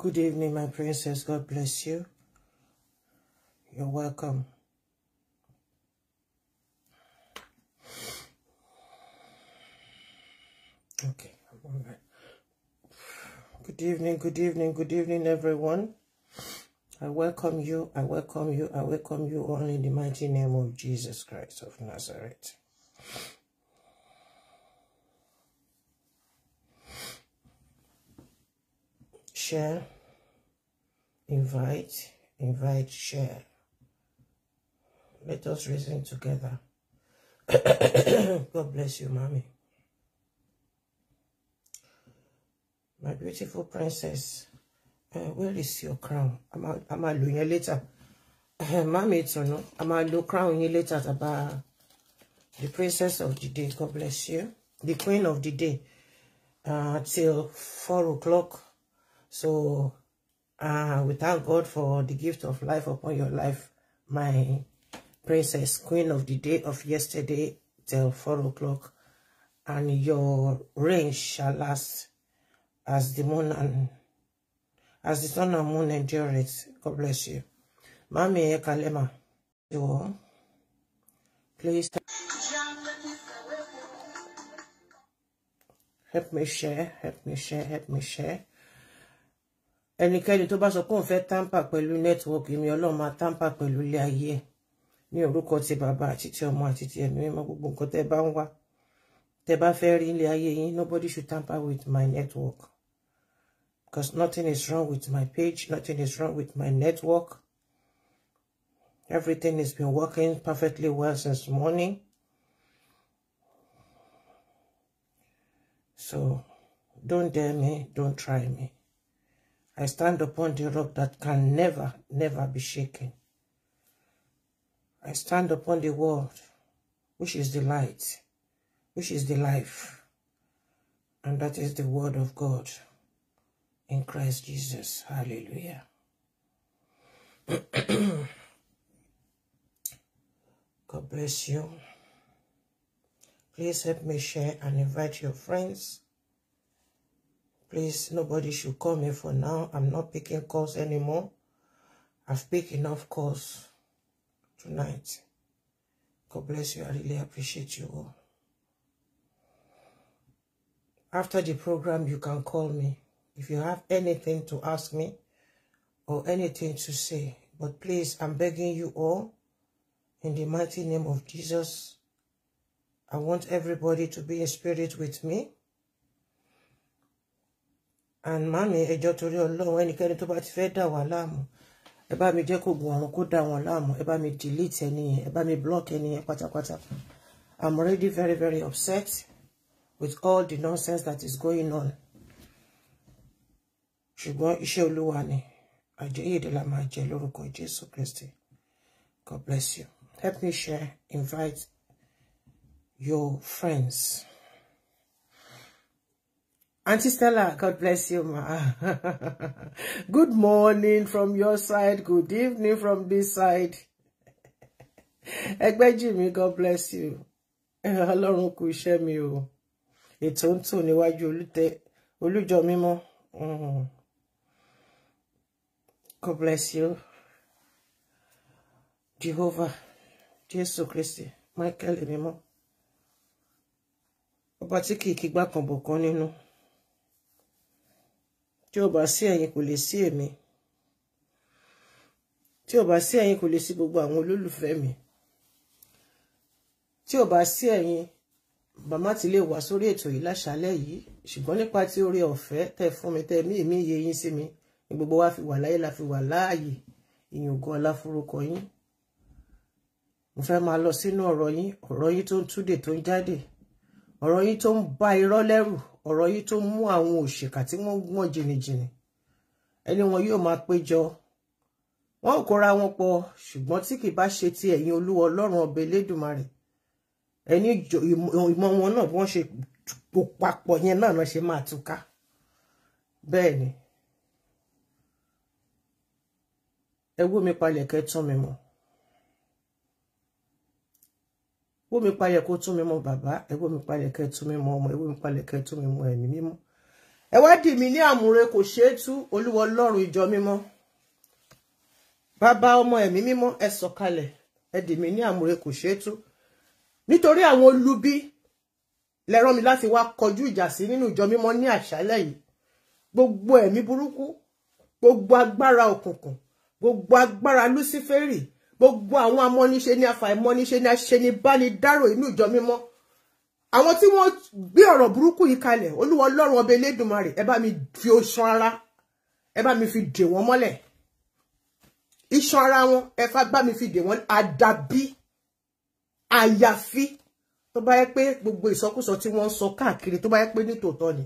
Good evening, my princess. God bless you. You're welcome. Okay, all right. Good evening, good evening, good evening, everyone. I welcome you, I welcome you, I welcome you all in the mighty name of Jesus Christ of Nazareth. share, invite, invite, share. Let us reason together. God bless you, mommy. My beautiful princess, uh, where is your crown? I'm a, I'm a lo yẹn later. Uh, mommy, it's no. I'm a lo crown yẹn later. About the princess of the day. God bless you. The queen of the day. Uh, till four o'clock So uh, we thank God for the gift of life upon your life, my princess, queen of the day of yesterday till 4 o'clock. And your reign shall last as the moon and as the sun and moon endureth. God bless you. Mami Kalema, you all. Please help me share, help me share, help me share. ẹnikẹ́ni tó bá sọ pé òun fẹ́ tamper pẹ̀lú nẹ́tíwọ́ọ̀kì mi ọlọ́run máa pẹ̀lú ilé ayé ẹ̀ ní orúkọ ti bàbá àti ti ọmọ àti ti ẹ̀mí mímọ́ gbogbo nǹkan tẹ́ bá ń wá tẹ́ bá fẹ́ rí ilé ayé yín nobody should tamper with my network because nothing is wrong with my page nothing is wrong with my network everything has been working perfectly well since morning so don't dare me don't try me. I stand upon the rock that can never, never be shaken. I stand upon the word, which is the light, which is the life. And that is the word of God in Christ Jesus. Hallelujah. God bless you. Please help me share and invite your friends Please, nobody should call me for now. I'm not picking calls anymore. I've picked enough calls tonight. God bless you. I really appreciate you all. After the program, you can call me. If you have anything to ask me or anything to say, but please, I'm begging you all, in the mighty name of Jesus, I want everybody to be in spirit with me. and mami ẹjọ́ torí Ọlọ́run ẹnikẹ́ni tó bá ti fẹ́ dà wá láàmú ẹ bá mi jẹ́ kó gun ọ̀run kó dà wọ́n láàmú ẹ bá mi delete ẹni yẹn ẹ mi block ẹni yẹn pátápátá I'm already very very upset with all the nonsense that is going on ṣùgbọ́n iṣẹ́ Olúwa ni àjẹyèdè la máa jẹ lórúkọ Jésù Kristi God bless you help me share invite your friends. Auntie Stella, God bless you, ma. Good morning from your side. Good evening from this side. Ẹgbẹ́ Jimmy, God bless you. Ọlọ́run kú iṣẹ́ mi o. Ètò ń tò níwájú olújọ mímọ́. Mm. God bless you. Jehovah, Jésù Kristi, Michael Mímọ́. Ọba tí kìí kígbà kan bọ̀ kan nínú. No tí ò bá sí ẹ̀yin kò lè sí èmi tí ò bá sí ẹ̀yin kò lè sí gbogbo àwọn olólùfẹ́ mi tí ò bá sí ẹ̀yin bàmá ti lè wá sórí ètò yìí láṣálẹ́ yìí ṣùgbọ́n nípa tí oore ọ̀fẹ́ tẹ́ fún mi tẹ́ mí èmi yẹ yín sí mi ni gbogbo wa fi wà láyé la fi wà láàyè ìyìn ògo ọlá forúkọ yín mo fẹ́ máa lọ sínú ọ̀rọ̀ yín ọ̀rọ̀ yín tó ń túdè tó ń jáde ọ̀rọ̀ yín tó ń bá irọ́ lẹ́rù ọ̀rọ̀ yìí tó mú àwọn òṣìkà tí wọ́n gbọ́n jìnnìjìnnì ẹni wọn yóò máa péjọ wọn ò kóra wọn pọ̀ ṣùgbọ́n tí kì bá ṣe ti ẹ̀yin olúwa ọlọ́run ọba elédùnmarè ẹni ìmọ̀ wọn náà bí wọ́n ṣe tó papọ̀ yẹn náà náà ṣe máa túká bẹ́ẹ̀ ni ẹ wó mi palẹ̀ kẹ́ tán mi mọ́. wó mi palẹ̀ kó tún mi mọ bàbá ẹ wó mi palẹ̀ kẹ́ tún mi mọ ọmọ ẹ wó mi palẹ̀ kẹ́ tún mi mọ ẹ̀mí mímọ́ ẹ wá dì mí ní àmúre kò ṣeé tú olúwa ọlọ́run ìjọ mímọ́ Baba, ọmọ ẹ̀mí mímọ́ ẹ sọ̀kalẹ̀ ẹ dì mí ní àmúre kò ṣeé tú nítorí àwọn olubi lẹ rán mi láti wá kọjú ìjà sí nínú ìjọ mímọ́ ní àṣálẹ́ yìí gbogbo ẹ̀mí burúkú gbogbo agbára òkùnkùn gbogbo agbára lúsífẹ́rì gbogbo àwọn amọ́niṣe ní afàìmọ́niṣe ní aṣenibánidárò inú ìjọ mímọ́ àwọn tí wọ́n gbé ọ̀rọ̀ burúkú yìí kalẹ̀ olúwa ọlọ́run ọba elédùnmarè ẹ bá mi fi oṣan ara ẹ bá mi fi dè wọ́n mọ́lẹ̀ iṣan ara wọn ẹ fà bá mi fi dè wọ́n Adabi àyàfi tó bá yẹ pé gbogbo ìsọkúsọ tí wọ́n ń sọ káàkiri tó bá yẹ pé nítòótọ́ ni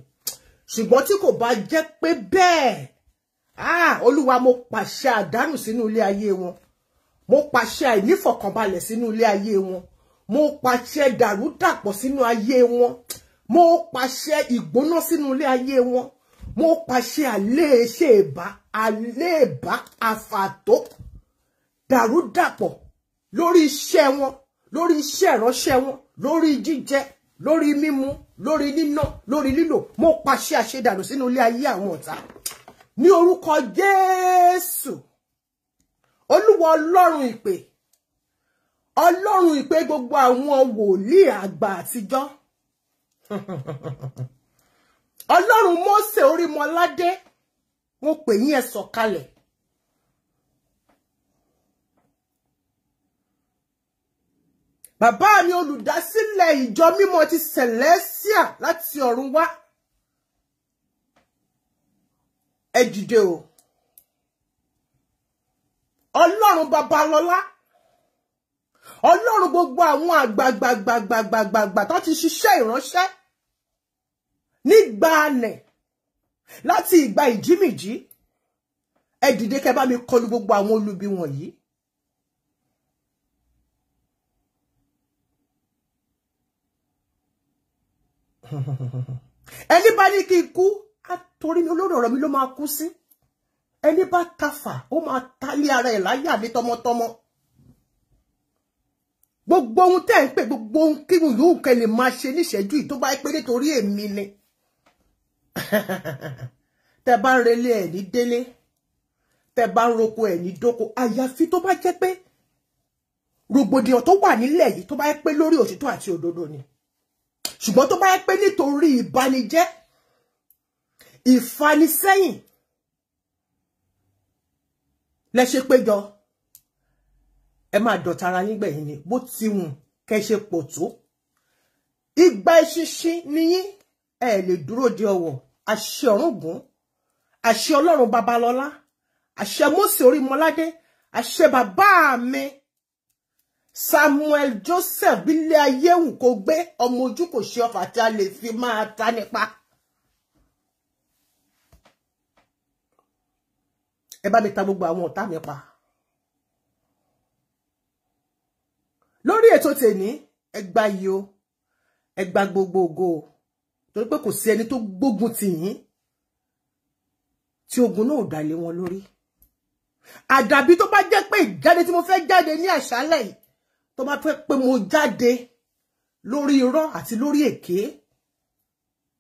ṣùgbọ́n tí kò bá jẹ́ pé bẹ́ẹ̀ ah, olúwa mo pàṣẹ àdánù sínú ilé ayé wọn mo pàṣẹ àìnífọ̀kànbalẹ̀ sínú ilé ayé wọn mo pàṣẹ dàrúdàpọ̀ sínú ayé wọn mo pàṣẹ ìgbóná sínú ilé ayé wọn mo pàṣẹ àléèṣe ìbá àléèbá àfàtó dàrúdàpọ̀ lórí iṣẹ́ wọn lórí iṣẹ́ ìránṣẹ́ wọn lórí jíjẹ lórí mímu lórí níná lórí lílò mo pàṣẹ àṣedànù sínú ilé ayé àwọn ọ̀tá ní orúkọ Jésù olúwa ọlọ́run ìpè ọlọ́run ìpè gbogbo àwọn wòlíì àgbà àtijọ́ ọlọ́run Mósè orímọládé mo pè yín ẹ sọ̀kalẹ̀ bàbá mi olùdásílẹ̀ ìjọ mímọ́ ti Celestial láti ọ̀run wá ẹ dìde o ọlọ́run babalọ́lá ọlọ́run gbogbo àwọn àgbàgbàgbàgbàgbàgbà tó ti ṣiṣẹ́ ìránṣẹ́ nígbà anẹ̀ láti ìgbà ìjímìjí ẹ dìde kẹ́ bá mi kọlù gbogbo àwọn olubi wọ̀nyí. ẹni bá ní kí n kú á torí mi olórí ọ̀rọ̀ mi ló máa kú sí. Si ẹni bá tafà ó máa tálé ara ẹ̀ láyà ní tọmọtọmọ gbogbo ohun tẹ́ ń pè gbogbo ohun kírun yòówù kẹ́ lè máa ṣe níṣẹ́jú yìí tó bá pé nítorí èmi ni tẹ́ bá ń relé ẹ̀ ní délé tẹ́ bá roko ẹ̀ ní dóko àyàfi tó bá jẹ́ pé rògbòdìyàn tó wà nílẹ̀ yìí tó bá pé lórí òtítọ́ àti òdodo ni ṣùgbọ́n tó bá pé nítorí ìbanijẹ́ ìfanisẹ́yìn lẹ ṣe péjọ ẹ máa dọ̀tá ara yín gbẹ̀yìn ni bó ti wùn kẹ ṣe pọ̀ tó igba eṣinṣin niyín ẹ lè dúró de ọwọ́ àṣẹ ọ̀rùngún àṣẹ ọlọ́run babalọ́lá àṣẹ Mósè Orímọládé àṣẹ bàbá mi Samuel Joseph bílé ayéhùn kò gbé ọmọ ojú kò ṣe ọfà tí a lè fi máa ta nípa. ẹ bá mi ta gbogbo àwọn ọ̀tá mi pa lórí ètò tèmi ẹ gba yìí o ẹ gba gbogbo ògo o torí pé kò sí to tó gbógun tì yín tí ogun náà ò dalẹ̀ wọn lórí àdàbí tó bá jẹ́ pé ìjáde mo fe jade ni àṣálẹ́ yìí tó bá fẹ́ pé mo jade. Lori irọ́ ati lori eke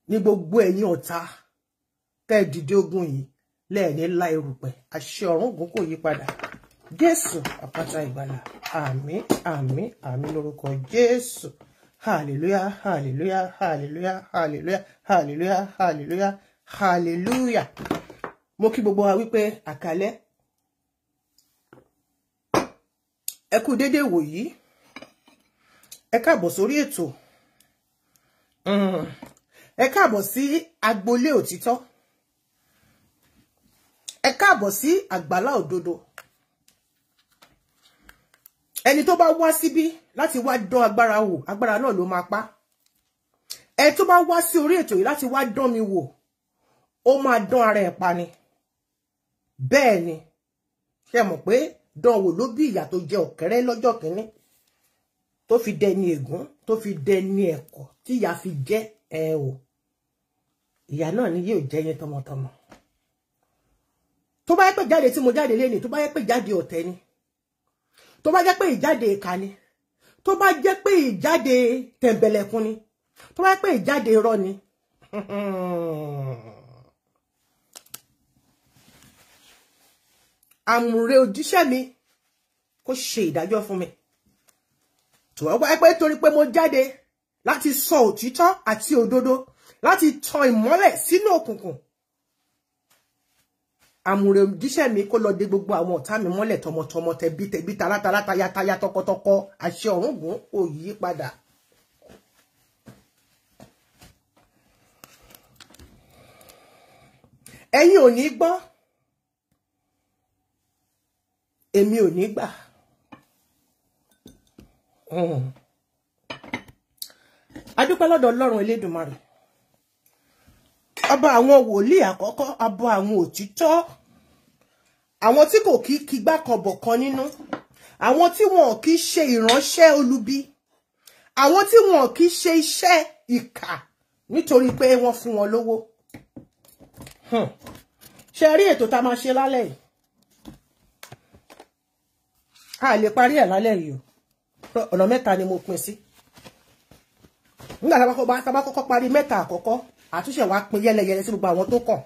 ni gbogbo ẹ̀yin ọ̀tá tẹ́ dìde ogun yìí lẹ́ẹ̀ni la erùpẹ̀ àṣẹ ọ̀run ògùn kò yí padà jésù àpáta ìgbàlà àmín àmín àmín lórúkọ jésù hallelujah hallelujah hallelujah hallelujah hallelujah hallelujah hallelujah mo kí gbogbo wa wípé àkàlẹ́ ẹ kú dédé wòyí ẹ káàbọ̀ sórí ètò hmm. ẹ káàbọ̀ sí agboolé òtítọ́ ẹ káàbọ̀ sí àgbàlá òdodo ẹni tó bá wá síbí láti wá dán agbára wò agbára náà ló máa pa ẹ tó bá wá sí orí ètò yìí láti wá dán mi wò ó máa dán ara ẹ̀ pa ni bẹ́ẹ̀ ni ṣe mọ̀ pé dán wò ló bí ìyà tó jẹ ọ̀kẹ́rẹ́ lọ́jọ́ kìíní tó fi dẹni ègún tó fi dẹni ẹ̀kọ́ tí ìyà fi jẹ́ ẹ o ìyà náà ni yóò jẹ yẹn tọmọtọmọ tó bá yẹ pé jáde tí mo jáde lé ní tó bá yẹ pé jáde ọ̀tẹ̀ ni tó bá jẹ́ pé ìjáde ìka ni tó bá jẹ́ pé ìjáde tẹ̀m̀bẹ̀lẹ̀kun ni tó bá jẹ́ pé ìjáde irọ́ ni. àmùrè òjíṣẹ́ mi kó ṣe ìdájọ́ fún mi tòwọ́ wáyé pé torí pé mo jáde láti sọ òtítọ́ àti òdodo láti tan ìmọ́lẹ̀ sínú òkùnkùn àmùrè jíṣẹ́ mi kó lọ dé gbogbo àwọn ọ̀tá mi mọ́lẹ̀ tọmọtọmọ tẹbí tẹbí taratara tayataya tọkọtọkọ àṣẹ ọ̀run gùn kò yí padà. ẹ̀yin ò ní gbọ́ èmi ò ní gbà hmm. adúpẹ́ lọ́dọ̀ ọlọ́run elédùnmarè ọba àwọn wòlíì àkọ́kọ́ ọba àwọn òtítọ́ àwọn tí kò kí kígbá kọbọ̀ kan nínú àwọn tí wọn kì í ṣe ìránṣẹ́ olubi àwọn tí wọn kì í ṣe iṣẹ́ ìkà nítorí pé wọ́n fún wọn lówó hmm. ṣe rí ètò tá a máa ṣe lálẹ́ yìí a lè parí ẹ̀ lálẹ́ yìí o ọ̀nà mẹ́ta ni mo pín sí nígbà tá a bá kọ́kọ́ parí mẹ́ta àkọ́kọ́ àtúnṣe wa pín yẹ́lẹyẹ̀lẹ sí gbogbo àwọn tó kàn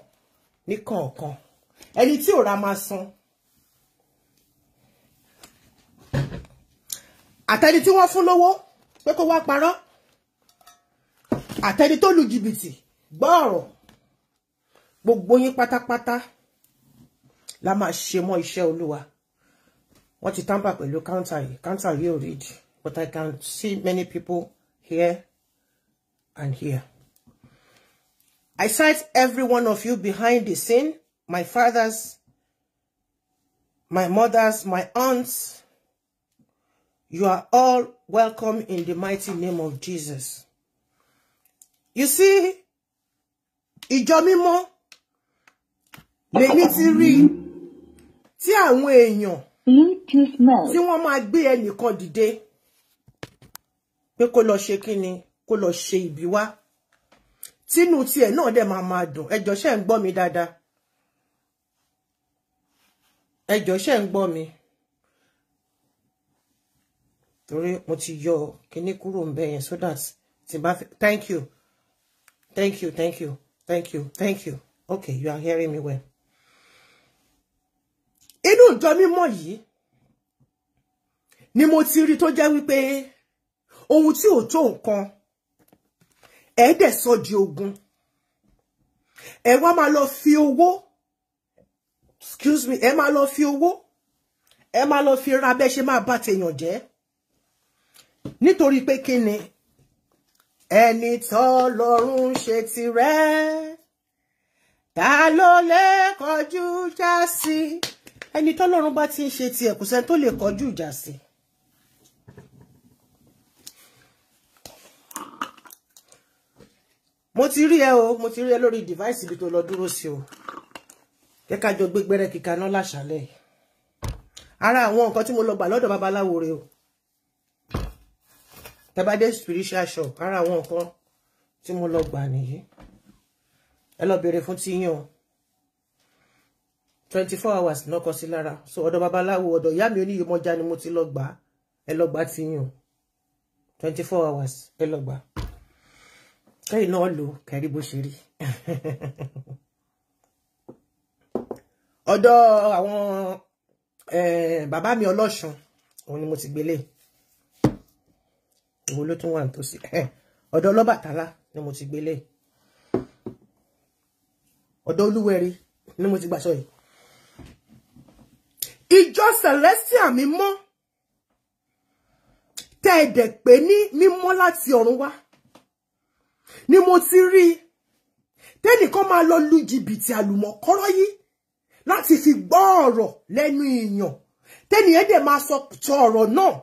ní kọ̀ọ̀kan ẹni tí ò ra máa san àtẹni tí wọ́n fún lówó pé kó wá parọ́ àtẹni tó lu jìbìtì gbọ́ ọ̀rọ̀ gbogbo yín pátápátá la máa ṣe mọ́ iṣẹ́ olúwa wọ́n ti tamper pẹ̀lú counter yìí counter yìí ò rídìí but I can see many people here and here. I cite every one of you behind the scene, my fathers, my mothers, my aunts. You are all welcome in the mighty name of Jesus. You see, ìjọ mímọ́ lèmi ti rí tí àwọn èèyàn tí wọ́n máa gbé ẹnìkan dìde pé kó lọ ṣe kíni kó lọ ṣe ibi wá tínú tiẹ̀ náà dẹ̀ máa máa dùn ẹjọ́ ṣe ń gbọ́ mi dáadáa ẹjọ́ ṣe ń gbọ́ mi torí mo ti yọ kíní kúrò ń bẹ yẹn so that tí bá thank you thank you thank you thank you thank you okay you are hearing me well inú ìjọ mímọ́ yìí ni mo ti rí tó jẹ́ wípé ohun tí ò tó nǹkan ẹ dẹ̀ sọ di ogun ẹ wá máa lọ fi owó excuse me E máa lọ fi owó ẹ ma lọ fi ra bẹ́ẹ̀ ṣe máa bá tèèyàn jẹ́ nítorí pé kí ni ẹni tọ́lọ́run ṣe tirẹ̀ ta ló lè kọjú já sí ẹni tọ́lọ́run bá ti ń ṣe tiẹ̀ kò sẹ́ni tó lè kọjú ìjà mo ti rí ẹ o mo ti rí ẹ lórí device ibi tó lọ dúró sí o jẹ́ ká jọ gbé gbẹ́rẹ́ náà láṣálẹ̀ ara àwọn nǹkan tí mo lọ gbà lọ́dọ̀ babaláwo rèé o tẹ́bádé spiritual shop ara àwọn nǹkan tí mo lọ gbà nìyí ẹ lọ béèrè fún tíyàn twenty four hours náà kọ sí lára so ọ̀dọ̀ babaláwo ọ̀dọ̀ ìyá mi oníyèmọjá ni mo ti lọ gbà ẹ lọ gbà tíyàn twenty four hours ẹ lọ gbà kẹ́yìn náà lò kẹ́rí bó ṣe rí ọ̀dọ̀ àwọn bàbá mi ọlọ́ṣun òun ni mo ti gbélé ìwo ló tún wà nítòsí ọ̀dọ̀ ọlọ́bàtálá ni mo ti gbélé ọ̀dọ̀ olúwẹ̀rí ni mo ti gbàṣọ yìí ìjọ celestial mímọ́ tẹ́ ẹ̀ dẹ̀ pé ní mímọ́ láti ọ̀run wá ni mo ti rí tẹ́nìkan máa lọ lu jìbìtì àlùmọ̀kọ́rọ́ yìí láti fi gbọ́ ọ̀rọ̀ lẹ́nu èèyàn tẹ́nìyẹn dẹ̀ máa sọ ọ̀rọ̀ náà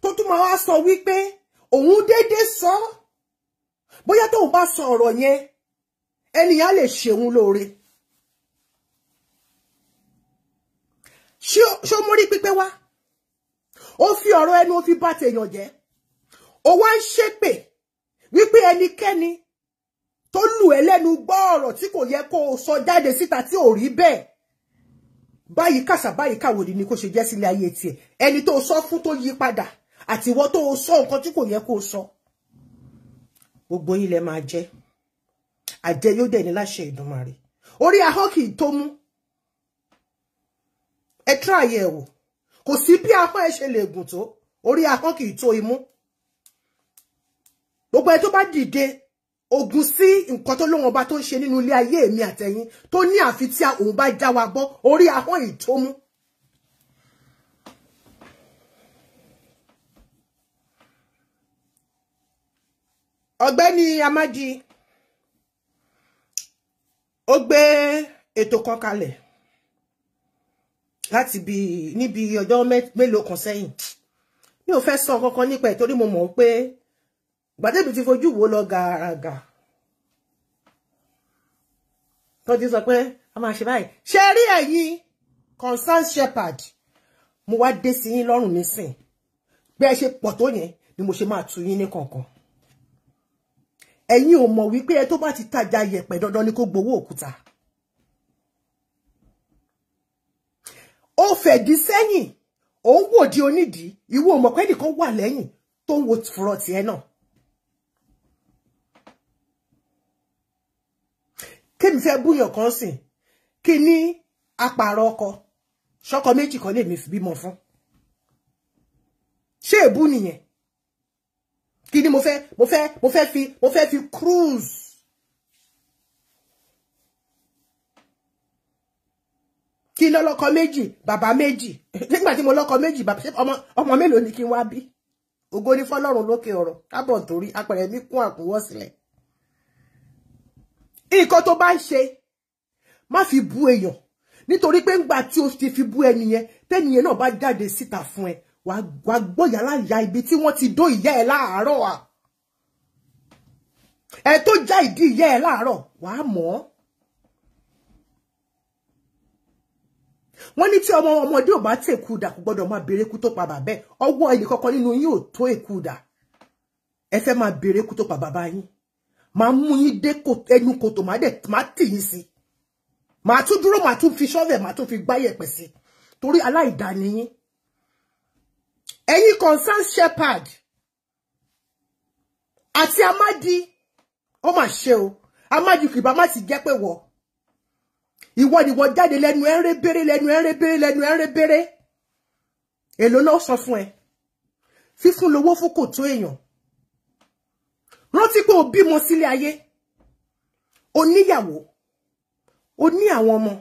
tó tún máa wá sọ wípé òun déédé sọ bóyá tóun bá sọ ọ̀rọ̀ yẹn ẹnìyàn lè ṣeun lóore. ṣó mórí pípé wá ó fi ọ̀rọ̀ ẹnu ó fi bá tèèyàn jẹ́ ó wá ń ṣépè wípé ẹnikẹ́ni tó lù ẹ́ lẹ́nu gbọ́ ọ̀rọ̀ tí kò yẹ kó o sọ jáde síta tí ò rí bẹ́ẹ̀ báyìí kàṣà báyìí kàwòrì ni kò ṣe jẹ́ sílé ayé tiẹ̀ ẹni tó sọ fún tó yí padà àtiwọ́ tó sọ nǹkan tí kò yẹ kó sọ gbogbo yín máa jẹ àjẹ yóò dẹ̀ ní láṣẹ Èdùmàrè orí ahọ́n tó mú ẹ tíráyẹ̀ kò sí bí ahọ́n ẹ ṣe lè gùn tó orí ahọ́n tó imú gbogbo ẹ tó bá dìde ogun sí nǹkan tó lóhun ọba tó ń ṣe nínú ilé ayé èmi àtẹ̀yin tó ní àfi tí òun bá já wa bọ́ orí ahọ́n ìtómú ọ̀gbẹ́ni amadi ó gbé ètò kan kalẹ̀ láti bí níbi ọjọ́ mélòó kan sẹ́yìn mi ò fẹ́ sọ kankan nípa ẹ̀ torí mo mọ̀ pé gbàdébì ti fojú wo lọ gàràgà tó ti sọ pé a máa ṣe báyìí ṣe rí ẹ̀yin concerned shepherd mo wá dé sí yín lọ́rùn nísìn bí ẹ ṣe pọ̀ tó yẹn ni mo ṣe máa tú yín ní kọ̀ọ̀kan ẹ̀yin ò mọ̀ wípé ẹ tó bá ti tajà yẹ̀pẹ̀ dandan ni kó gbowó òkúta ó fẹ̀dí sẹ́yìn òun wòdi onídìí ìwọ ò mọ̀ pé ẹnìkan wà lẹ́yìn tó ń wo fúrọ̀tì ẹ náà kémi fẹ́ búyàn kan sìn kí ní apààrọ̀ ọkọ ṣọkọ méjì kan lèmi bímọ fún ṣé èbú nìyẹn kí ni mo fẹ́ mo fẹ́ mo fẹ́ fi mo fẹ́ fi cruise kí ló lọ́kọ méjì bàbá méjì nígbà tí mo lọ́kọ méjì bàbá ọmọ ọmọ mélòó ni kí n wá bí ògo ni fọ́lọ́run lókè ọ̀rọ̀ kábọ̀ nítorí apẹ̀rẹ̀ mi kún àkúnwọ́ sílẹ̀ nǹkan tó bá ń ṣe fi bú èèyàn Nitori pé ńgbà tí o ti fi bú ẹni yẹn tẹ́niyẹn náà bá jáde síta fún ẹ wàá gbọ́yà ya ibi tí wọ́n ti dó ìyá ẹ láàárọ̀ à ẹ tó já ìdí ìyá ẹ láàárọ̀ wàá mọ̀ ọ́. wọ́n ní tí ọmọ ọmọdé ò bá tẹ èkúdà kò gbọ́dọ̀ máa béèrè kú tó pa bàbá ẹ̀ ọwọ́ ẹnì kankan nínú yín ò tó èkúdà ẹ fẹ́ máa béèrè kú tó pa bàbá yín. Ma mú yín dé ẹnu kòtò màá dẹ̀ màá tì yín sí màá tún dúró màá tún fi ṣọ́ọ̀bẹ̀ màá tún fi gbáyẹ̀pẹ̀ sí torí aláìdáni yín ẹ̀yin concerned shepherd àti amadi ó mà ṣe o amadi kìbá má ti jẹ́ pé wọ̀ ìwọ ni wọ́n jáde lẹ́nu ẹ̀rẹ́ bèrè lẹ́nu ẹ̀rẹ́ bèrè lẹ́nu ẹ̀rẹ́ bèrè èlò náà sọ fún ẹ fífún lówó fún kò èèyàn rántí pé o bímọ sílé ayé o níyàwó o ní àwọn ọmọ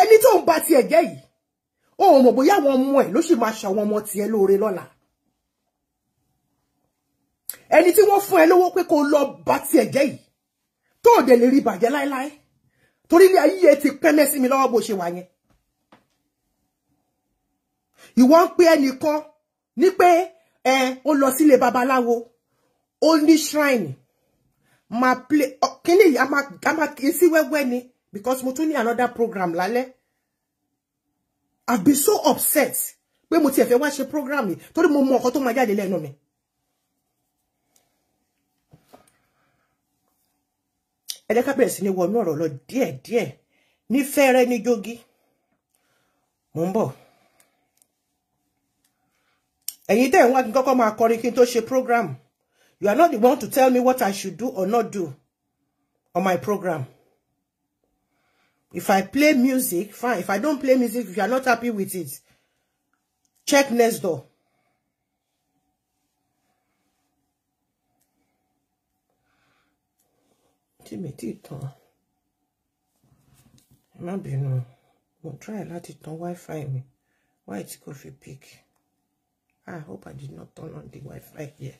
ẹni tó ń ba tiẹ̀ jẹ́ yìí o ò mọ̀ bóyá àwọn ọmọ ẹ̀ ló sì máa ṣàwọn ọmọ tiẹ̀ lóore lọ́la ẹni tí wọ́n fún ẹ lówó pé kó lọ ba tiẹ̀ jẹ́ yìí tó ò dẹ̀ lè rí bàjẹ́ láéláé torí ilé ayé ti pẹ́lẹ́ sí mi lọ́wọ́ bó ṣe wà yẹn ìwọ ń pe ẹnìkan ní pé ẹ ó lọ sílé babaláwo ó ní shrine máa play kíní a máa a máa kí sí wẹ́wẹ́ ni because mo tún ní another program Lale. I've been so upset pé mo tiẹ̀ fẹ́ wá ṣe program yìí torí mo mọ ọ̀kan tó máa jáde lẹ́nu mi. ẹlẹ́ka bẹ̀rẹ̀ sí ni wọnú ọ̀rọ̀ lọ díẹ̀díẹ̀ ní fẹ́rẹ́ ní jogi mo ń And you ń wá kí n kọ́kọ́ to kọrin program you are not the one to tell me what I should do or not do on my program if I play music fine if I don't play music if you are not happy with it check next door. tí mi ti tàn ẹ má bínú mo try láti tan wifi mi wáyé tí kò fi pick. I hope I did not turn on the Wi-Fi here.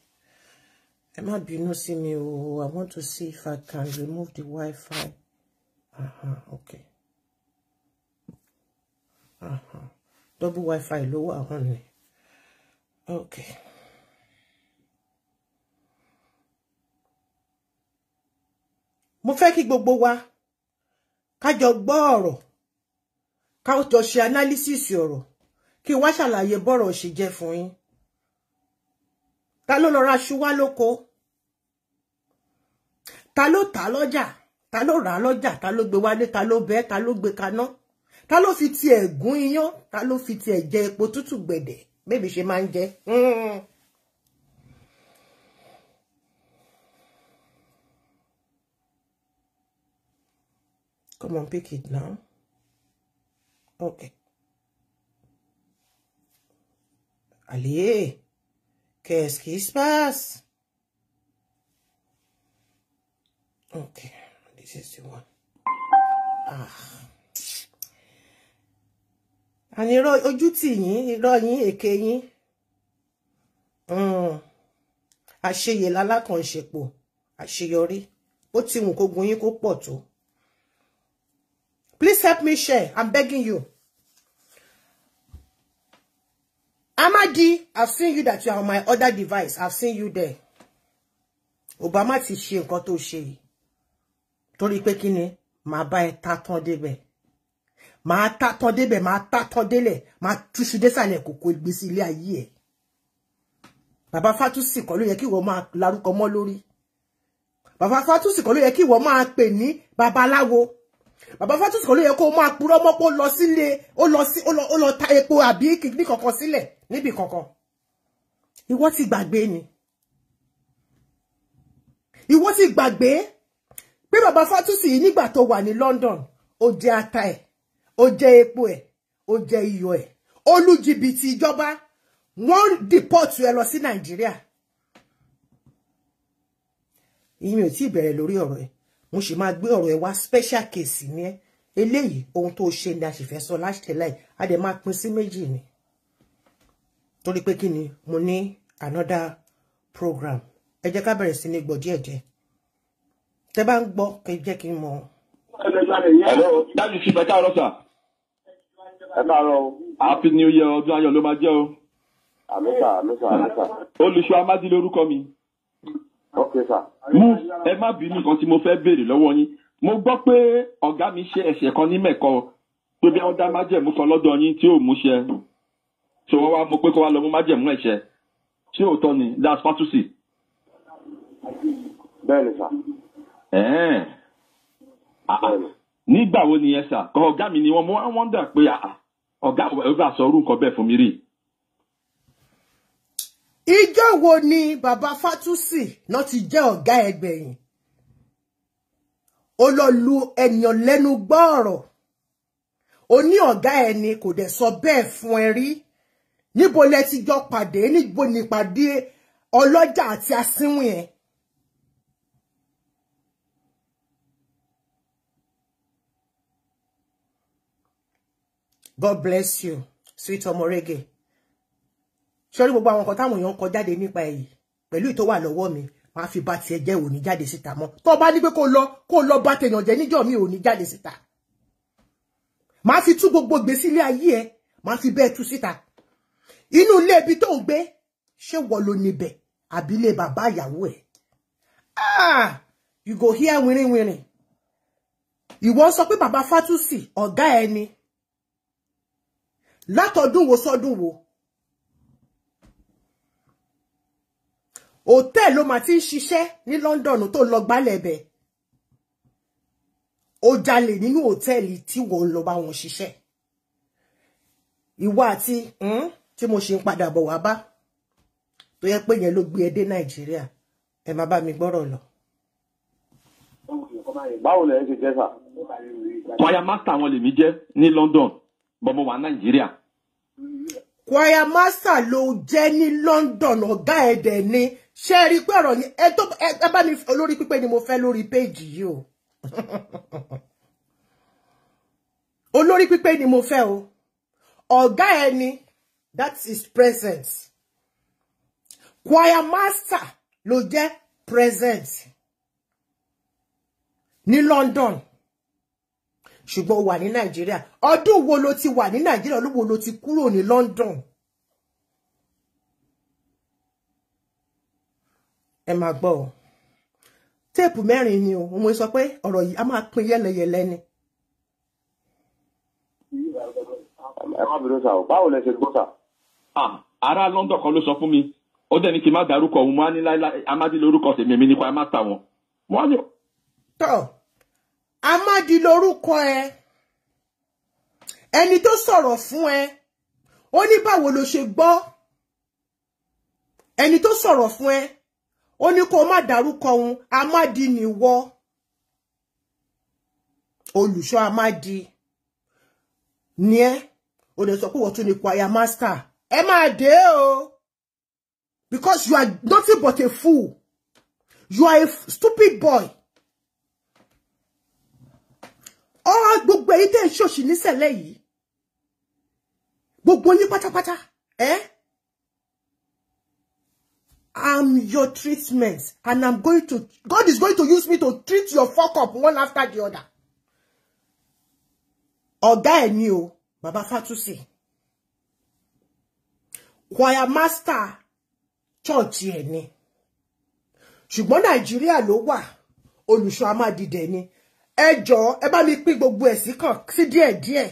Ẹ má bínú sí me. o. I want to see if I can remove the Wi-Fi. Uh-huh, okay. Uh-huh. Double Wi-Fi lower only. Okay. Mo fẹ́ kí gbogbo wa ká jọ gbọ́ ọ̀rọ̀ ká jọ ṣe analysis ọ̀rọ̀ ki wá ṣàlàyé boro ṣe jẹ́ fún yín ta ló lọ ra aṣu wá lóko ta ló tà lọ́jà ta ló rà lọ́jà ta ló gbé wálé ta ló bẹ́ ta ló gbé kaná ta ló fi tiẹ̀ gún iyán ta ló fi tiẹ̀ jẹ epo tútù gbẹ̀dẹ̀ bébì ṣe máa ń jẹ. Hmm. Come on, pick it now. Okay. Allez. Qu'est-ce qui se Okay, this is the one. Ah. Àní irọ́ ojú tì yín, irọ́ yín, èké yín. Mm. Àṣeyè lálákànṣepọ̀, àṣeyọrí. Ó ti wù kó gun yín kó pọ̀ tó. Please help me share. I'm begging you. Amadi, I've seen you that you are on my other device. I've seen you there. Obama ti ṣe nǹkan tó ṣe yìí. Torí pé kí ni màá bá ẹ tátán débẹ̀. Màá tátán débẹ̀, màá tátán délẹ̀, màá túṣu désàlẹ̀ kòkó ìgbésí ilé ayé ẹ̀. Bàbá Fátúsì kọ́ ló yẹ kí ìwọ máa larúkọ mọ́ lórí. Bàbá Fátúsì kọ́ ló yẹ kí ìwọ máa pè ní babaláwo bàbá Fatusko ló yẹ kó máa purọ́ mọ́ pé ó lọ sílé ó lọ sí ó lọ ta epo àbí ní kankan sílẹ̀ níbi kankan ìwọ ti gbàgbé ni ìwọ ti gbàgbé pé bàbá Fatusi yìí nígbà tó wà ní London ó jẹ ata ẹ̀ ó jẹ epo ẹ̀ ó jẹ iyọ̀ ẹ̀ ó lu jìbìtì ìjọba wọ́n deport ẹ lọ sí Nàìjíríà ìyẹn ò tí ì bẹ̀rẹ̀ lórí ọ̀rọ̀ ẹ̀ mo ṣe máa gbé ọ̀rọ̀ ẹ wá special case ni ẹ eléyìí ohun tó ṣe ni a sì fẹ́ sọ láṣìtẹ́lá ẹ̀ a dẹ̀ máa pín sí méjì ni torí pé kí mo ní another program ẹ jẹ́ ká bẹ̀rẹ̀ sí ní gbọ́ díẹ̀díẹ̀ tẹ́ bá ń gbọ́ kẹ́ jẹ́ kí n mọ̀. dájú sí bẹ́ẹ̀ káàárọ̀ sà ẹ happy new year ọdún ayọ̀ ló máa jẹ́ o. àmín sà àmín sà àmín sà. mi mo ẹ má bínú nǹkan tí mo fẹ́ béèrè lọ́wọ́ yín mo gbọ́ pé ọ̀gá mi ṣe ẹ̀ṣẹ̀ kan ní mẹ́kọ pé bí wọ́n dá májẹ̀mú kan lọ́dọ̀ yín tí ò mú ṣẹ ṣé wọ́n wá mo pé kó wá lọ mú májẹ̀mú ẹ̀ṣẹ̀ ṣé òótọ́ ni that's fatusi. bẹ́ẹ̀ ni sà. Ah, ah. nígbà wo nìyẹn sà ọ̀gá mi ni wọ́n mú wọ́n wọ́n dà pé ah, ọ̀gá ò bá sọ orú nǹkan fún mi rí i ìjọ wo ni bàbá Fátúsì náà ti jẹ́ ọ̀gá ẹgbẹ̀yìn ó lọ lu ènìyàn lẹ́nu gbọ́ọ̀rọ̀ ó ní ọ̀gá ẹni kò dẹ̀ sọ bẹ́ẹ̀ fún ẹ rí níbo lẹ ti jọ pàdé níbo nípàdé ọlọ́jà àti asínwìn ẹ̀. God bless you, sweet Omorege sọ́rí gbogbo àwọn kan táwọn èèyàn kọ jáde nípa èyí pẹ̀lú ìtò wà lọ́wọ́ mi máa fi bá tiẹ̀ jẹ́ òní jáde síta mọ́ tó bá ní pé kó lọ kó lọ bá tèèyàn jẹ́ níjọ́ mi òní jáde síta máa fi tú gbogbo gbèsè ilé ayé ẹ máa fi bẹ́ẹ̀ tú síta inú ilé ibi tó ń gbé ṣé wọ ló níbẹ̀ àbí bàbá ìyàwó ẹ̀ ah you go hear wìrìwìrìn ìwọ sọ pé bàbá fatusi ọ̀gá ẹni látọdún wo sọdún wo. Hotel ló máa ti ń ṣiṣẹ́ ní London tó lọ gbálẹ̀ ẹ̀bẹ̀ ó jalè nínú hòtẹ́ẹ̀lì tí wọ́n lọ bá wọn ṣiṣẹ́ ìwọ àti hmm, tí mo ṣe ń padà bọ̀ wá bá tó yẹ pé yẹn ló gbé ẹ dé Nàìjíríà ẹ má mi gbọ́rọ̀ lọ. báwo lẹ ṣe jẹ sà. choir master wọn lèmi jẹ ní London bọmọ wà Nàìjíríà. choir master ló jẹ́ ní London ọ̀gá ẹ̀dẹ̀ ni ṣé ẹ rí i pé ọ̀rọ̀ yẹn ẹ tó ẹ bá mi olórí pípé ni mo fẹ́ lórí péèjì yìí o olórí pípé ni mo fẹ́ o ọ̀gá ẹni that is presence choir master ló jẹ́ present ní London ṣùgbọ́n wà ní Nàìjíríà ọdún wo ló ti wà ní Nàìjíríà olúwo ló ti kúrò ní London. ẹ máa gbọ́ ọ téèpù mẹ́rin ni o mo sọ pé ọ̀rọ̀ yìí a máa pín yẹ́lẹyẹ̀lẹ ni. ẹ má bínú sá o báwo lẹ ṣe gbọ́ sá. ará London kan ló sọ fún mi ó dẹ̀ ní kí n má dárúkọ òun mo á ní láíláí amádé lórúkọ tèmi mi nípa ẹ má ta wọn. tọ́ amádé lórúkọ ẹ ẹni tó sọ̀rọ̀ fún ẹ ó ní báwo lo ṣe gbọ́ ẹni tó sọ̀rọ̀ fún ẹ ó ní kó má dárúkọ òun amadi nìwọ olùṣọ́ di. ní ẹ ò lè sọ pé wọ́n tún ní kwaya master ẹ máa dé o because you are nothing but a fool you are a stupid boy ọ gbogbo èyí tẹ́ ń ṣòṣì nísẹ̀lẹ̀ yìí gbogbo yín pátápátá ẹ. Eh? I'm your treatment and I'm going to, God is going to use me to treat your fuck up one after the other. Ọ̀gá ẹ̀ ni o, Bàbá Fátúsì. Choir master church ẹ̀ ni. Ṣùgbọ́n Nàìjíríà ló wà, olùṣọ́ a máa dìdẹ̀ ni. Ẹ ẹ bá mi pín gbogbo ẹ̀ sí kàn sí díẹ̀díẹ̀.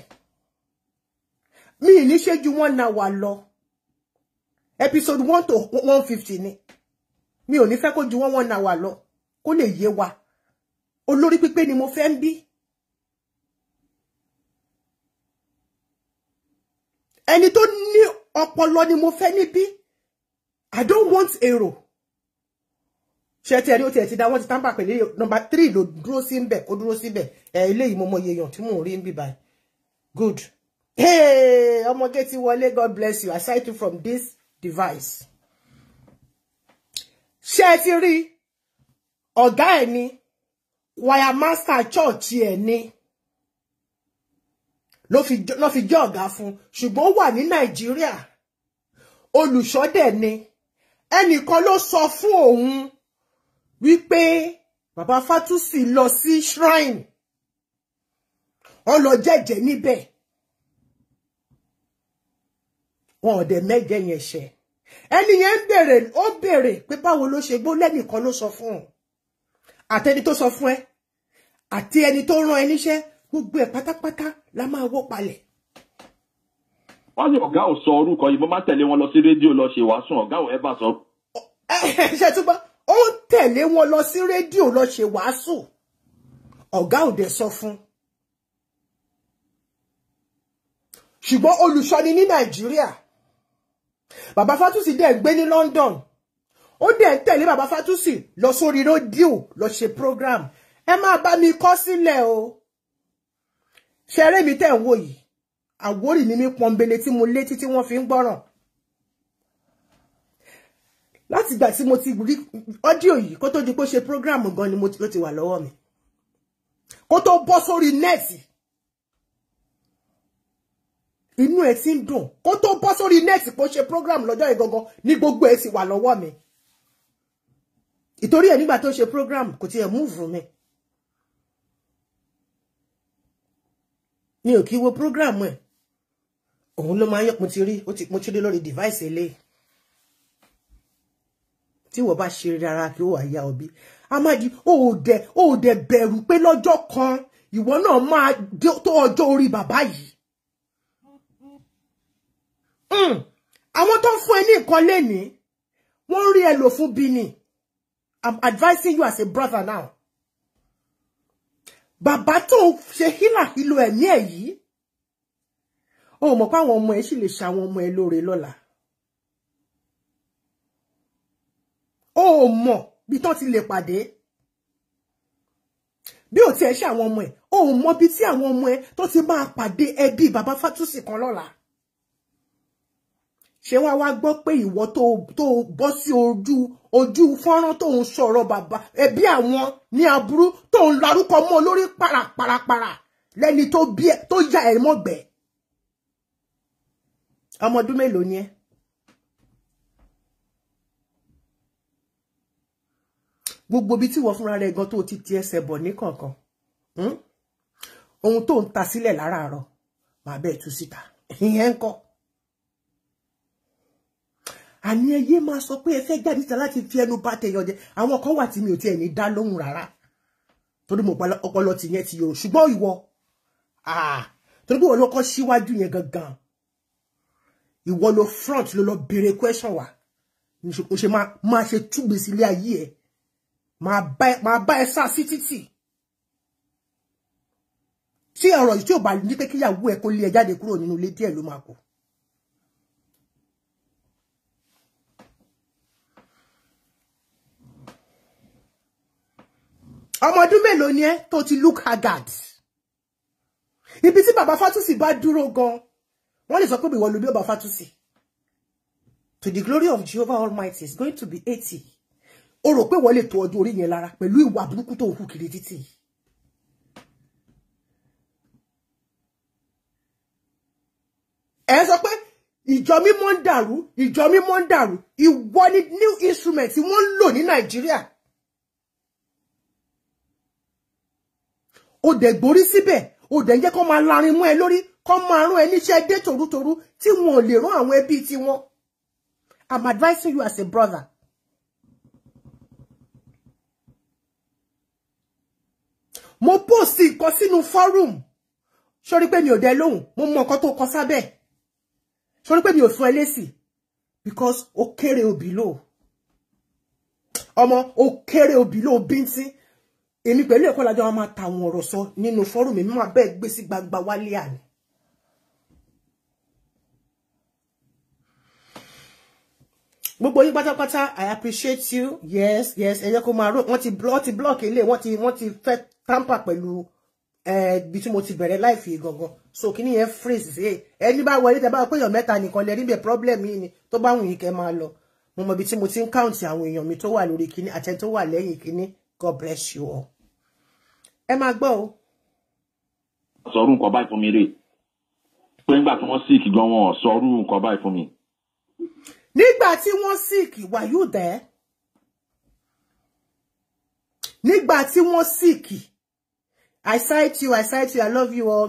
Mi ì ní ṣe ju wọ́n na wà lọ episode one to one fifty ni mi ò ní fẹ́ kó ju one one hour lọ kó lè yé wa olórí pípé ni mo fẹ́ ń bí. ẹni tó ní ni mo fẹ́ níbí I don't want èrò ṣe tí ẹni ó tiẹ̀ ti dá wọ́n ti tàǹbà pẹ̀lú nọmba three ló dúró sí bẹ̀ ó dúró sí bẹ̀ ẹ̀ eléyìí mo mọ iye èèyàn tí mò ń rí ń bì báyìí good ọmọge ti wọlé God bless you aside from this device ṣé ẹ ti rí ọ̀gá ẹ̀ ni wire master church ẹ̀ ni ló fi jẹ́ ọ̀gá fún ṣùgbọ́n ó wà ní nàìjíríà olùṣọ́dẹ̀ ni ẹnìkan ló sọ fún òun wípé bàbá fatusi lọ sí shrine wọ́n lọ jẹ́jẹ́ níbẹ̀ wọn ò dẹ̀ mẹ́jẹ yẹn ṣẹ ẹni yẹn ń bèrè ó bèrè pé báwo ló ṣe gbó lẹ́nìkan ló sọ fún un àtẹni tó sọ fún ẹ àti ẹni tó rán ẹ níṣẹ́ gbogbo ẹ̀ pátápátá la máa wó palẹ̀. wọ́n ní ọ̀gá ò sọ orúkọ yìí mo máa tẹ̀lé wọn lọ sí rédíò lọ ṣe wàásù ọ̀gá ò ẹ bá sọ. ṣe túbọ̀ ó ń tẹ̀lé wọn lọ sí rédíò lọ ṣe wàásù ọ̀gá ò dẹ̀ sọ fún ṣùgbọ́n olùṣọ́ ni ní nàìjíríà Baba Fátúnṣì dẹ̀ gbé ní London ó dẹ̀ ń tẹ̀lé bàbá Fátúnṣì lọ sórí rédíò lọ program ẹ máa bá mi kọ sílẹ̀ o ṣeré mi tẹ̀ ń wò yìí àwórì mi mi pọnbele tí mo létí tí wọ́n fi ń gbọ́ràn láti ìgbà mo ti rí ọ́díò yìí kó tó di pé ó program gan ni mo ti wà lọ́wọ́ mi kó tó bọ́ sórí nẹ́ẹ̀tì inú ẹ ti ń dùn kó tó bọ́ sórí nẹ́ẹ̀tì pé ṣe program lọ́jọ́ ìgangan ní gbogbo ẹ ti wà lọ́wọ́ mi ìtorí ẹ nígbà tó ṣe program kò tiẹ̀ múùfù mi mi ò kí wo program ẹ òun ló máa ń yẹ mo ti rí mo ti rí lórí device eléyìí tí wọ́n bá ṣe rárá kí ó wà yá ọbí amadi ó dẹ ó dẹ bẹ̀rù pé lọ́jọ́ kan ìwọ náà máa tó ọjọ́ orí bàbá yìí Hmm. àwọn tó ń fún ẹ ní nǹkan lénìí wọ́n ń rí ẹ lò fún bini i'm advising you as a brother now bàbá tó ṣe hílàhílo ẹ ní èyí o mọ̀ pé àwọn ọmọ ẹ sì lè ṣàwọn ọmọ ẹ lóore lọ́la o mọ̀ bí tán ti lè pàdé bí ò tiẹ̀ ṣe àwọn ọmọ ẹ o mọ̀ bí tí àwọn ọmọ ẹ tó ti máa pàdé ẹbí bàbá Fátúnṣì kan lọ́la ṣé wá wá gbọ́ pé ìwọ tó tó bọ́ sí ojú ojú fọ́nrán tó ń sọ̀rọ̀ bàbá ẹbí àwọn ní aburú tó ń larúkọ mọ́ olórí paraparapara lẹ́ni tó bí ẹ tó ya ẹ̀ mọ́gbẹ́ ọmọ ọdún mélòó ni ẹ. gbogbo ibi tí wọ́n fúnra rẹ̀ gan tó ti ti ẹsẹ̀ bọ̀ ní kọ̀ọ̀kan hmm? ohun tó ń ta sílẹ̀ láràárọ̀ màá bẹ́ẹ̀ tú síta ìyẹn ń kọ́ àní ẹyẹ máa sọ pé ẹ fẹ́ jáde síta láti fi ẹnu bá tẹyọ jẹ àwọn kan wà tí mi ò tiẹ̀ ní dá lóhùn rárá torí mo ọpọlọ tìyẹn ti yòó ṣùgbọ́n ìwọ torí pé ìwọ síwájú yẹn gangan ìwọ ló front ló lọ béèrè question wa o ṣe máa ṣe túgbe sílé ayé ẹ máa bá ẹ sá sí títì tí ọ̀rọ̀ yìí tí ò bá ní pé kíyàwó ẹ kó lé ẹ jáde kúrò nínú ilé díẹ̀ ló máa kù. ọmọ ọdún mélòó ni ẹ tó ti look haggard ibi tí bàbá Fátúsì bá dúró gan wọ́n lè sọ pé ìwọ bí bàbá Fátúsì to the glory of Jehovah Almighty is going to be eighty o rò pé wọ́n lè tó ọdún orí yẹn lára pẹ̀lú ìwà burúkú tó hù kiri títì yìí. ẹ sọ pé ìjọ mímọ́ ń dàrú ìjọ mímọ́ ń dàrú ìwọ ni new instrument tí wọ́n ń lò ní nàìjíríà o dẹ̀ gborí síbẹ̀ o dẹ̀ ń jẹ́ kó máa larin mú ẹ lórí kó máa rán ẹ níṣẹ́ dé torutoru tí wọn ò lè rán àwọn ẹbí tiwọn I'm advising you as a brother. mo post nǹkan sínú forum sórí pé mi ò dẹ lóhùn mo mọ nǹkan tó kọ sábẹ́ sórí pé mi ò fún ẹ because ó kéré òbí lò ọmọ ó kéré òbí lò bíntín èmi pẹ̀lú ẹ̀kọ́ lájọ́ wọn máa tàwọn ọ̀rọ̀ sọ nínú fọ́rùn mi máa bẹ́ẹ̀ gbé sí gbangba wálé àná. gbogbo yín pátápátá i appreciate you yes yes ẹ jẹ́ kó máa rò wọ́n ti wọ́n ti block ilé wọ́n ti wọ́n ti fẹ́ tamper pẹ̀lú bí tí mo ti bẹ̀rẹ̀ láìfi gangan so kí ni yẹn freeze ṣe ẹni bá wọlé tẹ bá pé èèyàn mẹ́ta nìkan lẹ níbẹ̀ problem yìí ni tó bá wùn yín kẹ́ máa lọ mo mọ ibi tí mo ti ń count àwọn èèyàn mi tó wà lórí kíní àtẹ tó wà lẹ́yìn kíní God bless you all. Ẹ máa gbọ́ o. Sọ̀rọ̀ nǹkan báyìí fún mi rè. Pé nígbà tí wọ́n sick gan wọn sọ̀rọ̀ nǹkan báyìí fún mi. Nígbà tí wọ́n sick were you there? Nígbà tí wọ́n sick I cite you, I cite you, I love you all.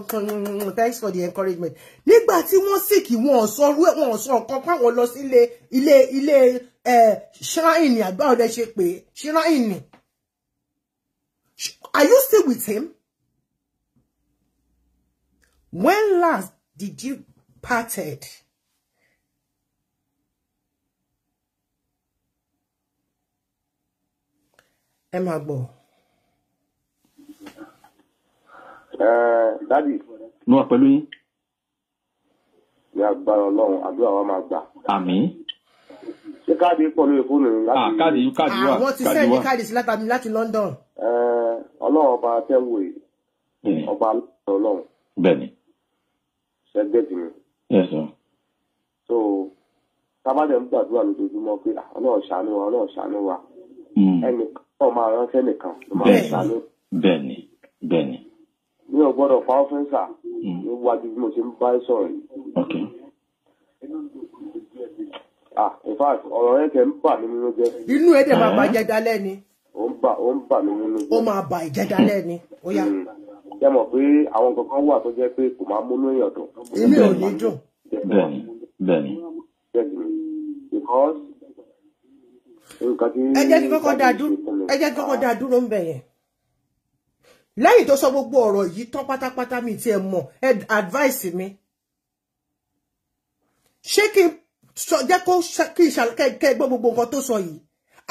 Thanks for the encouragement. Nígbà tí wọ́n sick wọn sọ ru wọn sọ nǹkan pa wọn lọ sí ilé ilé ilé eh shrine àgbà o de ṣe pé shrine Are you still with him? When last did you parted? Ẹ máa gbọ́. Dádì. Mo wà pẹ̀lú yín. Ìyá agbára Ọlọ́run, àdúrà wa máa gbà. Àmín. Ṣé káàdì Ah, lórí fóònù láti. Ah, káàdì káàdì wà. Àwọn ah, ti sẹ́ẹ̀dì káàdì sí láti London. Uh, ọlọ́run ọba tẹ́wò yìí hmm. ọba ọlọ́run. bẹ́ẹ̀ni. sẹ́gbẹ́tì mi. yes sir. so tábàdé ń gbàdúrà lójoojúmọ́ pé ah, ọlọ́run ṣàánú wa ọlọ́run ṣàánú wa hmm. ẹnì kan máa ránṣẹ́ nìkan ló máa ṣàánú. bẹ́ẹ̀ni bẹ́ẹ̀ni. mi ò gbọ́dọ̀ pa ọ́fẹ́nsà hmm. níwájú bí mo ṣe ń bá ẹ sọ̀rọ̀ yìí. ah in fact ọ̀rọ̀ yẹn kẹ́ ń bà mí nínú jẹ́. inú ẹ̀ dẹ̀ máa ah. bàjẹ́ dalẹ́ ni ó ń bà ó ń bà mí nínú jẹ́. ó máa bà ìjẹ́dálẹ̀ ni ó yá. Hmm. ṣé mọ̀ pé àwọn kankan wà tó jẹ́ pé kò máa múnú èèyàn dùn. èmi ò ní dùn. bẹ́ẹ̀ni bẹ́ẹ̀ni. because nǹkan tí. ẹ jẹ́ kí kọ́kọ́ dá dúró ẹ jẹ́ kí kọ́kọ́ dá dúró ń bẹ̀ yẹn lẹ́yìn tó sọ gbogbo ọ̀rọ̀ yìí tán pátápátá mi tiẹ̀ mọ̀ advice mi ṣé kí jẹ́ kó kí ìṣàkẹ́kẹ́ gbọ́ gbogbo nǹkan tó sọ yìí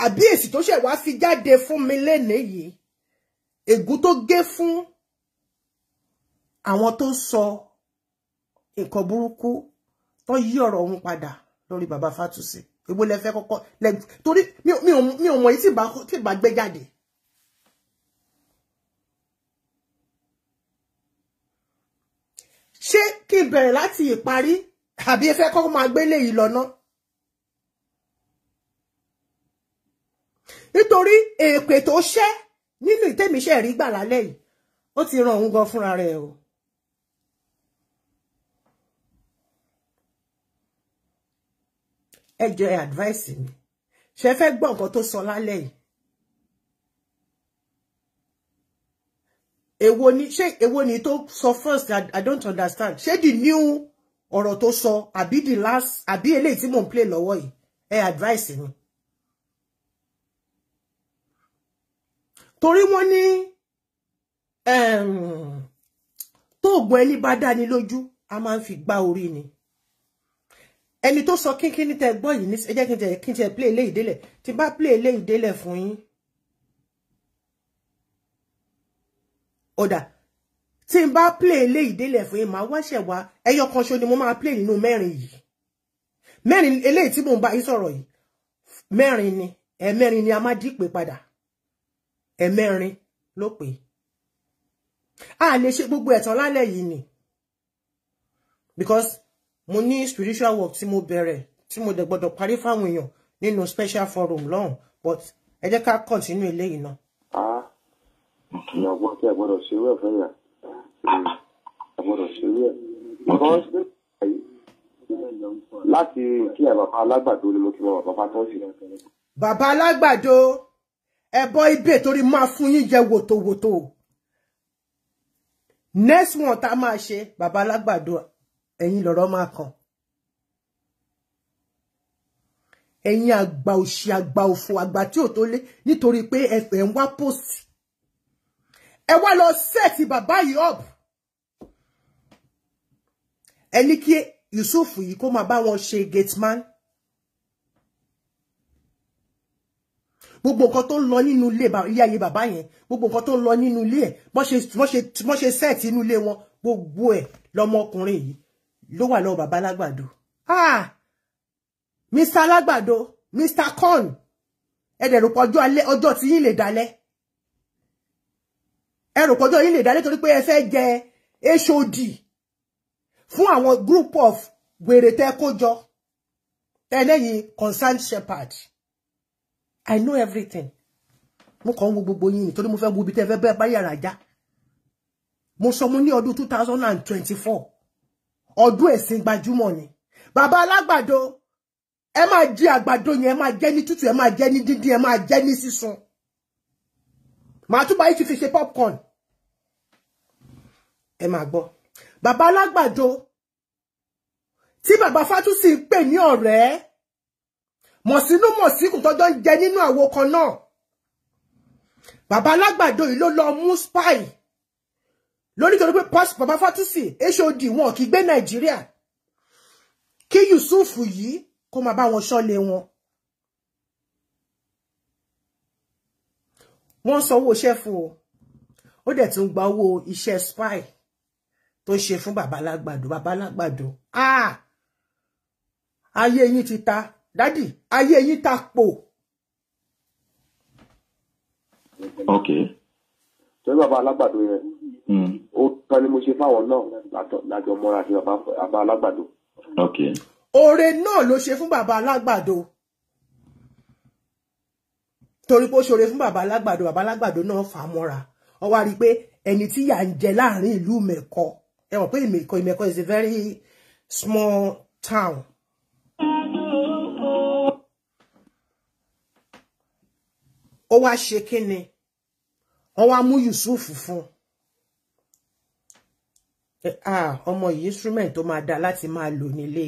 àbí èsì tó ṣẹ̀ wá fi jáde fún mi lénìí yìí ègún tó gé fún àwọn tó ń sọ nǹkan burúkú tó yí ọ̀rọ̀ ọ̀hún padà lórí bàbá Fátúnṣe èwo lẹ fẹ́ kọ́kọ́ lẹ torí mi ò mọ̀ yìí tí ìbá gbé jáde. ṣé kí n bẹ̀rẹ̀ láti ìparí àbí ẹ fẹ́ kọ́kọ́ máa gbé léyìí lọ nítorí èpè tó ṣẹ́ nínú ìtẹ́míṣẹ́ rí gbà lálẹ́ yìí ó ti ran òun gan fúnra rẹ̀ o. ẹ jọ ẹ advice mi ṣe fẹ́ gbọ́ nǹkan tó sọ lálẹ́ yìí èwo ni ṣé èwo ni tó sọ first I, I don't understand ṣé the new ọ̀rọ̀ tó sọ àbí the last àbí eléyìí tí mò ń play lọ́wọ́ yìí ẹ advice mi. torí wọ́n ní tóògùn ẹni bá dáni lójú a máa ń fi gbá orí ni ẹni tó sọ kínkín ní tẹ gbọ́ yìí ní ẹ jẹ́ kí n tẹ kí n tẹ plé eléyìí délẹ̀ tí bá plé eléyìí délẹ̀ fún yín ọ̀dà tí n bá plé eléyìí délẹ̀ fún yín màá wáṣẹ̀ wá ẹyọ kan ṣo ni mo máa plé nínú mẹ́rin yìí mẹ́rin eléyìí tí mò ń bá yín sọ̀rọ̀ yìí mẹ́rin ni ẹ̀mẹ́rin ni a máa dípè padà ẹ̀mẹ́rin ló pè á lè ṣe gbogbo ẹ̀tàn lálẹ́ yìí ni because mo ní spiritual work tí mo bẹ̀rẹ̀ tí mo dẹ̀ gbọ́dọ̀ parí fáwọn èèyàn nínú special forum lọ́hùn but ẹ jẹ́ ká continue eléyìí náà. ìyá ọgbọ́n tí a gbọ́dọ̀ ṣe wẹ̀ fún yà a gbọ́dọ̀ ṣe wẹ̀ láti kí ẹ bàbá alágbàdo ni mo kí bàbá tó ń sìn. bàbá alágbàdo ẹbọ ibè torí máa fún yín jẹ wòtòwòtò next one tá máa ṣe bàbá alágbàdo ẹ̀yin lọ̀rọ̀ máa kàn ẹ̀yin àgbà òṣì àgbà òfò àgbà tí ò tó lé nítorí pé ẹfẹ ń wá post ẹ wá lọ sẹẹtì bàbá yìí up ẹ ní kí Yusuf yìí kó máa bá wọn ṣe gateman gbogbo nǹkan tó ń lọ nínú ilé ayé bàbá yẹn gbogbo nǹkan tó ń lọ nínú ilé ẹ̀ bọ́n ṣe sẹ́ẹ̀tì inú ilé wọn gbogbo ẹ̀ lọmọkùnrin yìí ló wà lọ́wọ́ bàbá alágbàdo ah mr alágbàdo mr corn ẹ dẹ̀ rò pé ọjọ́ alẹ́ ọjọ́ tí yín lè dalẹ̀ ẹ rò pé ọjọ́ yín lè dalẹ̀ torí pé ẹ fẹ́ jẹ hod fún àwọn group of wèrè tẹ́ kó jọ tẹ́lẹ̀ yìí concerned shepherd. I know everything mo kàn ń wo gbogbo yín nítorí mo fẹ́ wo ibi tẹ́ fẹ́ bẹ́ẹ̀ bá yàrá já mo sọ mo ní ọdún two thousand and twenty-four ọdún ẹ̀sìn gbajúmọ̀ ni bàbá alágbàdo ẹ máa jí àgbàdo yẹn ẹ máa jẹ ní tútù ẹ máa jẹ ní díndín ẹ máa jẹ ní sísun màá tún bá yìí ti fi ṣe popcorn ẹ máa gbọ́ bàbá alágbàdo tí bàbá fátúsì ń pè ní ọ̀rẹ́ mọ̀sínú mọ̀síkùn tọ́jọ́ ń jẹ nínú àwo kan náà bàbá alágbàdo yìí ló lọ mú spy lórí torí pé bàbá fatusi hod wọn kì í gbé nàìjíríà kí yusuf yìí kó máa bá wọn ṣọ́lé wọn. wọ́n sanwó iṣẹ́ fún o ó dẹ̀ tún gba owó iṣẹ́ spy tó ṣe fún bàbá alágbàdo bàbá alágbàdo ah ayé yín ti ta dádì ayé yín ta pò. ok. ṣé bàbá alágbàdo yẹn hmm. ó tán ni mo ṣe fáwọn náà lájọ mọ́ra àti bàbá alágbàdo. ok. oore náà ló ṣe fún bàbá alágbàdo torí pé ó ṣoore fún bàbá alágbàdo bàbá alágbàdo náà fà á mọ́ra ó wá rí i pé ẹni tí yà ń jẹ láàrin ìlú mẹ́kọ ẹ mọ̀ pé ìmẹ̀kọ ìmẹ̀kọ is a very small town wá ṣe kíni wọ́n wá mú Yusuf fún eh, ah omo yìí instrument tó ma dá láti máa lò nílé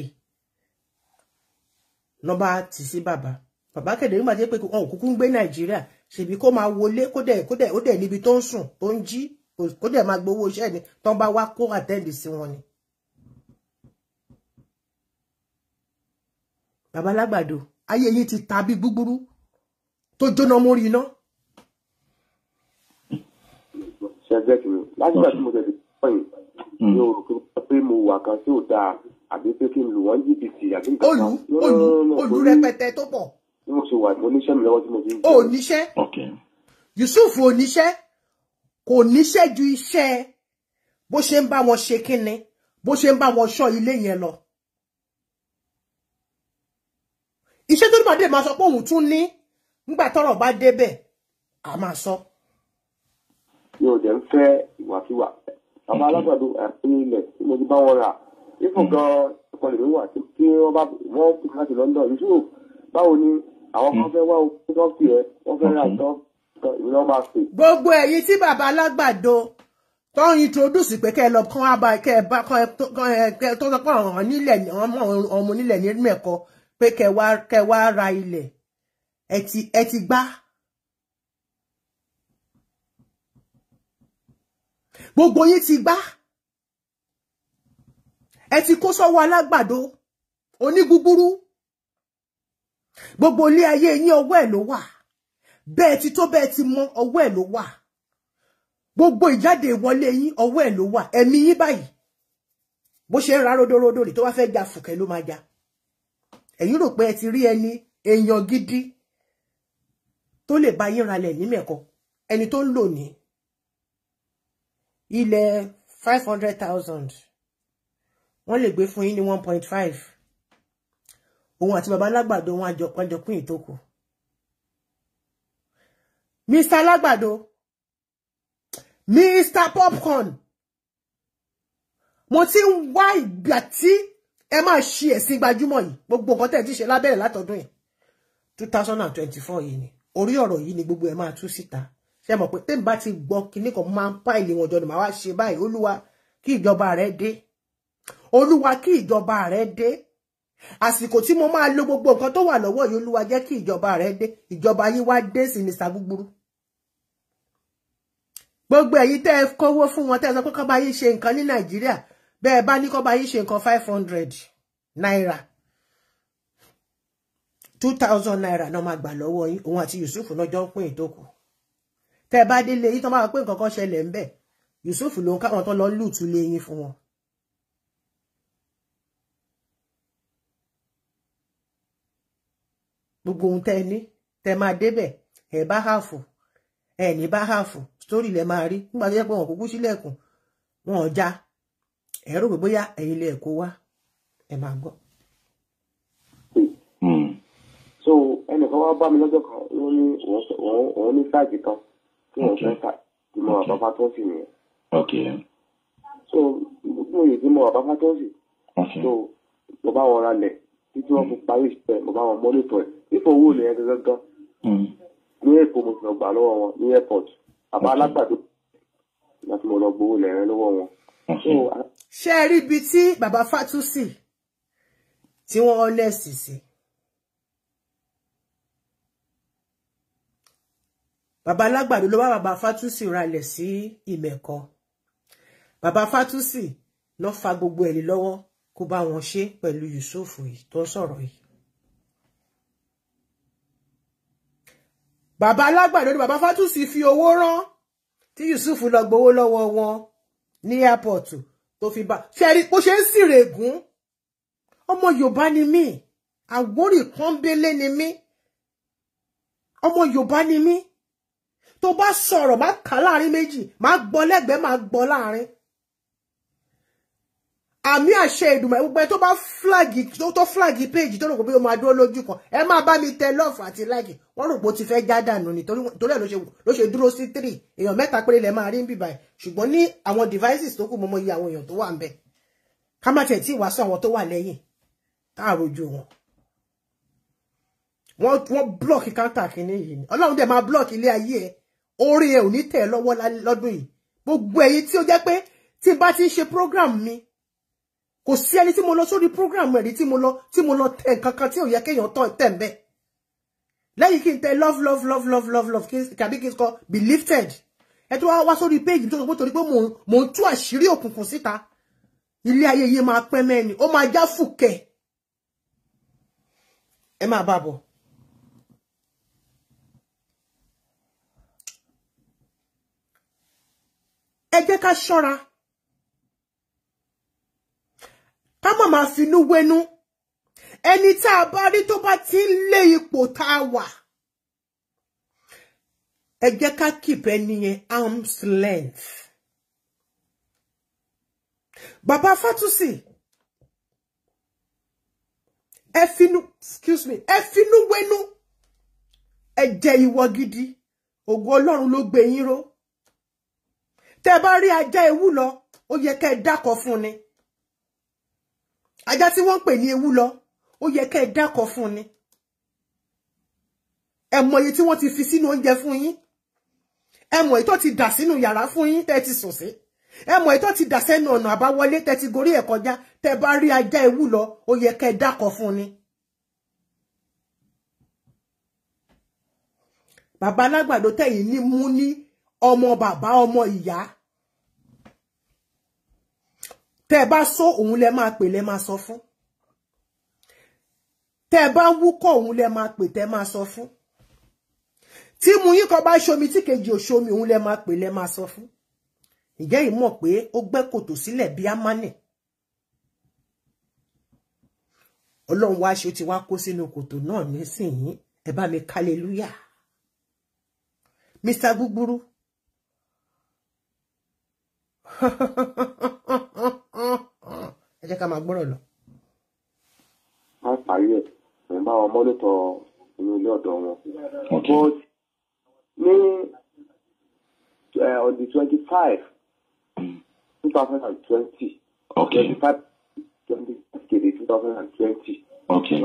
lọ baba. Baba sí bàbá bàbá kẹdẹ nígbà tí pé wọn ò kúkú ń gbé Nàìjíríà ṣèbí kó máa wọlé kódẹ kódẹ ó dẹ níbi tó ń sùn tó ń jí kódẹ máa gbowó iṣẹ́ ni tán bá wá kó àtẹǹdì sí wọn ni. babalágbàdo ayé yín ti ta bí tó jóná mórí iná. ṣẹ́gbẹ́ kìíní lásìkò àti mm. mo tẹ̀lé pọ́yìn mi ò rò pé mo wà kan tí ò dáa àbí pé kí n lù wọ́n jìbìtì àbí nǹkan kan. olú olú olú rẹpẹtẹ tó pọ̀. bí mo ṣe wà mo níṣẹ́ mi lọ́wọ́ tí mo fi ń jẹ́. oníṣẹ́ Yusuf oníṣẹ́ kò níṣẹ́ ju iṣẹ́ bó ṣe ń bá wọn ṣe kínni bó ṣe ń bá wọn ṣọ́ ilé yẹn lọ. iṣẹ́ tó ní màdé máa sọ pé òun tún ní nígbà tọ́rọ̀ bá débẹ̀ a máa sọ. mi ò dẹ̀ ń fẹ́ ìwàkiwà àwọn alágbàdo àti ilẹ̀ tí mo ti bá wọn rà ifun gan ọkọ lèmi wà tí wọ́n bá wọ́n fi láti London yusuf báwo ni àwọn kan hmm. fẹ́ wá owó tí wọ́n fẹ́ rà tán ìrìn ọmọ àṣẹ. gbogbo ẹ̀yin tí bàbá alágbàdo tó ń introduce pé kẹ́ ẹ lọ kán wá bá kẹ́ ẹ bá kán ẹ tó sọ pé ọ̀hún nílẹ̀ ọmọ onílẹ̀ ní mẹ́kọ pé kẹ́ ẹ wá ra ilẹ̀ ẹ ti ẹ ti gbá gbogbo yín ti gbá ẹ ti kó sọ́wọ́ alágbàdo onígúgúrú gbogbo ilé ayé yín ọwọ́ ẹ̀ ló wà bẹ́ẹ̀ ti tó bẹ́ẹ̀ ti mọ ọwọ́ ẹ̀ ló wà gbogbo ìjáde ìwọlé yín ọwọ́ ẹ̀ ló wà ẹ̀mí yín báyìí bó ṣe ń ra ródóródó rè tó wá fẹ́ ja fùkẹ́ ló máa ja ẹ̀yin rò pé ẹ ti rí ẹni èèyàn gidi tó lè bá yín ralẹ̀ ní mẹ́kọ ẹni tó ń lò ní ilẹ̀ five hundred thousand wọ́n lè gbé fún yín ní one point five òun àti baba alágbàdo wọn àjọpọ̀jọpín ìtókù mr alágbàdo mr popcorn mo ti ń wá ìgbà tí ẹ máa ṣe ẹ̀sìn gbajúmọ̀ yìí gbogbo nǹkan tẹ̀ ti ṣe lábẹ́rẹ̀ látọdún yìí two thousand and twenty four yìí ni orí ọ̀rọ̀ yìí ni gbogbo ẹ̀ máa tú síta ṣe mọ̀ pé tẹ́mi bá ti gbọ́ kinní kan máa ń pa ìlé wọn jọ ni màá wá ṣe báyìí olúwa kí ìjọba rẹ dé olúwa kí ìjọba rẹ dé àsìkò tí mo máa lo gbogbo nǹkan tó wà lọ́wọ́ yìí olúwa jẹ́ kí ìjọba rẹ dé ìjọba yìí wá dé sí ní sàgbúgbúrú gbogbo èyí tẹ́ ẹ kówó fún wọn tẹ́ ẹ sọ pé kọ́ bá yín ṣe nǹkan ní nàìjíríà bẹ́ẹ̀ bá ní kọ́ bá yín ṣe nǹkan five hundred naira two thousand naira náà máa gbà lọ́wọ́ yín òun àti Yusuf lọ́jọ́ pín ìtókù tẹ bá délé yìí tán máa pé nǹkan kan ṣẹlẹ̀ ńbẹ̀ Yusuf ló ń káwọn tán lọ lùtú lé yín fún wọn. gbogbo ohun tẹ ní tẹ máa débẹ̀ ẹ bá hàfù ẹ ní bá hàfù sórí lẹ máa rí nígbà tó yẹ pé wọn kúkú sílẹ̀kùn wọn ò já ẹ rò pé bóyá ẹ̀yin lè kó wá ẹ máa gbọ́. kan wá bá mi lọ́jọ́ kan ló ní òun ní sáàjì kan tí wọ́n fẹ́ tà tí mo tó sì nìyẹn. so mo yè tí mo wà tó sì. so mo bá wọn ra títí wọ́n fi mm. parí ìṣẹ́ mo bá wọn mọ́nítọ̀ ẹ̀ fífọ̀ owó nìyẹn gangan mm. ní èkó mo sì lọ gbà lọ́wọ́ wọn ní airport àbá alágbàdo láti mo lọ gbowó lẹ́rìn lọ́wọ́ wọn. ṣé ẹ rí ibi tí bàbá fatusi tí wọ́n honest sí. bàbá alágbàdo ló bá bàbá fátúsì ralẹ̀ sí ìmẹ̀kọ bàbá fátúsì lọ fa gbogbo ẹ̀lì lọ́wọ́ kó bá wọn ṣe pẹ̀lú Yusuf yìí tó ń sọ̀rọ̀ yìí bàbá alágbàdo ni bàbá fátúsì fi owó rán tí Yusuf lọ gbowó lọ́wọ́ wọn ní airport tó fi bá ṣẹ́rí bó ṣe ń sìrègùn ọmọ Yorùbá ni mí àgbórì kan bélé ni mí ọmọ Yorùbá ni mí tó bá sọ̀rọ̀ má kà láàrin méjì má gbọ́ lẹ́gbẹ̀ẹ́ má gbọ́ láàrin àmì àṣẹ ìdùnmọ̀ gbogbo ẹ tó bá flagi tó flagi péjì tó rò pé ó máa dúró lójú kan ẹ máa bá mi tẹ lọ́ọ̀fù àti láìkì wọ́n rò pé ó ti fẹ́ já dànù ni torí ẹ̀ ló ṣe dúró sí three èèyàn mẹ́ta péré lẹ̀ máa rí ń bìbà ẹ̀ ṣùgbọ́n ní àwọn devices tó kù mọ́mọ́ iye àwọn èèyàn tó wà ń bẹ̀ ká má tiẹ̀ tí ì wá sọ àwọn tó wà lẹ́yìn tá a rojú wọn. wọ́n wọ́n block counter kìíní yìí ni ọlọ́run dẹ̀ máa block ilé ayé ẹ̀ orí ẹ ò ní tẹ̀ lọ́wọ́ lọ́dún yìí gbogbo ẹ̀yin tí ó jẹ́ pé tí n bá ti ń ṣe program mi kò sí ẹni tí mo lọ sórí program ẹ̀rí tí mo lọ tí mo lọ tẹ̀ nǹkan kan tí ò yẹ kéèyàn tọ̀ tẹ̀ ń bẹ̀ lẹ́yìn kí n tẹ love love love love love love tàbí kí n kọ be lifted ẹ tó wá wá sórí péjì tó sọ pé torí pé mò ń tú àṣírí òkùnkùn síta ilé ayé yìí máa pẹ́ mẹ́ni ó máa já fùkẹ́ ẹ máa bá bọ̀. ẹ jẹ́ ká ṣọ́ra ká má máa finú wénú ẹni tá a bá rí tó bá ti ń lé ipò tá a wà ẹ jẹ́ ká keep ẹni arm's length. Bàbá fatusi, ẹ finú excuse me ẹ finú wénú ẹ jẹ ìwọ gidi ògo Ọlọ́run ló gbé yín tẹ́ bá rí ajá ewúlọ ó yẹ kẹ́ dákọ fún ni ajá tí wọ́n pè ní ewúlọ ó yẹ kẹ́ dákọ fún ni ẹ mọ èyí tí wọ́n ti fi sínú oúnjẹ fún yín ẹ mọ èyí tó ti dà sínú yàrá fún yín tẹ́ ti sùn sí ẹ mọ èyí tó ti dà sẹ́nu ọ̀nà àbáwọlé tẹ́ ti gorí ẹ̀ kọjá tẹ́ bá rí ajá ewúlọ ó yẹ kẹ́ dákọ fún ni. bàbá alágbàdo tẹ̀yìn ní mú ní ọmọ bàbá ọmọ ìyá tẹ́ bá sọ òun lẹ máa pè lẹ máa sọ fún tẹ́ bá wúkọ̀ òun lẹ máa pè tẹ́ máa sọ fún tí mu yín kan bá ṣomi tí kejì ò ṣomi òun lẹ máa pè lẹ máa sọ fún ìjẹ́ yìí mọ̀ pé ó gbẹ́ kòtò sílẹ̀ bí amánì ọlọ́run wá ṣe ti wá kó sínú kòtò náà nísìnyí ẹ bá mi kálẹ́lúyà Mr. Gúgúrú ẹ jẹ́ ká máa gbọ́rọ̀ lọ. wọ́n parí ẹ̀ mo ń bá wọn mọ́lẹ́tọ̀ inú ilé ọ̀dọ́ wọn. but ní on the twenty five two thousand and twenty. okay twenty five twenty five kéde two thousand and twenty. okay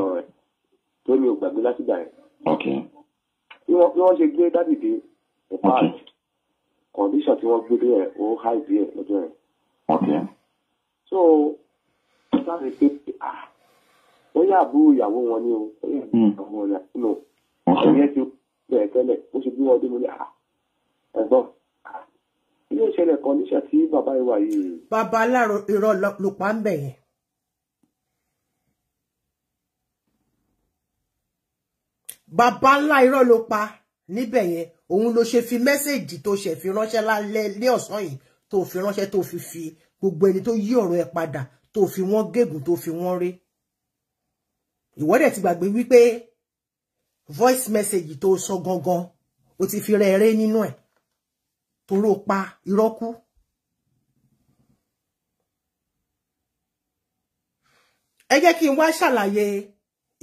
tó ní o gbàgbé láti gbà yẹn. okay bí wọ́n ṣe gbé dádìde. okay. okay condition tí wọ́n gbé ẹ̀ ó háì díẹ̀ lọ́jọ́ yẹn. so wọ́n sáré pé ah wọ́n yà bú ìyàwó wọn ní o wọ́n yà bú ìyàwó hmm. wọn ní o àwọn yẹn ti bẹ̀rẹ̀ tẹ́lẹ̀ ó ṣe bí wọ́n dé mo ní ah ẹ̀gbọ́n ilé ìṣẹ̀lẹ̀ condition tí bàbá ìwà yìí. bàbá aláàrò irọ́ ló ń bẹ̀ yẹn. bàbá ńlá irọ́ ló pa níbẹ̀ yẹn òun ló ṣe fi mẹ́sẹ̀jì tó ṣe fi ránṣẹ́ lálẹ́ lé ọ̀sán yìí tó fi ránṣẹ́ tó fi fi gbogbo ẹni tó yí ọ̀rọ̀ ẹ padà tó fi wọ́n gégùn tó fi wọ́n rí ìwọ ti gbàgbé wípé voice message tó sọ gangan ó ti fi rere nínú ẹ̀ toro pa iroku ẹ jẹ́ kí n wá ṣàlàyé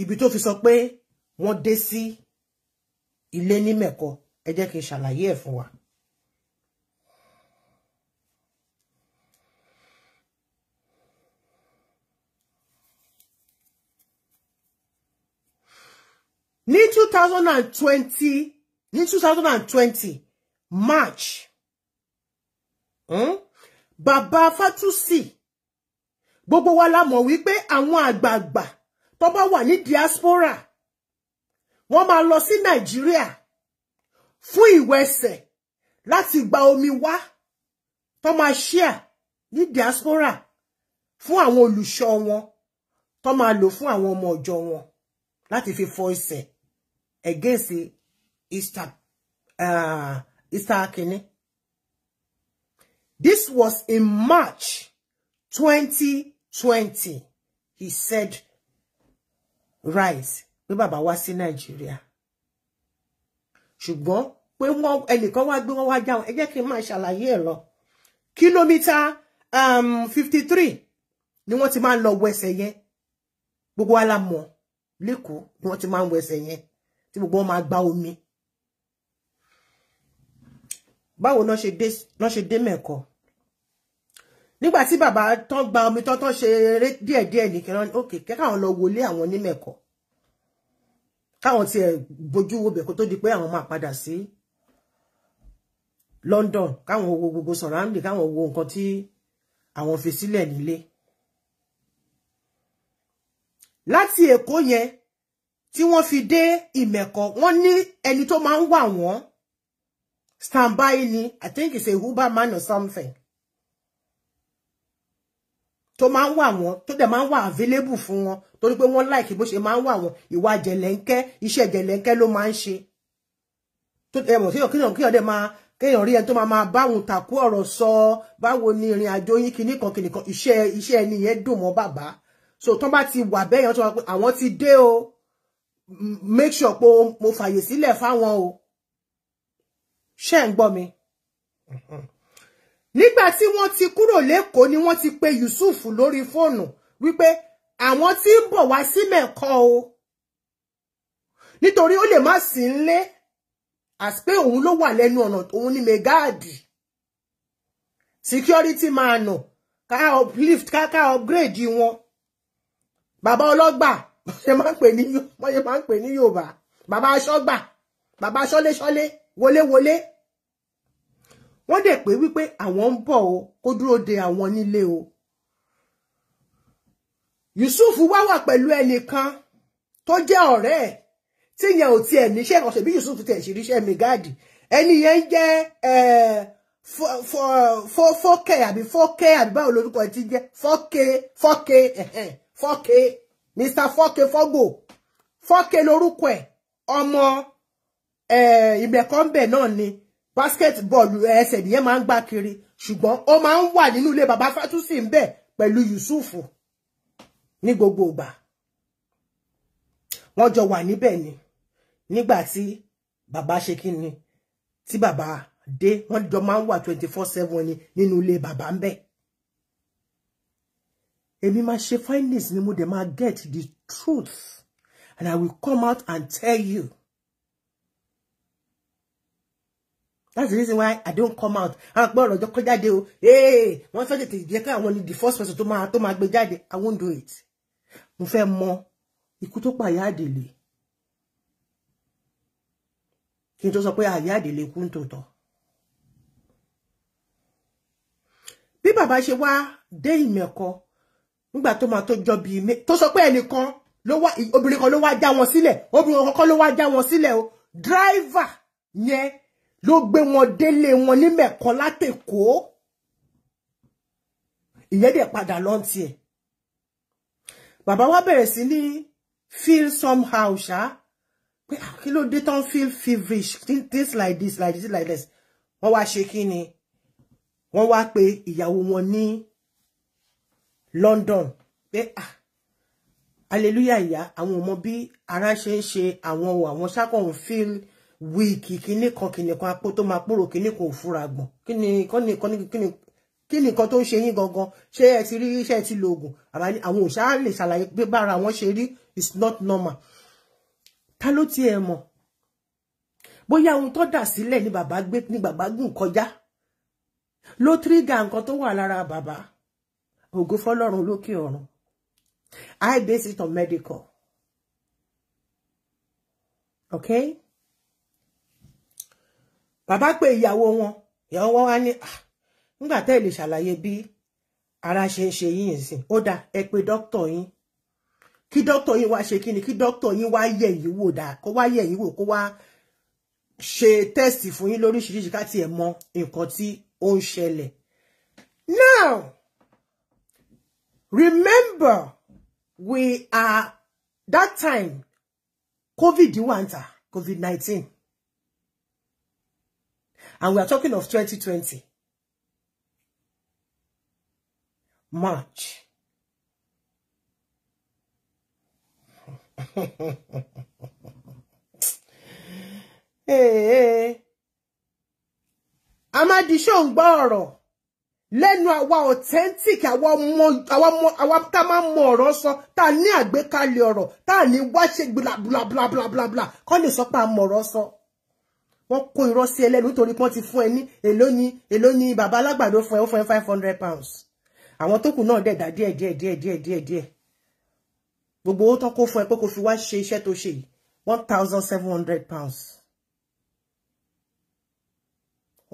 ibi tó fi sọ pé wọ́n dé sí ilé ní Mẹ̀kọ ẹ jẹ́ kí n ṣàlàyé ẹ̀ fún wa. ní two thousand and twenty ní two thousand and twenty March hmm? bàbá Fatusi gbogbo wa la mọ̀ wípé àwọn àgbààgbà tó bá wà ní diaspora wọ́n máa lọ sí Nàìjíríà fún ìwẹsẹ̀ láti gba omi wá tó máa share ní diaspora fún àwọn olùṣọ́ wọn tó máa lò fún àwọn ọmọ ọjọ́ wọn láti fi fọ ẹsẹ̀ against Easter uh, Easter This was in March 2020. He said, rise. Pé bàbá wá sí Nàìjíríà. Ṣùgbọ́n pé wọ́n ẹnìkan wá gbé wọ́n wá já wọn ẹ jẹ́ kí n máa ṣàlàyé ẹ̀ lọ kìlómítà um, fifty three ni wọ́n ti máa ń lọ wẹsẹ̀ yẹn gbogbo wa la mọ̀ lẹ́kọ̀ọ́ ni wọ́n ti máa ń wẹsẹ̀ yẹn tí gbogbo wọn máa gba omi báwo lọ́ ṣe dé mẹ́kọ̀ọ́ nígbà tí bàbá tán gba omi tán tán ṣe eré díẹ̀díẹ̀ ní kẹrán òkè kẹ́kàwọn lọ wọlé àwọn onímẹ̀kọ́ káwọn tiẹ̀ bójú wo bẹ̀ kó tó di pé àwọn máa padà sí London káwọn wo gbogbo surrounding káwọn wo nǹkan tí àwọn fi sílẹ̀ nílé láti Èkó yẹn tí wọ́n fi dé Ìmẹ̀kọ wọ́n ní ẹni tó máa ń wà wọ́n standby ni I think it's a Uber man or something tó máa ń wà wọ́n tó dẹ̀ máa ń wà available fún wọn torí pé wọ́n like bó ṣe máa ń wà wọ́n ìwà jẹ̀lẹ̀ńkẹ́ iṣẹ́ jẹ̀lẹ̀ńkẹ́ ló máa ń ṣe tó dẹ̀ mọ̀ sí ọ̀kíyàn kíyàn dẹ̀ máa kéèyàn rí ẹni tó máa máa báwọn tàkú ọ̀rọ̀ sọ báwo ni ìrìn àjò yín kinní kan kinní kan iṣẹ́ iṣẹ́ ẹni yẹn dùn mọ́ bàbá so tán bá ti wà bẹ́ẹ̀ yẹn tó máa pé àwọn ti dé o make sure pé mo fàyè sílẹ̀ fáwọn o ṣé ń gbọ́ mi. nígbà tí wọ́n ti kúrò lẹ́kọ̀ọ́ ni wọ́n ti pe Yusuf lórí fóònù wípé àwọn tí ń bọ̀ wá sí mẹ́kọ́ o nítorí ó lè má sí ń lé as pé òun ló wà lẹ́nu ọ̀nà òun ni mẹ́gáàdì security máa nà ká uplift ká ká upgrade wọn bàbá ọlọ́gbà ṣe máa ń pè ní wọ́n ṣe máa ń pè ní Yorùbá bàbá aṣọ́gbà bàbá aṣọ́léṣọ́lé wọléwọlé wọ́n dẹ̀ pé wípé àwọn ń bọ̀ o kó dúró de àwọn nílé o Yusuf wá wà pẹ̀lú ẹnìkan tó jẹ́ ọ̀rẹ́ ẹ̀ tí yẹn ni tiẹ̀ níṣẹ́ kan ṣèbí Yusuf tẹ̀ ṣe ríṣẹ́ mẹgáàdì for for jẹ́ fọ́kẹ́ àbí fọ́kẹ́ àbí báwo lórúkọ ti jẹ́ fọ́kẹ́ fọ́kẹ́ fọ́kẹ́ Mr fọ́kẹ́ fọ́gò fọ́kẹ́ lórúkọ ẹ̀ ọmọ ìbẹ̀kọ́ńbẹ̀ náà ni basketball ball ẹsẹ̀ nìyẹn máa ń gbá kiri ṣùgbọ́n ó máa ń wà nínú baba Fatusi ń bẹ̀ pẹ̀lú Yusuf ní gbogbo ìgbà wọ́n jọ wà níbẹ̀ ni nígbà tí bàbá ṣe kí ni tí bàbá dé wọ́n jọ máa ń wà twenty four seven ni nínú ilé bàbá ń bẹ èmi máa ṣe findings ni mo dẹ̀ máa get the truth and I will come out and tell you. That's the reason why I don't come out. Àwọn àpẹ ọ̀rọ̀ ọjọ́ jáde o. Wọ́n sọ tètè jẹ́ pé àwọn ni the first person tó máa tó máa gbé jáde. I won't do it. Mo fẹ́ mọ ikú tó pààyà àdèlè. kí n tó sọ pé àyáàdè lè kú tòótọ́ bí bàbá ṣe wá dé ìmẹ̀kọ nígbà tó máa tó jọ bíi tó sọ pé ẹnìkan ló wá obìnrin kan ló wá já wọn sílẹ̀ obìnrin kan ló wá já wọn sílẹ̀ o dráìvà yẹn ló gbé wọn délé wọn ní látẹ̀kọ́ ìyẹn dẹ̀ padà lọ́ntì ẹ̀ bàbá wa bẹ̀rẹ̀ sí ní feel somehow ṣáá Ah, kí ló dé tán feel feverish things like this like this like this wọ́n wá ṣe kí ni wọ́n wá pe ìyàwó wọn ní London pé ah hallelujah ìyá àwọn ọmọ bí ara ṣe ń ṣe àwọn o àwọn ṣàkóhun feel weak kíní kan kíní kan apó tó máa pòrò kíní kan òfúra gbọ̀n kíní kan ní kan ní kíní kí ni nǹkan tó ń ṣe yín gangan ṣé ẹ ti rí iṣẹ́ ti lo oògùn àwọn òṣà lè ṣàlàyé pé bára wọn ṣe rí is not normal ta ló tiẹ̀ mọ̀ bóyá ohun tó dà sílẹ̀ ni bàbá gbé ni bàbá gùn kọjá ló tírígà nǹkan tó wà lára bàbá ògo fọ́lọ́run lókè ọ̀run I base it on medical okay bàbá pé ìyàwó wọn ìyàwó wọn wá ní ah, nígbà tẹ́ lè ṣàlàyé bí ara ṣe ń ṣe yín ìsìn ó dà ẹ pé dókítà yín kí dókítọ̀ yín wá ṣe kí ni kí dókítọ̀ yín wá yẹ̀ yín wò dáa kó wá yẹ̀ yín wò kó wá ṣe tẹ́sì fún yín lóríṣiríṣi ká tiẹ̀ mọ nǹkan tí ó ń ṣẹlẹ̀. now remember we are that time covid wà ń ta covid nineteen and we are talking of twenty twenty march. amadiṣó ń gbọ́ ọ̀rọ̀ lẹ́nu àwa authentic àwa ọmọ àwa ọmọ àwa tá a máa mọ ọ̀rọ̀ sọ tá a ní àgbékalẹ̀ ọ̀rọ̀ tá a ní wá ṣe blablablablabla kọ́ lè sọ pé a mọ ọ̀rọ̀ sọ wọ́n kó irọ́ sí ẹlẹ́nu nítorí pọ́n ti fún ẹ ní èló ni èló ni bàbá alágbàdo fún ẹ ó fún ẹ five hundred pounds àwọn tó kù náà dẹ̀ dá díẹ̀ díẹ̀ díẹ̀ díẹ̀ díẹ̀ díẹ̀ gbogbo owó tán kó fún ẹ pé kó fi wá ṣe iṣẹ́ tó ṣe yìí one thousand seven hundred pounds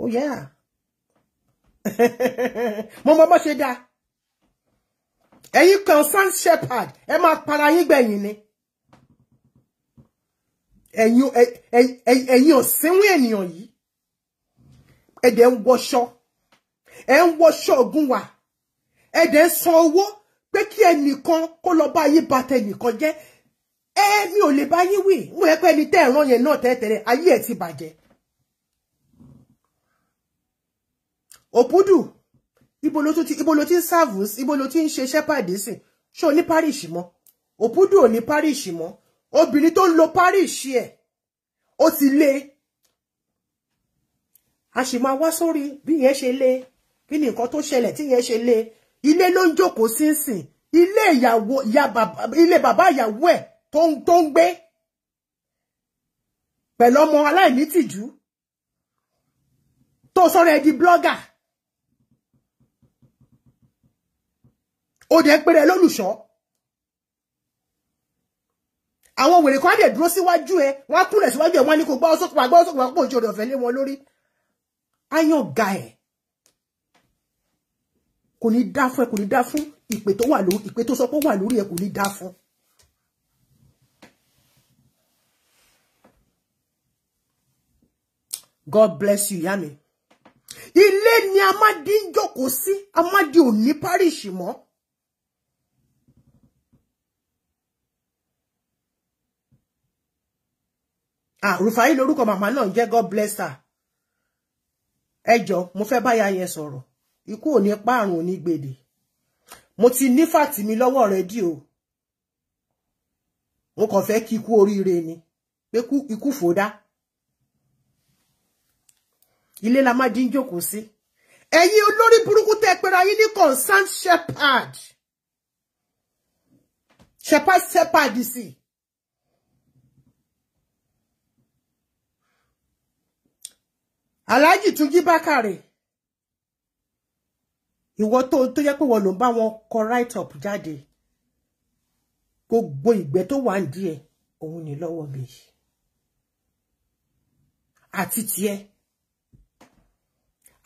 oh yeah mo mọ bó ṣe dáa ẹ̀yin concerned shepherd ẹ máa para yín gbẹ̀yìn ni ẹ̀yin òsínwó ènìyàn yìí ẹ̀dẹ̀ ń wọṣọ ẹ̀ ń wọṣọ ògùn wà ẹ̀dẹ̀ ń san owó pé kí ẹnìkan kó lọ bá yín bàtẹ ẹnìkan jẹ́ ẹ mi ò lè bá yín wí mo yẹ pé ẹni tẹ́ ẹ̀ràn yẹn náà tẹ́tẹ̀rẹ̀ ayé ẹ̀ ti bàjẹ́. òpúdù ibo ló ti ibo ló ti service ibo ló ti ń ṣe ṣẹ́pàdé sìn ṣé o ní parish mọ́ òpúdù ò ní parish mọ́ obìnrin tó lo parish ẹ̀ ó ti lé a sì máa wá sórí bí yẹn ṣe lé kí ni nǹkan tó ṣẹlẹ̀ tí yẹn ṣe ilé ló ń jókòó sínsìn ilé ìyàwó ya bàbá ilé bàbá ìyàwó ẹ̀ tó ń tó ń gbé pẹ̀lú ọmọ aláìní tìjú tó sọ̀rọ̀ ẹ̀ di blọ́gà ó dẹ̀ péré lólùṣọ́ àwọn wèrè kan á dẹ̀ dúró síwájú ẹ wọ́n á kúnlẹ̀ síwájú ẹ wọ́n á ní kó gbá ọ́ sókùnmá gbá ọ́ sókùnmá pọ̀ òjò rẹ̀ ọ̀fẹ́ lé wọn lórí áyàn ga ẹ̀ kò ní dá fún ẹ kò ní dá fún ìpè tó wà lórí ìpè tó sọ pé ó wà lórí ẹ kò ní dá fún. God bless you Yami. ilé ni a máa di ń jókòó sí a máa di òní parish mọ́. àrùfáì ah, lórúkọ màmá náà ń God bless her ẹ jọ mo fẹ́ báyà yẹn sọ̀rọ̀ ikú ò ní pa ni ò ní mo ti ní fàtìmí lọ́wọ́ already o mo kàn fẹ́ kí ikú oríire ni pé ikú fòdá ilé la má dín jókòó sí ẹ̀yin olórí burúkú tẹ́ pera yín ní concerned shepherd shepherd shepherd sí Alhaji Tunji Bakare ìwọ tó tó jẹ́ pé wọ́n ló ń bá wọn kọ write up jáde gbogbo ìgbẹ́ tó wà ń díẹ̀ òun ni lọ́wọ́ mi àti tiẹ̀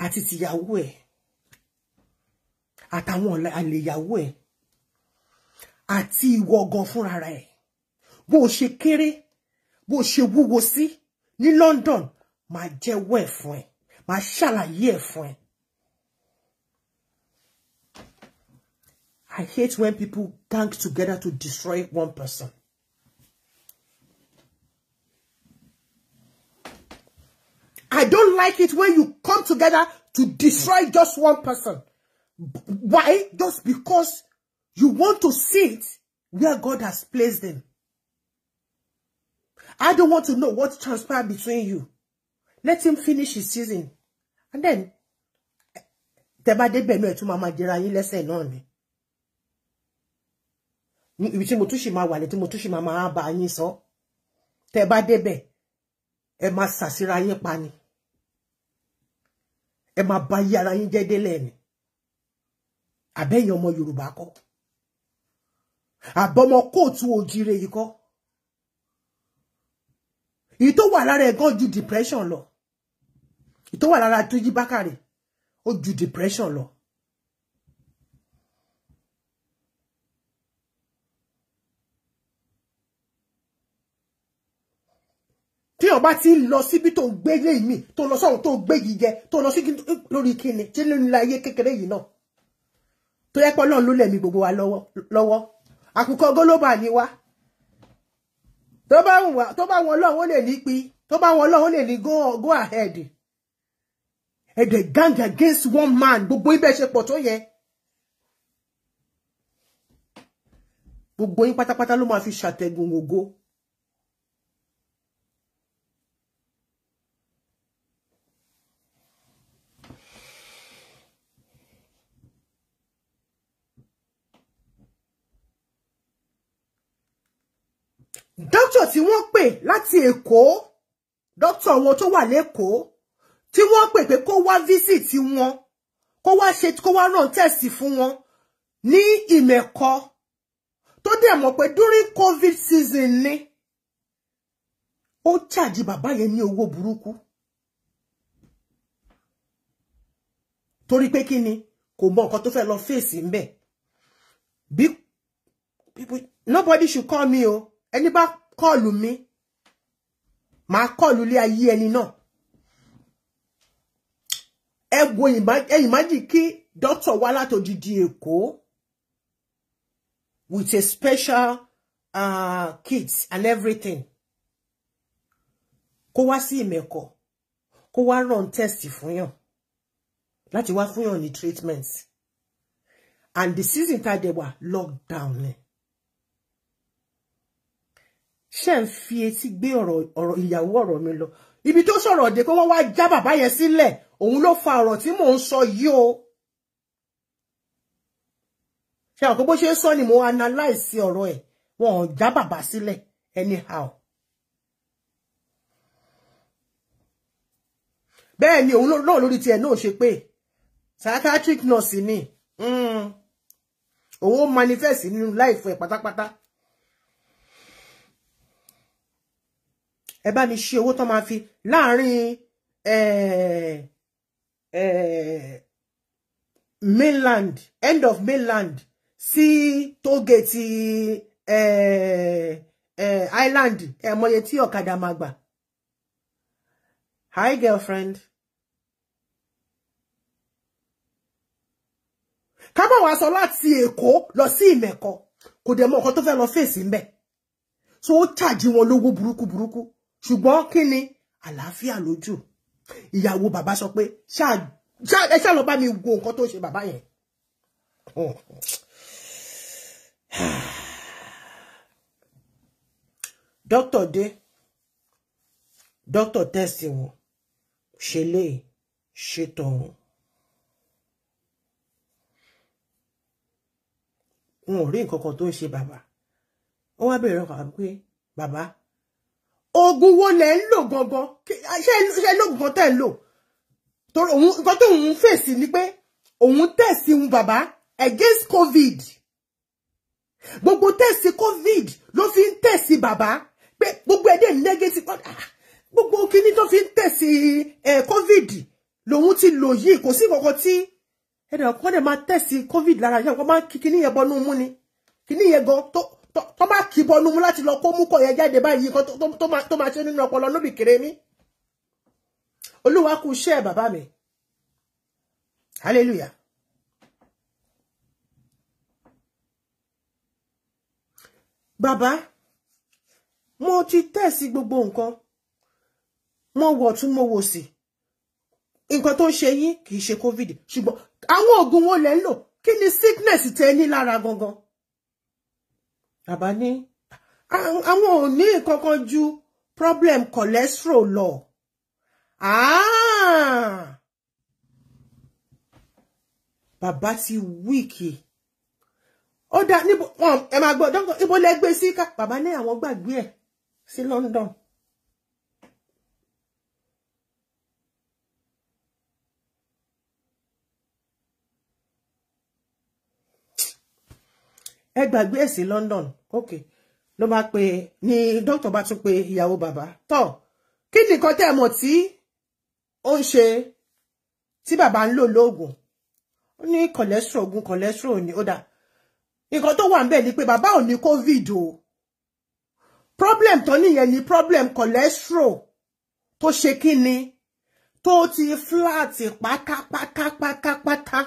àti tìyàwó ẹ̀ àtàwọn àlèyàwó ẹ̀ àti ìwọ gan fúnra ẹ̀ bó o ṣe kéré bó o ṣe wúwo sí ní London máa jẹ́wọ́ ẹ̀ fún ẹ máa ṣàlàyé ẹ̀ fún ẹ I hate when people gang together to destroy one person. I don't like it when you come together to destroy just one person. Why? Just because you want to sit where God has placed them. I don't want to know what transpired between you. Let him finish his season. And then, tẹ́ bá débẹ̀ náà ẹ̀ ibi tí mo tún ṣì máa wà ní tí mo tún ṣì máa máa bá yín sọ tẹ bá débẹ̀ ẹ máa ṣàṣírà yín pa ni ẹ máa bá yí ara yín jẹ́ délẹ̀ ni àbẹ́yìn ọmọ Yorùbá kọ́ àbọmọ kóòtù òjire yìí kọ́ èyí tó wà lára ẹ̀ ju depression lọ èyí tó wà lára tó yí bákàrẹ̀ ó ju depression lọ téèyàn bá ti ń lọ síbi tó gbé lé mi tó lọ sọ́hun tó gbé yìí jẹ tó lọ sí eh, lórí kíni tí ló ń la ayé kékeré yìí náà tó yẹ pé ọlọ́run ló lẹ̀mí gbogbo wa lọ́wọ́ àkùkọ gólóbà ni wá tó bá wọn ọlọ́run ó lè ní pi tó bá wọn ọlọ́run ó lè ní go ahead ẹ̀dẹ̀ gang against one man gbogbo ibẹ̀ ṣe pọ̀ tó yẹ gbogbo yín pátápátá ló máa fi ṣàtẹ̀gùn ògo. doctor tí wọ́n pè láti Èkó doctor wọn tó wà lÉkòó tí wọ́n pè pé kó wá visit wọn kó wá ṣe kó wá run test fún wọn ní Ìmẹ̀kọ tó dẹ̀ mọ̀ pé during covid season ni ó charge baba yẹn ní owó burúkú torí pé kí ni kò mọ nǹkan tó fẹ́ lọ face ńbẹ̀ bí nobody should call me oh ẹni bá kọlù mi màá kọlù ilé ayé ẹni náà ẹ wo ẹyìn májì kí dókítà wá látòdìdí Èkó with a special uh, ah, kids and everything kó wá sí Ìmẹ̀kọ kó wá run test fún yàn láti wá fún yàn ní treatment and the season tá a dẹ̀ wà lockdown ni. Eh ṣe ń fi etí gbé ọ̀rọ̀ ìyàwó ọ̀rọ̀ mi lọ ibi tó sọ̀rọ̀ dé pé wọ́n wá já bàbá yẹn sílẹ̀ òun ló fa ọ̀rọ̀ tí mò ń sọ yìí o ṣe àkókò bó ṣe ń sọ ni mo analyze ọ̀rọ̀ ẹ̀ wọn ò já bàbá sílẹ̀ anyhow bẹ́ẹ̀ ni òun náà lórí tiẹ̀ náà ṣe pé psychiatric nurse ni hmm. òun manifest nínú life ẹ̀ pátápátá. ẹ bá mi ṣe owó tán máa fi láàrin mainland end of mainland sí tógèètì island ẹ mọye tí ọ̀kadà máa gbà. Hi girlfriend. kábọ̀ wá sọ láti èkó lọ sí ìmẹ̀kọ kò dẹ̀ mọ nǹkan tó fẹ́ lọ fèsì ń bẹ̀ so ó ṣàjì wọn buruku buruku ṣùgbọ́n kí ni àlàáfíà lójú ìyàwó bàbá sọ pé ẹ ṣáà lọ bá mi wo nǹkan tó ṣe bàbá yẹn. dókítà dé dókítà tẹ́sì wọn ṣe lè ṣe tọ̀hún. wọn ò rí nǹkan kan tó ń ṣe bàbá ó wá bẹ̀rẹ̀ ọkàn pé bàbá oògùn wo lẹ ń lò gangan ṣe lóògùn kan tẹ́ ń lò torí òun nǹkan tó òun fèsì ni pé òun test òun Baba, against covid gbogbo test covid ló fi ń Baba. bàbá pé gbogbo ẹ̀dẹ̀ negative ah, gbogbo kíní tó fi test tẹ̀sí covid lòun ti lò yìí kò sí kankan tí ẹnì kan dẹ̀ máa tẹ̀sí covid lára yẹn kó máa kí kíní yẹn bọ́nú mú ni kíní yẹn gan tó tó bá kì bọnú mu láti lọ kó mú kọ̀ yẹn jáde báyìí kan tó máa ṣe nínú ọpọlọ lóbì kéré mi olúwa kú iṣẹ́ bàbá mi hallelujah Baba, mo ti tẹ̀sí gbogbo nǹkan mo wọ̀ tún mo wò sí nǹkan tó ń ṣe yín kì covid ṣùgbọ́n àwọn ogun wo lẹ ń lò sickness tẹ ní lára gangan bàbá ní àwọn ò ní kankan ju problem cholesterol Ah, bàbá ti wíìkì ó dá níbo ẹ máa gbọ́ ibo lẹ gbé sí ká bàbá ní àwọn gbàgbé ẹ̀ sí London. ẹ gbàgbé ẹ̀ sí London ok ló bá pe ni dókítà bá tún pe ìyàwó bàbá tó kí nìkan tẹ́ ẹ mọ̀ tí ó ń ṣe tí bàbá ń lò lóògùn ó ní cholesterol oògùn cholesterol ni ó dà nǹkan tó wà ń bẹ̀ ni pé bàbá ò ní covid o problem tó níyẹn ni problem cholesterol tó ṣe kí ni tó ti flat pátápátápátápátá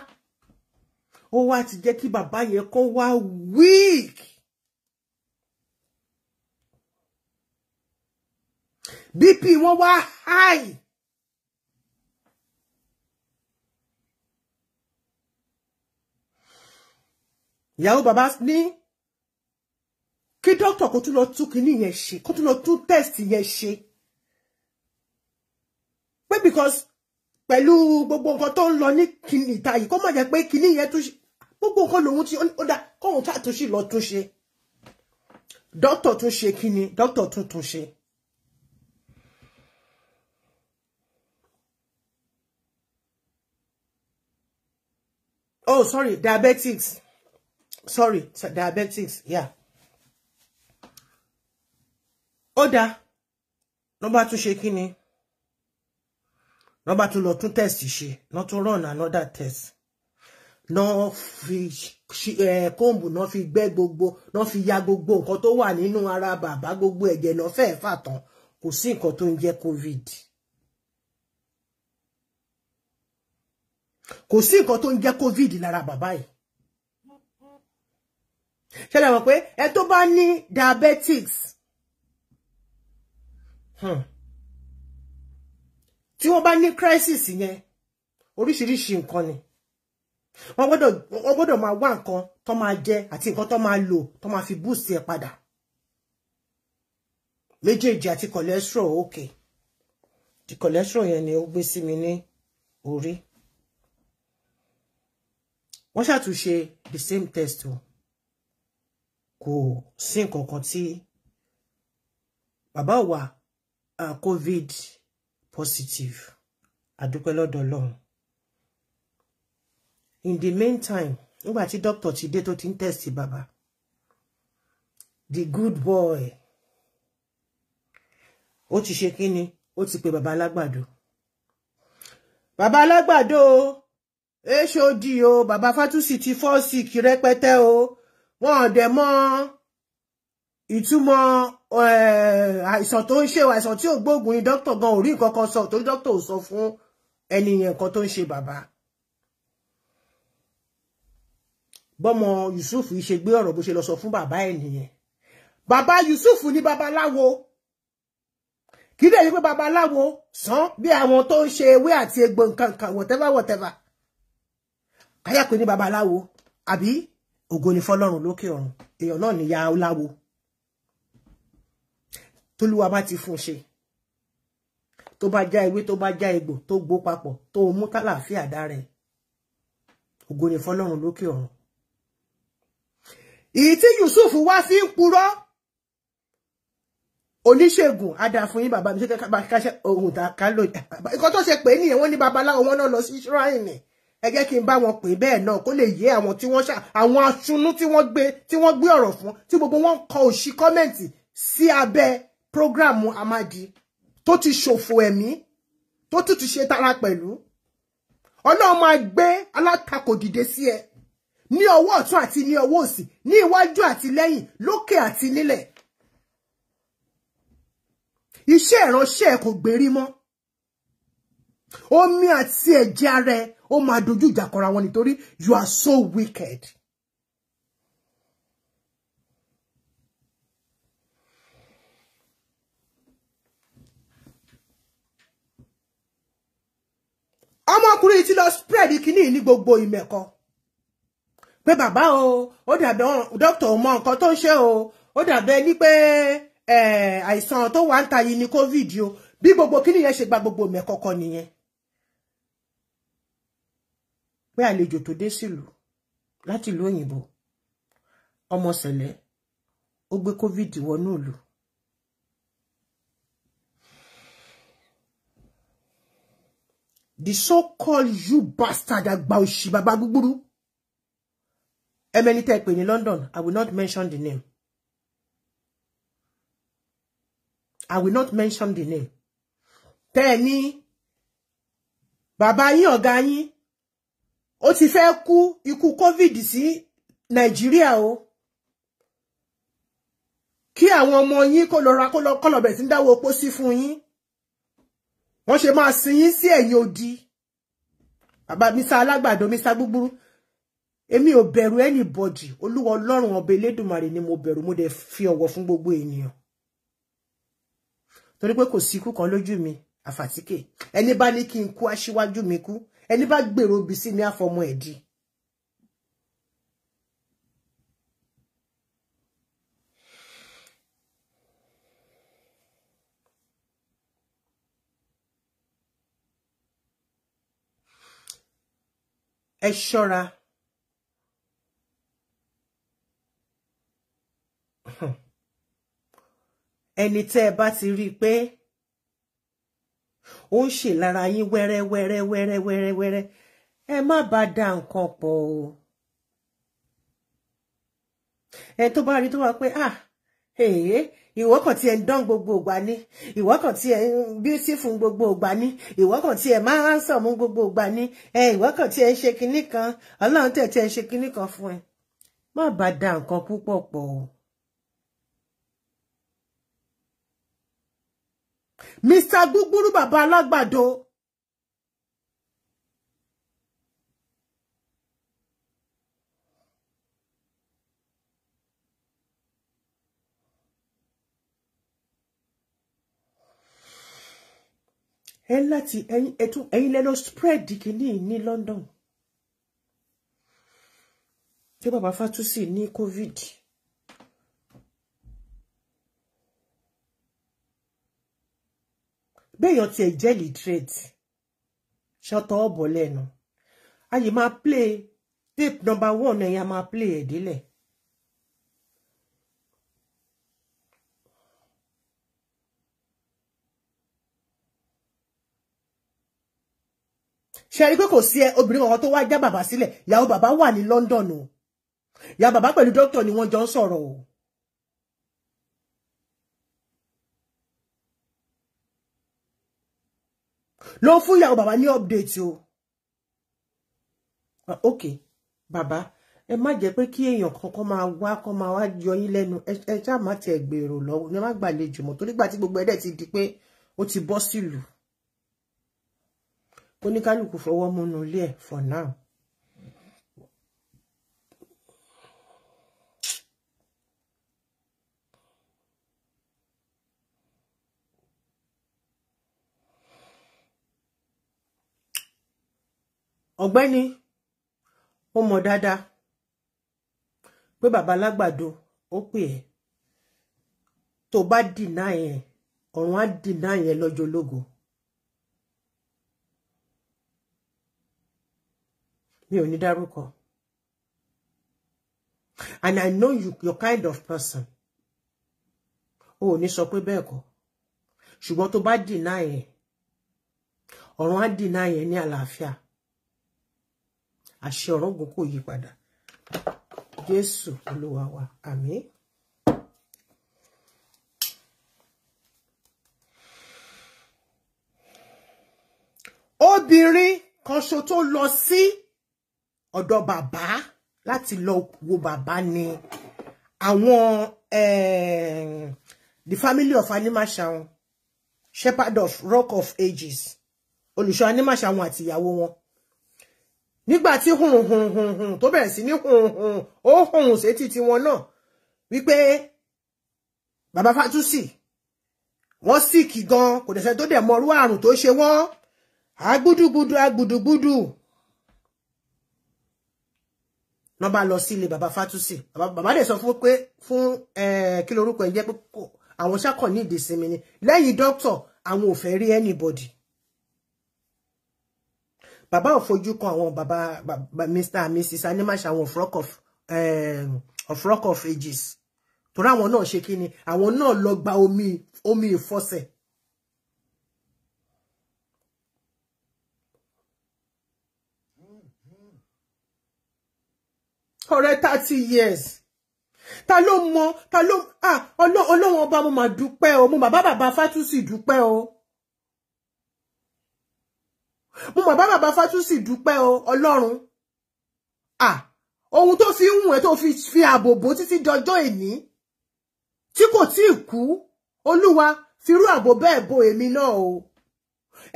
ó wá ti jẹ́ kí bàbá yẹn kó wá weak. bp wọn wá high. ìyàwó bàbá ní kí dókítà kó tún lọ tún kinní yẹn ṣe kó tún lọ tún test yẹn ṣe pé because pẹ̀lú gbogbo nǹkan tó ń lọ ní kìnì ìta yìí kó má jẹ́ pé kìnì yẹn tún ṣe gbogbo nǹkan lòun ti ó dá kóhun tá àtúnṣe lọ tún ṣe dókítà tún ṣe kìnì dókítà tún tún ṣe. oh sorry diabetics sorry diabetics yeah ó dá ló bá tún ṣe kìnì wọ́n bá tún lọ tún test ṣe wọ́n tún run another test No fi kóòmù náà fi gbẹ́ gbogbo náà fi ya gbogbo nǹkan tó wà nínú ara bàbá gbogbo ẹ̀jẹ̀ náà fẹ́ẹ̀ fà tán kò sí nǹkan tó covid kò sí nǹkan tó ń jẹ́ covid lára bàbá yìí ṣẹlẹ̀ mọ̀ pé ẹ tó bá ní diabetics. Hmm tí wọ́n bá ní crisis yẹn oríṣiríṣi nǹkan ni wọ́n gbọ́dọ̀ wọ́n gbọ́dọ̀ ma wá nǹkan tó ma jẹ ati, nǹkan tó máa lò tó máa fi boost ẹ padà méjèèjì ati cholesterol okay. ti cholesterol yẹn ni ó gbé sí mi ní orí wọ́n ṣàtúnṣe the same test o kò sí nǹkan kan tí wa uh, covid positive àdúpẹ́ lọ́dọ̀ ọlọ́run in the meantime nígbà tí doctor ti dé tó ti ń test bàbá the good boy ó ti ṣe kíni ó ti pe bàbá alágbàdo bàbá alágbàdo èso di o bàbá fatusi ti fọ́ sí kí rẹpẹtẹ o wọn ò mọ́ ìtumọ̀ eh, àìsàn tó ń ṣe àìsàn tí ò gbóògùn ni dókítà gan ò rí nǹkan kan sọ torí dókítà ò sọ fún ẹnìyàn kan tó ń ṣe bàbá bọ́mọ Yusuf ṣe gbé ọ̀rọ̀ bó ṣe lọ sọ fún bàbá ẹ̀ nìyẹn bàbá Yusuf ní babaláwo kì í dẹ̀ yí pé babaláwo sàn bí àwọn tó ń ṣe ewé àti egbò nǹkan kan whatever whatever káyà pé ní babaláwo àbí ògo ni fọlọ́run lókè ọ̀run èèyàn náà níyà láwo tólúwa bá ti fún ṣe tó bá já ewé tó bá já egbò tó gbó papọ̀ tó mú kálàáfíà dára ògo ni fọlọ́run lókè ọ̀run èyí tí Yusuf wá fi ń purọ́ oníṣègùn adàfún yín bàbá mi ṣe káṣẹ ohun tá a ká lò nǹkan tó ṣe pé nìyẹn wọn ní babaláwo wọn náà lọ sí Israel ni ẹ jẹ́ kí n bá wọn pè bẹ́ẹ̀ náà kó lè yé àwọn tí wọ́n ṣá àwọn aṣunú tí wọ́n gbé tí wọ́n gbé ọ̀rọ̀ fún tí gbogbo wọn kọ òṣì kọ́mẹ̀ǹtì sí abẹ́ program Amadi tó ti ṣòfò ẹ̀mí tó tún ti ṣe tara pẹ̀lú Ọlọ́run máa gbé alátakò dìde sí ẹ ní ọwọ́ ọ̀tún àti ní ọwọ́ òsì ní iwájú àti lẹ́yìn lókè àti nílẹ̀ iṣẹ́ ìránṣẹ́ kò gbérí mọ́ omi àti ẹ̀jẹ̀ ara ẹ ó máa dojú ìjà kọra wọn you are so wicked. ọmọkùnrin ti lọ spread kínní ni gbogbo ìmẹ̀kọ pé bàbá o ó dàbí dókítà ò mọ nǹkan tó ń o ó dàbí pe eh àìsàn tó wà ń ta ni covid o bí gbogbo kínní yẹn ṣe gba gbogbo ìmẹ̀kọ kọ nìyẹn pé àlejò tó dé sílùú láti ìlú òyìnbó ọmọ sẹ̀lẹ̀ ó covid wọnú ìlú The so-called you bastard àgbà òṣì bàbá gúgbúrú. Emily Tekpe in London. I will not mention the name. I will not mention the name. Tẹ́ni, Baba, yín ọ̀gá yín, ó ti fẹ́ kú ikú COVID sí Nàìjíríà o. Kí àwọn ọmọ yín kó lọ ra kó lọ kó lọ bẹ̀ sí ń dáwọ́ opó sí fún wọ́n ṣe máa sin yín sí ẹ̀yìn odi bàbá mi sá alágbàdo mi sá gbúgbúrú èmi ò bẹ̀rù anybody olúwa ọlọ́run ọba elédùnmarè ni mo bẹ̀rù mo dẹ̀ fi ọ̀wọ̀ fún gbogbo ènìyàn torí pé kò sí ikú kan lójú mi àfàtíkè ẹni bá ní kí n kú aṣíwájú mi kú ẹni bá gbèrò obì sí mi àfọmọ ẹ̀dí ẹ ṣọ́ra ẹni tẹ́ ẹ bá ti rí i pé ó ń ṣe lára yín wẹ́rẹ́ wẹ́rẹ́ wẹ́rẹ́ wẹ́rẹ́ wẹ́rẹ́ ẹ má bá da nǹkan pọ̀ o ẹ tó bá rí tó wá pé ah Eh, ìwọ kàn tí ẹ ń dán gbogbo ògbà ni ìwọ kàn tí ẹ ń beautiful gbogbo ògbà ni ìwọ kàn tí ẹ máa handsome mú gbogbo ògbà ni ìwọ kàn tí ẹ ń ṣe kinní kan ọlọ́run tẹ̀ tí ẹ ń ṣe kinní kan fún ẹ má bàa da nǹkan púpọ̀ o. Mr. Gúgúrú bàbá alágbàdo ẹ láti ẹ̀yin ẹtún ẹ̀yin lẹ lọ spread kìíní ní London tí bàbá Fátúsì ní COVID béèyàn tiẹ̀ jẹ́ literate ṣọtọ̀ ọ̀bọ̀ lẹ́nu a yìí máa play tape number one ẹ̀yà máa play ẹ̀dílẹ̀ ṣe rí pé kò sí ẹ obìnrin kankan tó wá já Baba sílẹ̀ ìyàwó bàbá wà ní London o ìyá bàbá pẹ̀lú dókítà ni wọ́n jọ ń sọ̀rọ̀ o. ló fún ìyàwó bàbá ní update o. Ah, okay, Baba. E má jẹ́ pé kí èèyàn kankan máa wá kó máa wá yọ yín lẹ́nu ẹ ṣáà má tiẹ̀ gbèrò lọ́wọ́ ẹ má gbàlejò mọ́ torí gbà tí gbogbo ẹdẹ ti di pé ó ti bọ́ sílùú oníkálukú fọwọ́ múnú ilé ẹ̀ for now. ọ̀gbẹ́ni ó mọ̀ dáadáa pé bàbá alágbàdo ó pè ẹ́ tó bá dìnnà yẹn ọ̀run á dìnnà yẹn lọ́jọ́ ológo. mi ò ní dárúkọ and I know you your kind of person o ni ní sọ pé bẹ́ẹ̀ kọ́ ṣùgbọ́n tó bá dìnnà yẹn ọ̀run á dìnnà yẹn ní àlàáfíà àṣẹ ọ̀rọ̀ gùn kò yí padà Jésù wa àmín. obìnrin kan ṣo tó lọ Si, ọ̀dọ̀ bàbá láti lọ wo bàbá ni àwọn eh, the family of Animashaun shepherd of rock of ages olùṣọ́ Animashaun àti ìyàwó wọn nígbà tí hùn hùn hùn hùn tó bẹ̀rẹ̀ sí ní hùn hùn ó hùn sétí tiwọn náà wípé bàbá Fátúsì wọ́n síkì gan kò dẹ̀sẹ̀ tó dẹ̀ mọrú àrùn tó ṣe wọ́n àgbùdùgbùdù àgbùdùgbùdù No lọ bá lọ sí ilé bàbá fátúsì bàbá dẹ̀ sọ fún pé fún eh, kí lorúkọ ẹ̀ jẹ́ pé àwọn ṣákọ ní ìdísinmi ni lẹ́yìn dókítọ̀ àwọn ò fẹ́ rí anybody bàbá ò fojú kan àwọn bàbá mr and mrs animash àwọn ofrock of ofrock eh, of ages torí àwọn náà ṣe kí ni àwọn náà lọ gba omi omi ìfọsẹ̀ ọ̀rẹ́ thirty years ta ló mọ ta ló ah ọlọ́wọ́n ọba mo máa dúpẹ́ o mo bàbá bàbá fátúsì dúpẹ́ o mo bàbá bàbá fátúsì dúpẹ́ o ọlọ́run ah ohun tó fi ń wù ẹ́ tó fi fi ààbò bò títí dọjọ́ èní tí kò tí ì kú olúwa firú ààbò bẹ́ẹ̀ bo èmi náà o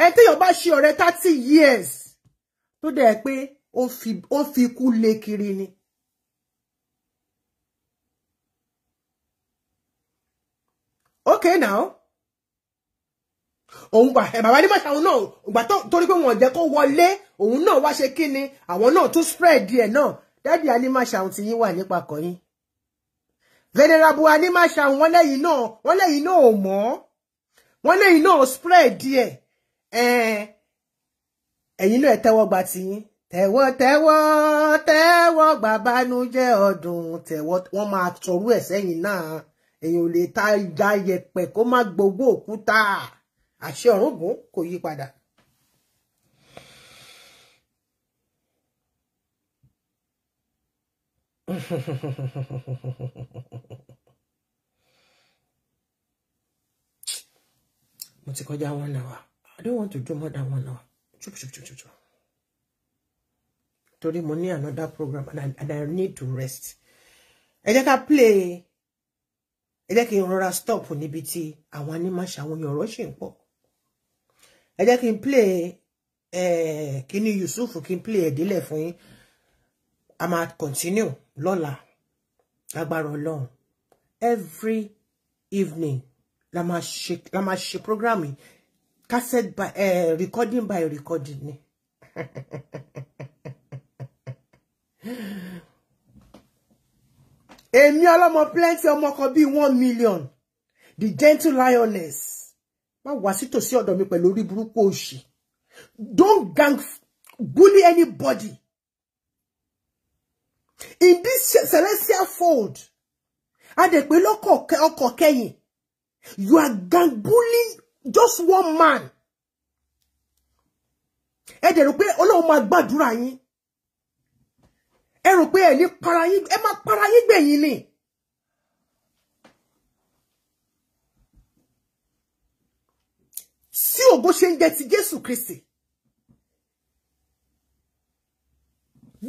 ẹ téèyàn bá ṣe ọ̀rẹ́ thirty years tó dẹ̀ pé ó fi ikú lé kiri ni. okay now òun gbà ẹ eh, bàbá Animasha òun náà gbà torí pé wọn ò jẹ́ kó wọlé òun náà wá ṣe kí ni àwọn náà tún spread díẹ̀ náà dádì Animasha òun ti yín wà nípa kọyìn venerable Animasha òun wọn lẹ́yìn náà wọn lẹ́yìn náà ò mọ̀ wọn lẹ́yìn náà spread díẹ̀ eh, ẹ̀yin náà tẹ́wọ́ gba tiyín tẹ́wọ́ tẹ́wọ́ tẹ́wọ́ gbàbánújẹ́ ọdún tẹ́wọ́ wọn máa tọrú ẹ sẹ́yìn náà èèyàn ò lè ta ìjà yẹ̀pẹ̀ kó má gbogbo òkúta àṣẹ ọ̀rúngún kò yí padà. mo ti kọjá one hour I don't want to do more than one hour chup chup chup chup chup torí mo ní another program and I, and I need to rest ẹ jẹ́ ká play ẹ jẹ́ kí n rọra stop níbi tí àwọn animaṣẹ àwọn èèyàn ọ̀rọ̀ ṣì ń pọ̀ ẹ kí n play kíní Yusuf kí n play ẹ̀dílẹ̀ fún yín a máa continue lọ́la lágbára ọlọ́run every evening la máa ṣe la máa ṣe program yìí cassette by eh, recording by recording ni. Emi ọlọ́mọ plenty ọmọ kan bíi one million the gentle lioness Ma wá sí tòsí ọ̀dọ̀ mi pẹ̀lú orí burúkú òṣì don't gang bully anybody in this celestial fold adèpé lọ́kọ̀ kẹ́yìn you are gang bullying just one man ẹ dẹ̀ rò pé ọlọ́run máa gbàdúrà yín ẹ rò pé ẹ ní para yín ẹ máa para yín gbẹ̀yìn ni. sí ògo ṣe ń jẹ ti Jésù Kristi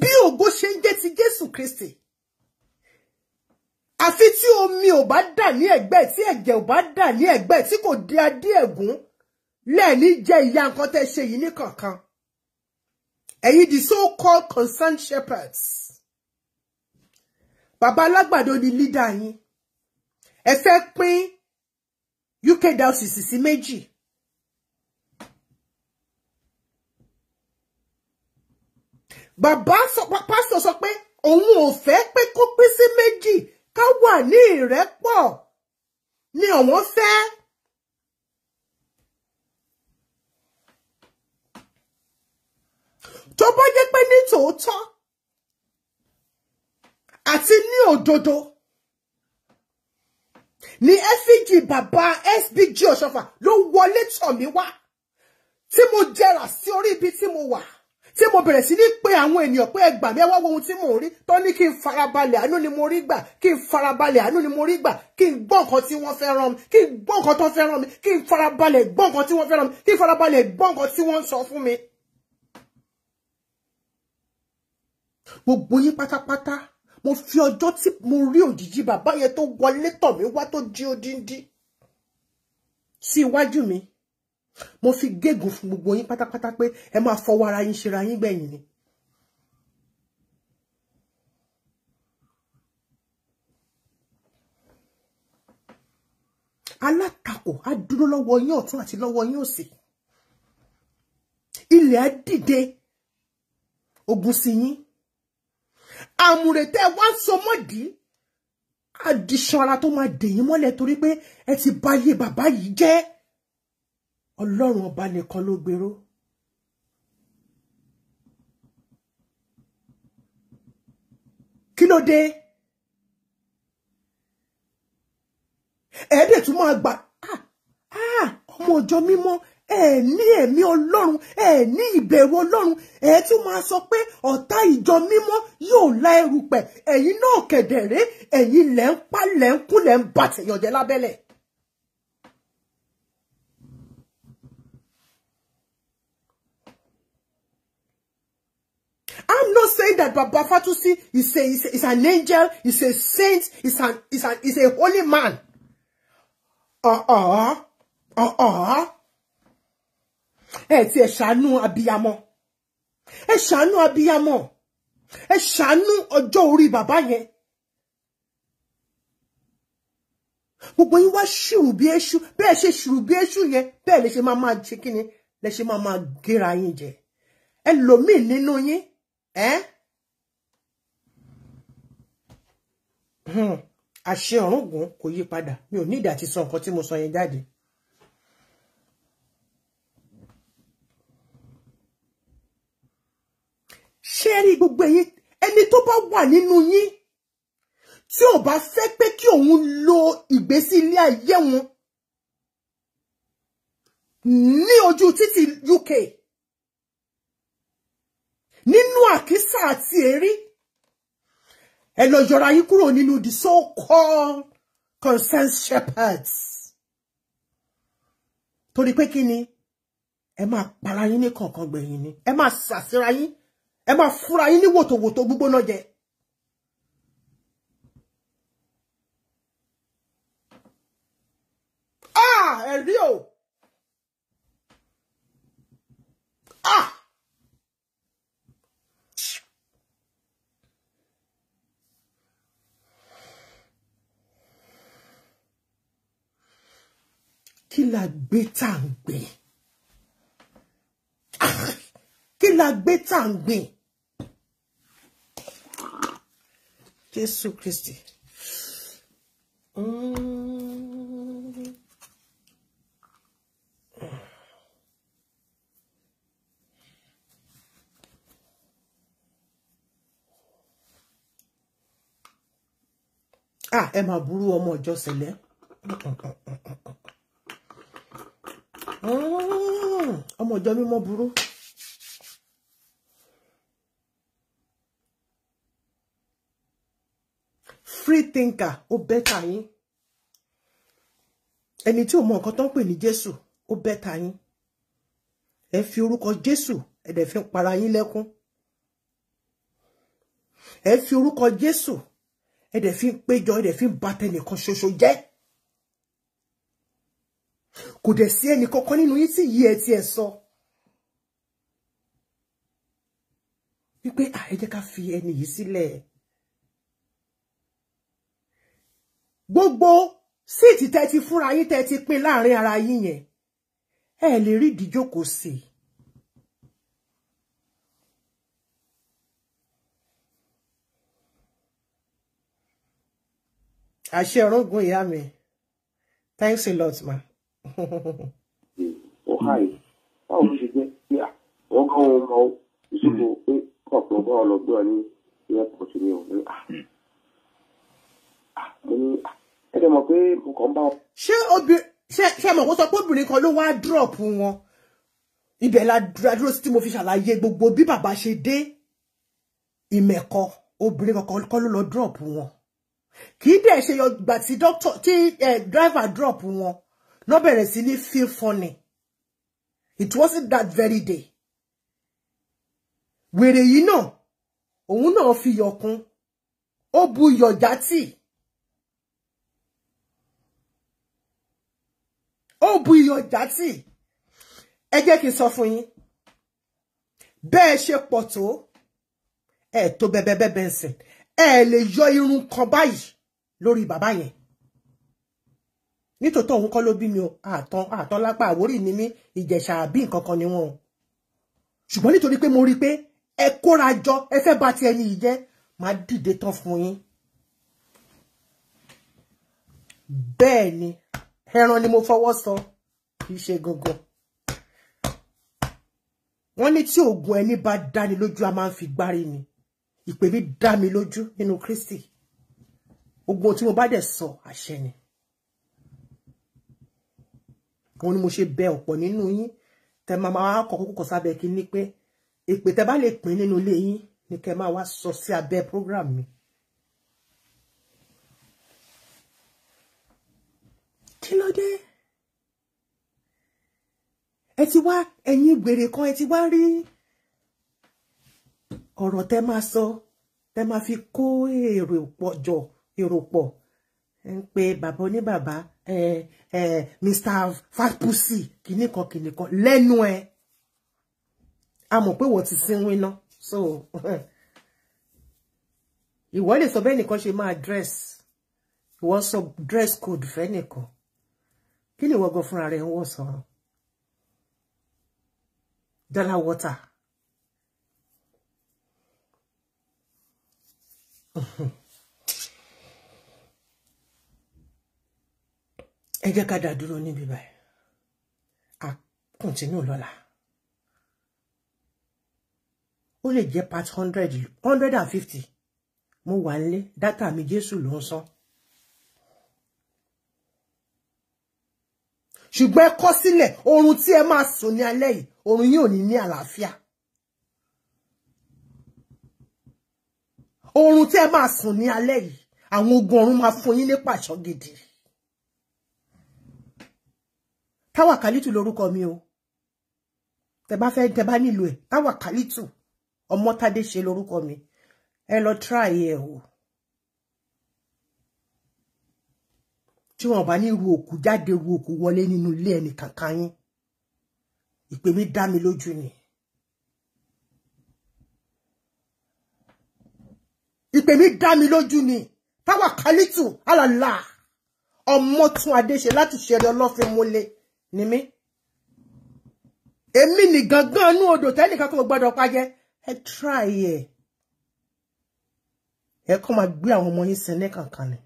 bí ògo ṣe ń jẹ ti Jésù Kristi àfi tí omi ò bá dà ní ẹ̀gbẹ́ tí ẹ̀jẹ̀ ò bá dà ní ẹ̀gbẹ́ tí kò di adé ẹ̀gún lẹ́ẹ̀ni jẹ ìyà nǹkan tẹ́ ṣe yìí ní kankan ẹ̀yin the so called concerned shepherds. Baba alágbàdo ni leader yín ẹ fẹ́ pín UK diocese sí méjì bàbá pásítọ̀ sọ pé òun ò fẹ́ pé kó pín sí méjì ká wà ní ìrẹ́pọ̀ ni òun fẹ́. tó bá jẹ́ ni ní tòótọ́ àti ní òdodo ní fg bàbá sbg ọ̀ṣọ́fà ló wọlé tọ̀ mí wá tí mo jẹrà sí orí ibi tí mo wà tí mo bẹ̀rẹ̀ sí ní pé àwọn ènìyàn pé ẹgbà mi ẹ wo ohun tí mò ń rí tó ní kí n farabalẹ̀ àánú ni mo rí gbà kí n farabalẹ̀ àánú ni mo rí gbà kí n gbọ́ nǹkan tí wọ́n fẹ́ rán mi kí n gbọ́ nǹkan tó fẹ́ rán mi kí n farabalẹ̀ gbọ́ nǹkan tí wọ́n fẹ́ rán mi kí n farabalẹ̀ gbọ́ nǹkan tí wọ́n ń sọ fún mi. gbogbo yín pátápátá mo fi ọjọ́ tí mo rí òjijì bàbá yẹn tó wọlé tọ̀ mí wá tó jí odindi sí iwájú mi mo fi gégùn fún gbogbo yín pátápátá pé ẹ máa fọwọ́ ara yín ṣera yín gbẹ̀yìn ni. alátakò á dúró lọ́wọ́ yín ọ̀tún àti lọ́wọ́ yín òsì ilẹ̀ á dìde ogun sí yín àmùrè tẹ́ wá ń so mọ́dì àdìsàn ara tó máa dèyìn mọ́lẹ̀ torí pé ẹ ti báyé bàbá yìí jẹ́ ọlọ́run ọba nìkan ló gbèrò. kí ló dé ẹ̀ẹ́dẹ̀ tún máa gbà ah, ah, ọmọ ọjọ́ mímọ́ ẹ ẹ̀mí Ọlọ́run ẹ ìbẹ̀rù Ọlọ́run ẹ tún máa sọ pé ọ̀tá ìjọ mímọ́ yóò la erùpẹ̀ ẹ̀yin náà kedere ẹ̀yin lẹ ń pa lẹ ń kú lẹ ń bà tèèyàn lábẹ́lẹ̀. I'm not saying that Baba Fatusi is a, is, a, is an angel, is a saint, is an is an is a holy man. Uh-uh. Uh-uh ẹ ti ẹ ṣàánú abiyamọ ẹ ṣàánú abiyamọ ẹ ṣàánú ọjọ́ orí bàbá yẹn gbogbo yín wá ṣìrù bí èṣù bẹ́ẹ̀ ṣe ṣìrù bí èṣù yẹn bẹ́ẹ̀ lè ṣe máa máa ṣe kíni lè ṣe máa máa gẹ́ra yín jẹ ẹlòmíì nínú yín ẹ hmm. àṣẹ ọ̀rùngún kò yí padà mi ò ní ìdí àti sọ nǹkan tí mo sọ yẹn jáde Cherry, ẹ rí gbogbo yín ẹni tó bá wà nínú yín tí ò bá fẹ́ pé kí òun lo ìgbésí ilé ayé wọn ní ojú títì UK nínú àkísà àti èrí ẹ lọ yọra yín kúrò nínú the so called consent shepherds torí pé kí ni ẹ máa para yín ní kọ̀ọ̀kan gbẹ̀yìn ni ẹ máa sàsíra yín ẹ máa fúra yín ní wòtòwòtò gbígbóná jẹ ah ẹ̀rí o ah kí la gbé tá à la gbé tà ń gbìn Jésù Kristi. Ah, ẹ máa burú ọmọ ọjọ́ sẹ̀lẹ̀. ọmọ ọjọ́ mímọ́ burú. free thinker O bẹ́tà yín ẹni tí ò mọ nǹkan tó ń pè ní Jésù ó bẹ́tà yín ẹ fi orúkọ Jésù ẹ dẹ̀ fi para yín lẹ́kún ẹ fi orúkọ Jésù ẹ dẹ̀ fi péjọ ẹ dẹ̀ fi bà tẹnìkan ṣoṣo jẹ́ kò dẹ̀ sí ẹnì kankan nínú yín tí yìí ti ẹ sọ wípé à ẹ jẹ́ ká fi ẹni yìí sílẹ̀ ẹ̀. gbogbo síìtì tẹ́ ti fúnra yín tẹ́ ti pín láàrin ara yín yẹn ẹ lè rí ìdíjókòó sí i. àṣẹ orógùn ìyá mi thanks a lot ma. ọ̀hà yìí oh, báwo ló ṣe jẹ́ pé wọ́n kọ́ wọn mọ ìṣòro pé ọ̀pọ̀ bá ọlọ́gbọ́n ní airport ah. ni ọ̀hún ẹ mọ̀ pé mo kàn ń bá wọn. ṣé obìnrin ṣé mọ̀ wọ́n sọ pé obìnrin kan ló wá drop wọn ibẹ̀ la dúró sí tí mo fi ṣàlàyé gbogbo bí bàbá ṣe dé ìmẹ̀kọ obìnrin kankan kọ́ ló lọ drop wọn kì í dẹ̀ ṣe yọgbà tí doctor tí driver drop wọn lọ bẹ̀rẹ̀ sí ní feel funny it wasn't that very day wèrè yìí náà òun náà fi yọkun ó bu yọjá tíì. ó bu iyọ̀ játì ẹ jẹ́ kí n sọ fún yín bẹ́ẹ̀ ṣe pọ̀ tó ẹ tó bẹ́bẹ́ bẹ́bẹ́ ẹsẹ̀ ẹ lè yọ irun kan báyìí lórí bàbá yẹn nítòótọ́ òun kọ́ ló bí mi o àtàn àtàn lápá àwórì ni mí ìjẹ̀ṣà àbí nǹkan kan ni wọn o ṣùgbọ́n nítorí mo rí i pé ẹ kóra jọ ẹ ti ẹni yìí jẹ́ máa dìde tán fún yín ẹran ni mo fọwọ́ sọ kì í ṣe gangan wọ́n ní tí oògùn ẹni bá dáni lójú a máa ń fi gbárí ni ìpè mi dá mi lójú nínú Kristi ogun tí mo bá dẹ̀ sọ àṣẹ ni òun ni mo ṣe bẹ ọ̀pọ̀ nínú yín tẹ máa máa kọ kókó kọ sábẹ́ kí ni pé èpè tẹ bá lè pín nínú ilé yín ni kẹ máa wá sọ sí abẹ́ program mi. kí ló dé ẹ ti wá ẹ̀yin gbèrè kan ẹ ti wá rí ọ̀rọ̀ tẹ́ máa sọ tẹ́ máa fi kó èrò pọ̀ jọ èrò pọ̀ ń pe bàbá oníbàbá ẹ ẹ Mr Fatpussy kìnnìkan kìnnìkan lẹ́nu ẹ a mọ̀ pé wọ́n ti sínwín ná so ìwọ lè sọ bẹ́ẹ̀ nìkan ṣe máa dress ìwọ sọ dress code fẹ́ nìkan kí lè wọ́gọ́ fúnra rẹ̀ ń sọ̀rọ̀ dala water ẹ jẹ́ ká dá dúró níbi báyìí a kùntínú lọ́la ó lè jẹ́ part hundred hundred and fifty mo wà nílé dátà mi jésù ló ń san. ṣùgbọ́n ẹ kọ sílẹ̀ oorun tí ẹ máa sùn ní alẹ́ yìí oorun yìí ò ní ní àlàáfíà oorun tí ẹ máa sùn ní alẹ́ yìí àwọn ogun ọ̀run máa fún yín ní pàṣọ gidi táwa kálítù lórúkọ mi o tẹ bá fẹ́ tẹ bá nílò ẹ táwa kálítù ọmọ tádé ṣe lórúkọ mi ẹ lọ try ẹ o. tí wọn bá ní ru òkú jáde ru òkú wọlé nínú ilé ẹnì kankan yín mi dá mi lójú ni ìpè mi dá mi lójú ni táwa kálítù alàlà ọmọ tún adéṣe láti ṣeré ọlọ́fin múlẹ̀ ni mí èmi ni gangan inú odò tẹ́nìkan kò gbọ́dọ̀ pàjẹ́ e try ẹ e máa gbé àwọn ọmọ yín sẹ́lẹ̀ kankan ni.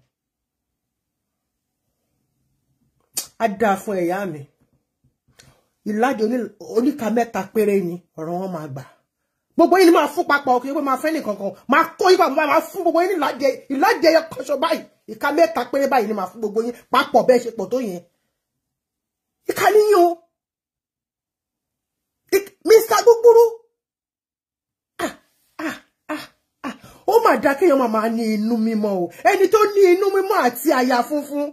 á dáa fún ẹ̀yà mi ìlàjì oníka mẹ́ta péré ni ọ̀rọ̀ wọn máa gbà gbogbo yìí ni máa fún papọ̀ kí wọ́n máa fẹ́ nìkan kan máa kó yípa bàbá máa fún gbogbo yìí ní ìlàjẹ ìlàjẹ yẹn kọṣọ báyìí ìka mẹ́ta péré báyìí ni máa fún gbogbo yìí papọ̀ bẹ́ẹ̀ ṣe pọ̀ tó yẹn ìka níyìn o Mr. Gúgúrú ah, ah, ah, ó mà dá kéèyàn máa ní inú mímọ́ o ẹni tó ní inú mímọ́ àti àyà funfun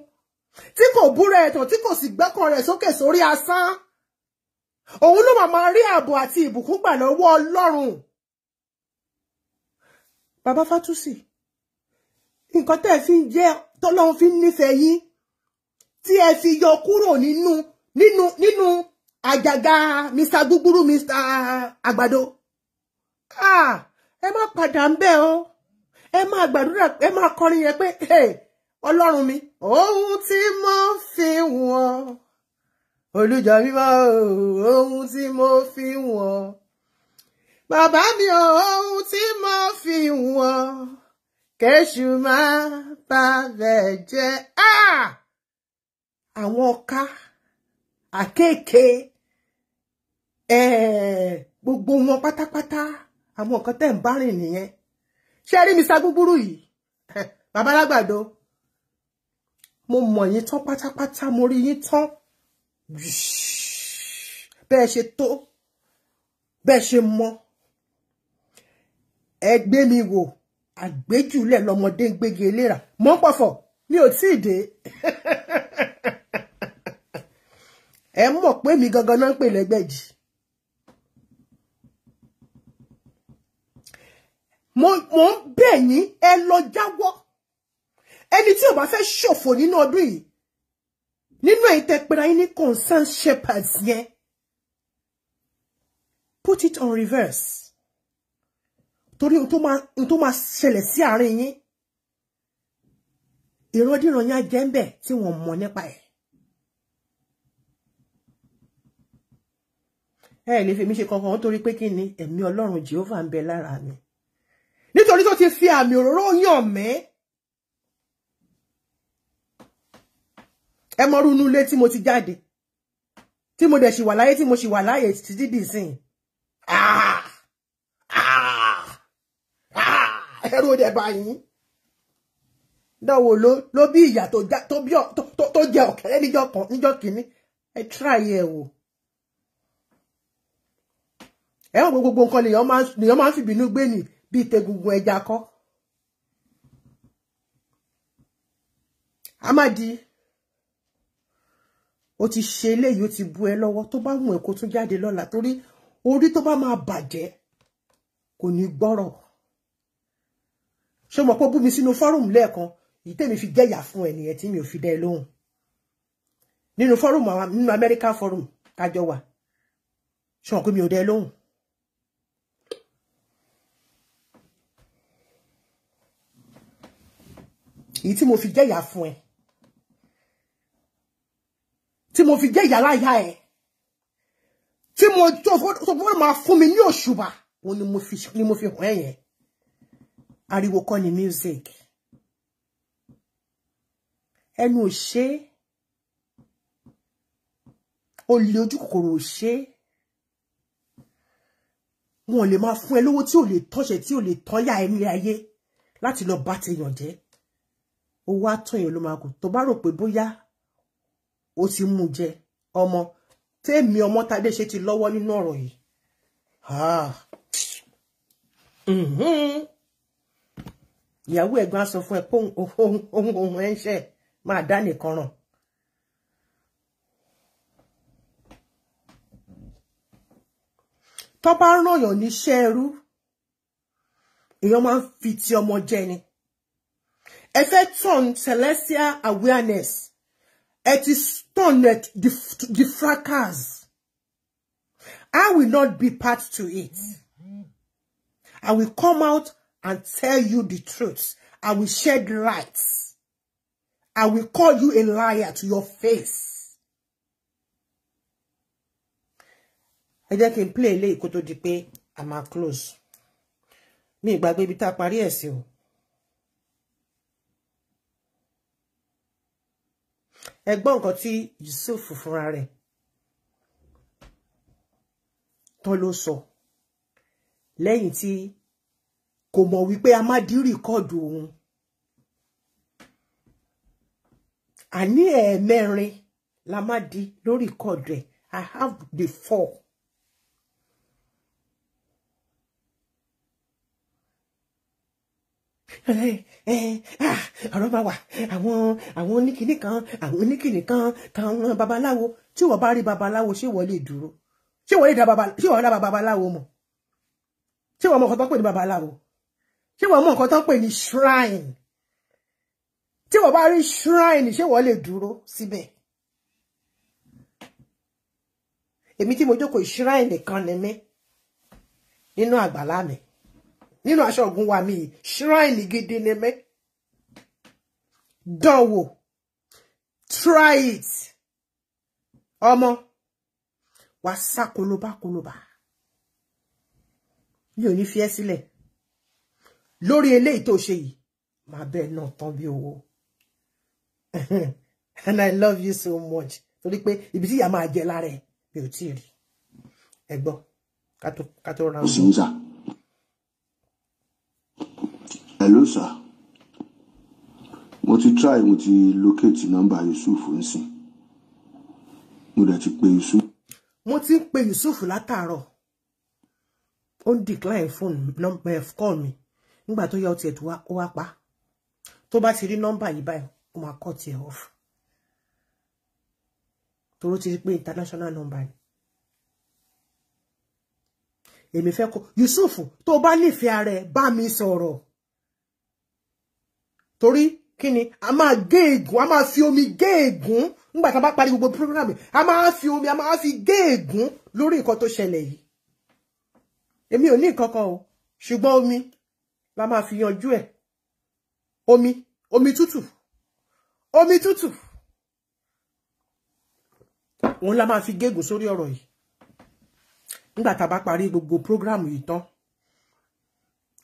tí kò búra ẹ̀tàn tí kò sì gbẹ́kàn rẹ̀ sókè sórí asán òun ló máa máa rí ààbò àti ìbùkún gbà lọ́wọ́ Ọlọ́run bàbá Fátúsì nǹkan tẹ́ ẹ fi ń jẹ́ tọ́lọ́run fi ń nífẹ̀ẹ́ yín tí fi yọ kúrò nínú nínú nínú àjàgà mr gbúgbúrú mr àgbàdo ah má padà ń bẹ̀ o ẹ máa gbàdúrà ẹ máa kọrin yẹn pé ọlọ́run mi ohun tí mo fi wọ̀n olùjọ mímọ́ ohun tí mo fi wọ̀n bàbá mi ohun tí mo fi wọ̀n kẹ́sù máa bá bẹ̀ jẹ́ àwọn ọ̀ka àkéèké gbogbo wọn pátápátá àwọn nǹkan tẹ̀ ń bá rìn nìyẹn ṣé rí mi sa gbúgbúrú yìí babalágbàdo mo mọ̀ yín tán pátápátá mo rí yín tán bẹ́ẹ̀ ṣe tó bẹ́ẹ̀ ṣe mọ ẹ gbé mi wò àgbéjùlẹ̀ lọmọdé ń gbégi eléra mọ́ pọ̀fọ̀ mi ò tí ì dé ẹ mọ̀ pé mi gangan náà ń pè lẹ́gbẹ̀jì mo ń bẹ̀ yín ẹ lọ jáwọ́ ẹni tí ò bá fẹ́ ṣòfò nínú ọdún yìí nínú èyí tẹ pera yín shepherds yẹn put it on reverse Tori, ohun tó máa ṣẹlẹ̀ sí àárín yín ìrandíran yín á jẹ́ ń bẹ̀ tí wọ́n mọ̀ nípa ẹ̀. ẹ lè fi mi ṣe kankan torí pé kí ni ẹ̀mí ọlọ́run Jehovah ń bẹ lára mi nítorí tó ti fi àmì òróró yàn mí ẹ mọ rúnú ilé tí mo ti jáde tí mo dẹ̀ ṣì wà láyé tí mo ṣì lo, lo títí dì to ah! ah! ah! ẹrú to dẹ̀ to yín dánwò ló ló bí ìyà tó jẹ ọ̀kẹ́rẹ́ níjọ́ kìíní ẹ tíráyé ẹ wò ẹ wọ gbogbo nǹkan lèèyàn máa ń fìbínú gbé nì bíi tegungun ẹja kọ́ a máa Amadi ó ti ṣe eléyìí ó ti bu ẹ lọ́wọ́ tó bá mú ẹ kó tún jáde lọ́la torí orí tó bá máa bàjẹ́ kò ní gbọ́rọ̀ ṣé mo pọ́ bú mi sínú fọ́rùmù lẹ́ẹ̀kan yìí tèmi fi jẹ́yà fún ẹ tí mi ò fi dẹ́ lóhùn nínú fọ́rùmù àwọn nínú Amẹ́ríkà fọ́rùmù kájọ wà ṣé wọn mi ò dẹ́ lóhùn. èyí tí mo fi jẹ́yà fún ẹ tí mo fi jẹ́ ìyàlá ìyá ẹ̀ tí mo tó fọ́dọ̀ máa fún mi ní òṣùbà òun ni mo fi hàn ẹ́ yẹn ariwo kọ́ ni music ẹnu ò ṣe olè ojú kòkòrò ò ṣe wọn ò lè máa fún ẹ lówó tí ò lè tọ́ṣẹ̀ tí ò lè tọ́yà ẹ nílé ayé láti lọ bá tèèyàn jẹ́ owó àtọ̀yàn ló máa kù tó bá rò pé bóyá ó ti mú jẹ ọmọ tèmi ọmọ tadé ṣe ti lọ́wọ́ nínú ọ̀rọ̀ yìí ah. mm-hmm. ìyàwó ẹ̀gbọ́n á sọ fún ẹ pé ohun ohun ẹ ń ṣe máa dá nìkan ràn. tó bá rànyàn níṣẹ́ ẹrú èèyàn máa ń fi ti ọmọ jẹ ni ẹ fẹ́ turn celestial awareness It is stone the, the fracas I will not be part to it I will come out and tell you the truth I will shed light I will call you a liar to your face. I just can n play eléyìí kó tó di pé a máa close mi ìgbàgbé ibi tá a parí ẹ gbọ́ nǹkan tí Yusuf fúnra rẹ̀ tán ló sọ lẹ́yìn tí kò mọ̀ wípé a má dí rìkọ́ọ̀dù òun àní ẹ̀ẹ̀mẹrin la má dí lórí rìkọ́ọ̀dù ẹ̀ I have the four. Ah, ọ̀rọ̀ máa wà àwọn àwọn oníkìní kan àwọn oníkìní kan táwọn babaláwo tí wọ́n bá rí babaláwo ṣé wọ́n lè dúró ṣé wọ́n lè dá babaláwo mọ̀ ṣé wọ́n mọ̀ nǹkan tó ń pè ní babaláwo ṣé wọ́n mọ̀ nǹkan tó ń pè ní shrine tí wọ́n bá rí shrine ṣé wọ́n lè dúró síbẹ̀ èmi tí mo jókòó shrine kan ni mí nínú àgbàlá mi nínú aṣọ ògùn wa mi shrine gidi ni mí dánwò try it ọmọ wà sá koloba koloba mi ò ní fi ẹ́ sílẹ̀ lórí eléyìí tó ṣe yìí máa bẹ́ẹ̀ náà tán bí and I love you so much torí pé ibi tí ìyá máa jẹ lára ẹ mi ò tí ì rí ẹ gbọ́ ká tó ká tó ra hello sir mo ti try mo ti locate number Yusuf nsìn mo dẹ̀ ti pe Yusuf. mo ti ń pe Yusuf látàárọ̀ ó ń decline phone number eh, call mi nígbà tó yá ó tiẹ̀ tó wá pa tó bá ti rí nọ́mbà yìí báyìí ó máa cut tiẹ̀ off toro ti rí international number ni èmi fẹ́ kó Yusuf tó bá nífẹ̀ẹ́ ara ẹ̀ bá mi sọ̀rọ̀ torí kí ni a máa gé ègún a máa fi omi gé ègún nígbà tá a bá parí gbogbo program a máa fi omi a máa fi gé ègún lórí nǹkan tó ṣẹlẹ̀ yìí èmi ò ní nǹkan kan o ṣùgbọ́n omi la máa fi yanjú ẹ̀ omi omi tútù omi tútù òun la máa fi gégùn sórí ọ̀rọ̀ yìí nígbà tá a bá parí gbogbo prógráàmù yìí tán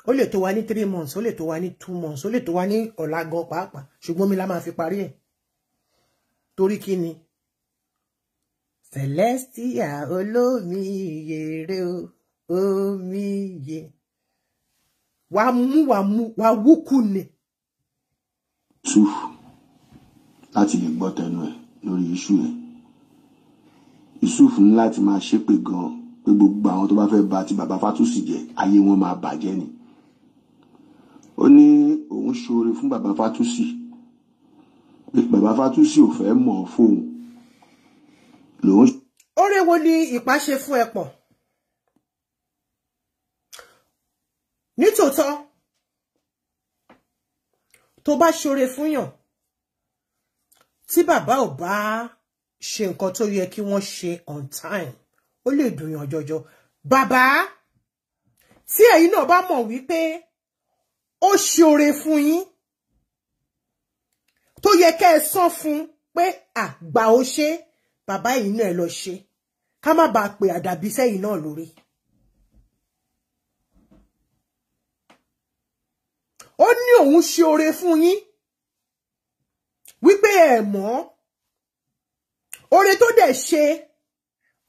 ó lè tó wa ní three months ó lè tó wa ní two months ó lè tó wa ní ọ̀la gan pàápàá ṣùgbọ́n mi la máa fi parí ẹ̀ torí kí ni Celestia olómiyèrè o omiye wà mú wà mú wà wúkú ni. tú láti lè gbọ́ tẹnu ẹ̀ lórí iṣu ẹ̀ Yusuf ní láti máa ṣépè gan-an pé gbogbo àwọn tó bá fẹ́ ba ti bàbá Fátúnṣì jẹ́ ayé wọn máa bàjẹ́ ni ó ní òun ṣoore fún bàbá Fátúsì bàbá Fátúsì ò fẹ́ mọ̀ fóun lòun. oore wo ni ìpá ṣe fún ẹ pọ̀ nítòótọ́ tó bá ṣoore fún yàn tí bàbá ò bá ṣe nǹkan tó yẹ kí wọ́n ṣe on time ó lè dùn yàn jọjọ bàbá tí ẹ̀yin náà bá mọ̀ wípé ó ṣoore fún yín tó yẹ kẹ́ ẹ san fún pé àgbà ó ṣe bàbá yìí náà lọ ṣe ká má bàa pè àdàbí sẹ́yìn náà lórí. ó ní òun ṣe oore fún yín wípé ẹ mọ̀ oore tó dẹ̀ ṣe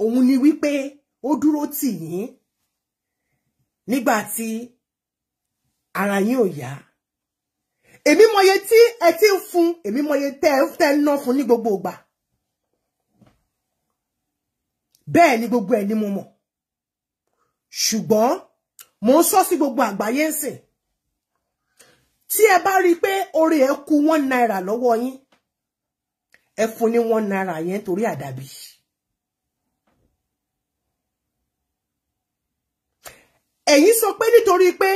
òun ni wípé ó dúró tì yín nígbà tí ara yín ò yá èmi mọye tí ẹ ti ń fún èmi mọye tẹ́ tẹ́ ná fún gbogbo ìgbà bẹ́ẹ̀ ni gbogbo ẹ̀ ni mo mọ̀ ṣùgbọ́n mo ń sọ sí gbogbo àgbáyé ń sìn tí ẹ bá rí i pé orí ẹ naira lọ́wọ́ yín ẹ fún ní one naira yen tori adabi ẹ̀yin sọ pé nítorí pe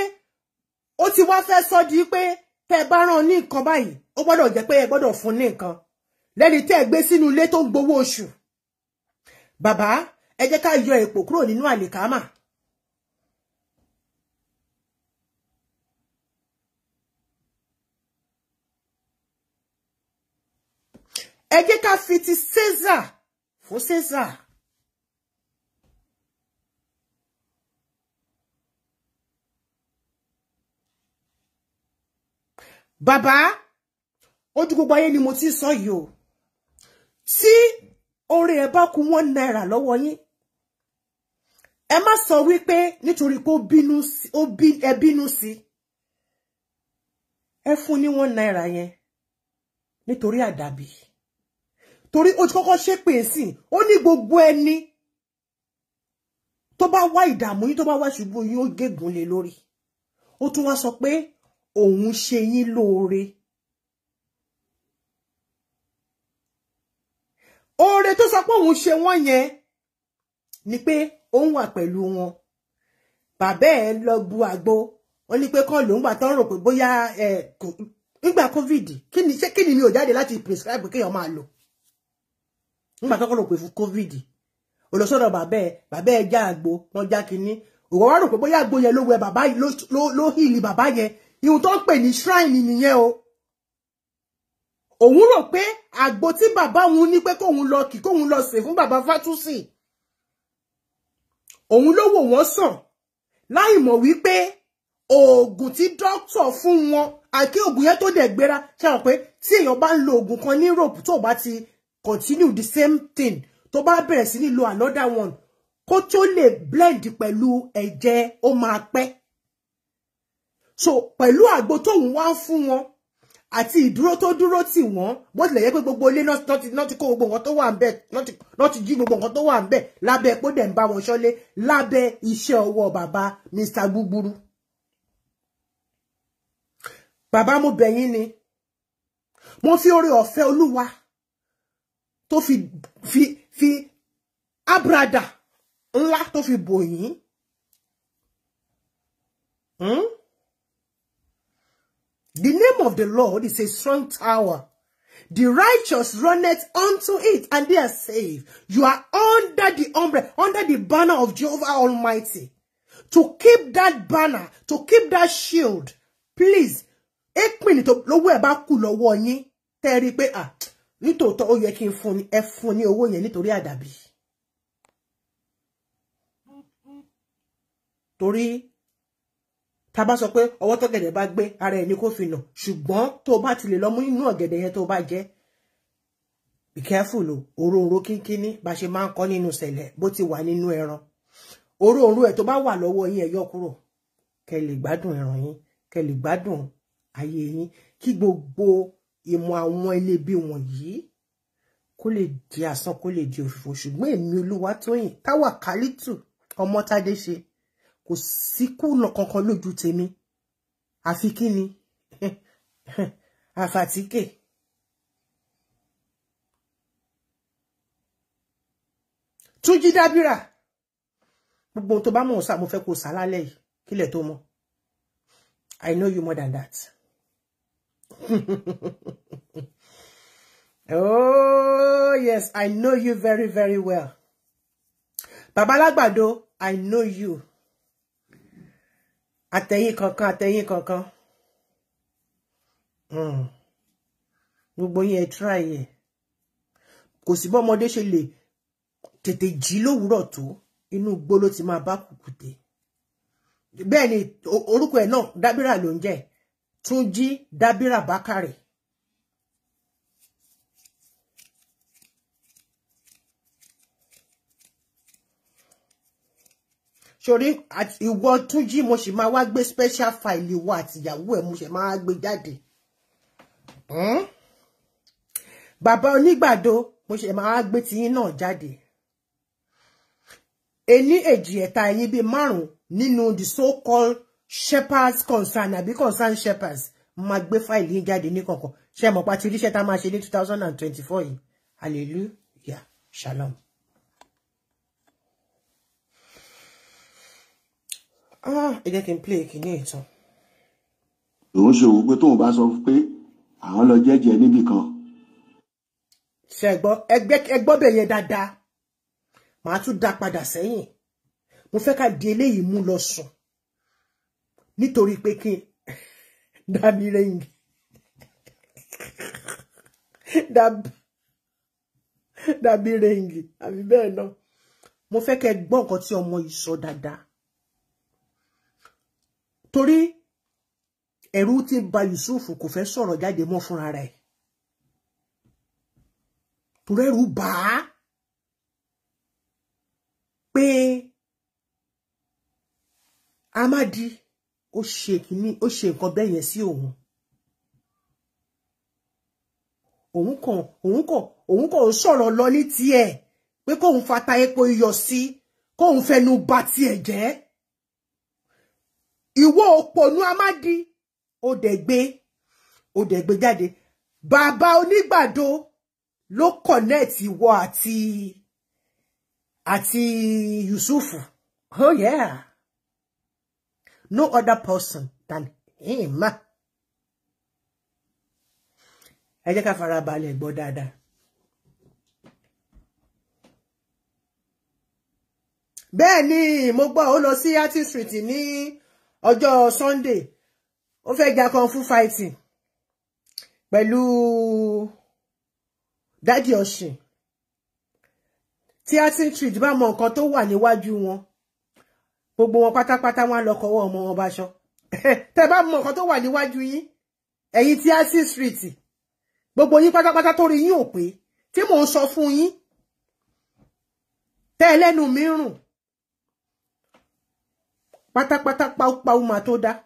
ó ti wá fẹ́ sọ di pé tẹ́ bá rán ní nǹkan báyìí ó gbọ́dọ̀ jẹ́ pé ẹ gbọ́dọ̀ fún ní nǹkan lẹ́ni tẹ́ gbé sínú ilé tó ń gbowó oṣù bàbá ẹ jẹ́ ká yọ èpò kúrò nínú àlìkámà ẹ jẹ́ ká Caesar fún Caesar. Baba, ojú gbogbo ayé ni mo ti sọ yìí o tí orí ẹ bá kù one náírà lọ́wọ́ yín ẹ má sọ wípé nítorí pé ó bínú sí ẹ fún ní one náírà yẹn nítorí àdàbí torí ó ti kọ́kọ́ ṣépè sí ó ní gbogbo ẹni tó bá wá ìdààmú yín tó bá wá ṣubú yín ó gégùn lé lórí ó tún wá sọ pé òun ṣe yín lóore oore tó sọ pé òun ṣe wọ́n yẹn ni pé òun wà pẹ̀lú wọn bàbá ẹ̀ lọ bu àgbo wọ́n ní pé kọ́ lòun wà tán rò pé bóyá nígbà covid kí ni ṣé kí mi ò jáde láti prescribe kéèyàn máa lò nígbà tó kọ́ lò pé fún covid ò lọ sọ́dọ̀ bàbá ẹ̀ bàbá ẹ̀ já àgbo wọ́n já kinní òwò wá rò pé bóyá àgbo yẹn ló wẹ bàbá ló hìlì bàbá yẹn ìhun tó ń pè ní shrine nìyẹn o òun rò pé àgbo tí bàbá òun ní pé kóun lọ kì kóun lọ sè fún bàbá fátúsì òun ló wò wọ́n sàn láì mọ̀ wípé oògùn tí dókítà fún wọn àkí oògùn yẹn tó dẹ̀ to ṣe hàn pé tí èèyàn bá ń lo oògùn kan ní rope tó bá ti continue the same thing To bá bẹ̀rẹ̀ sí ní lo another one kó tó lè blend pẹ̀lú ẹ̀jẹ̀ ó máa pẹ́ so pẹ̀lú àgbo tóun wá ń fún wọn àti ìdúró tó dúró tì wọ́n bó tilẹ̀ yẹ pé gbogbo ilé náà ti kó gbogbo nǹkan tó wà ń bẹ̀ náà ti jí gbogbo nǹkan tó wà ń bẹ̀ lábẹ́ pé dẹ̀ ń bá wọn ṣọ́lé lábẹ́ iṣẹ́ ọwọ́ bàbá Mr Gbugburu. bàbá mo bẹ̀ yín ni mo fi oore ọ̀fẹ́ olúwa tó fi fi fi abrada. ńlá tó fi bò yín. Hmm? The name of the Lord is a strong tower. The righteous runneth unto it, and they are saved. You are under the umbrella, under the banner of Jehovah Almighty. To keep that banner, to keep that shield, please, eight minutes lọ́wọ́ ẹ̀ e Ba kulo lọ́wọ́ yín tẹ́ rí pé ah nítòótọ́ ó yẹ kí n fún ni ẹ e fún ní owó yẹn nítorí àdàbí. torí tá bá sọ pé ọwọ́ tọ́gẹ̀dẹ̀ bá gbé ara ẹni kó fi nà ṣùgbọ́n tó bá ti lè lọ mú inú ọ̀gẹ̀dẹ̀ yẹn tó bá jẹ be careful o òróǹro kínkínní bá ṣe máa ń kọ́ nínú sẹ̀lẹ̀ bó ti wà nínú ẹran òróǹro ẹ̀ tó bá wà lọ́wọ́ yín ẹ yọ kúrò kẹ́ lè gbádùn ẹran yín kẹ́ lè gbádùn ayé yín kí gbogbo ìmọ̀ àwọn ilé bí wọ̀nyí kó lè di asán kó lè di òfìfo ṣùgbọ́n èmi Olúwatóyìn táwàkálítù ọmọ tádé ṣe kò síkú kankan lójú tèmi àfi kí ni àfàtíkè. túnjí dábìrà gbogbo tó bá mọ̀ ọ́ mo fẹ́ kó o sá yìí kílẹ̀ tó mọ́ I know you more than that. oh yes I know you very very well. Babalágbàdo I know you àtẹ̀yìn kankan àtẹ̀yìn kankan hmm. gbogbo yín ẹ try ẹ kò sí bọ́mọdé ṣe lè tètè jí lówùúrọ̀ tó inú igbó ló ti máa bá kùkùté bẹ́ẹ̀ ni orúkọ ẹ̀ náà dábìrà ló ń jẹ́ Túnjí dábìrà bákàrẹ̀ sori ìwọ túnjí mo sì máa wá gbé special file ìwọ àtìyàwó ẹ mo sì máa gbé jáde hmm? bàbá onígbàdo mo sì máa gbé tiyín náà jáde ení èjì ẹ̀ta ẹ̀yin bíi márùn nínú the so called shepherds concern àbí concern shepherds máa gbé fáìlì yín jáde ní kọ̀ọ̀kan ṣe mọ̀ pa ti ríṣẹ́ tá a máa ṣe ní two thousand and twenty four yìí hallelujah shalom. Ah, ẹ jẹ́ kí n play kìíní ìtàn. òun ṣòwò pé tóun bá sọ pé àwọn lọ jẹ́jẹ́ níbì kan. ṣẹ̀gbọ́ ẹgbẹ́ ẹgbọ́ bẹ̀ yẹn dáadáa màá tún dá padà sẹ́yìn mo fẹ́ ká di eléyìí mú lọ sùn nítorí pé kí n dá mi lẹ́yìn dàbí rẹ̀ǹgì àbí bẹ́ẹ̀ náà mo fẹ́ kẹ́ gbọ́ nǹkan tí ọmọ yìí sọ dáadáa torí ẹ̀rù ti bà Yusuf kò fẹ́ sọ̀rọ̀ jáde mọ́ fúnra rẹ̀ torí ẹ̀rù bà á pé Amadi ó ṣe kìíní ó ṣe nǹkan bẹ́ẹ̀ yẹn sí òun òun kàn òun kàn òun kàn sọ̀rọ̀ lọ ní tiẹ̀ pé kóun fata epo iyọ̀ sí kóun fẹnu ba tiẹ̀ jẹ́ ìwọ òpònú amadi ó dẹ̀ gbé ó dẹ̀ gbé jáde bàbá onígbàdo ló connect ìwọ àti àti Yusufu oh yeah no other person than him ẹ jẹ́ ká farabalẹ̀ gbọ́ dáadáa. bẹ́ẹ̀ ni mo gbọ́ ó lọ sí artist street ní. Ni ọjọ́ Sunday ó fẹ́ jà kan fún fighting pẹ̀lú dádì ọ̀sìn tí atin street bá mọ nǹkan tó wà níwájú wọn gbogbo wọn pátápátá wọn lọ kọwọ́ ọmọ wọn báṣọ tẹ́ bá mọ nǹkan tó wà níwájú yín ẹ̀yin tí atin street gbogbo yín pátápátá tó rí yín ò pé tí mò ń sọ fún yín tẹ́ ẹlẹ́nu mi rùn pátápátá páúpáú máa tó dá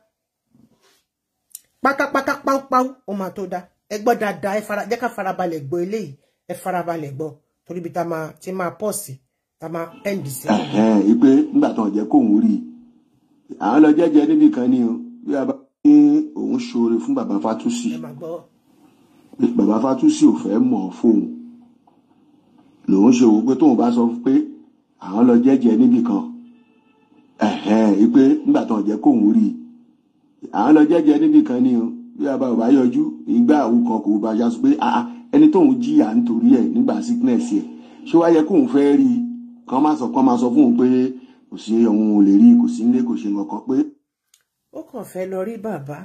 pátápátá páúpáú ó máa tó dá ẹ gbọ́ dáadáa ẹ fara jẹ́ ká farabalẹ̀ gbọ́ eléyìí ẹ farabalẹ̀ gbọ́ torí bí ta máa ti máa pọ̀ sí ta máa pẹ́ǹdì sí. ẹ ẹ ipe nígbà tó ń jẹ kóun rí i àwọn lọ jẹjẹ níbì kan ni o bí a bá ní òun ṣoore fún bàbá Fátúsì bàbá Fátúsì ò fẹ́ mọ̀ fóun lòun ṣe wò pé tóun bá sọ pé àwọn lọ jẹjẹ níbì kan wípé nígbà tó ń jẹ́ kóun rí i à ń lọ jẹ́jẹ́ níbì kan ni o bí a bá ò bá yọjú ìgbà àwọn kan kò bá yasọ pé ẹni tóun jìyà nítorí ẹ̀ nígbà sickness ẹ̀ ṣé wàá yẹ kóun fẹ́ rí i kàn máa sọ kàn máa sọ fún un pé kò sí ohun ò lè rí kò sí nílé kò ṣe nǹkan pé. ó kàn fẹ́ lọ rí bàbá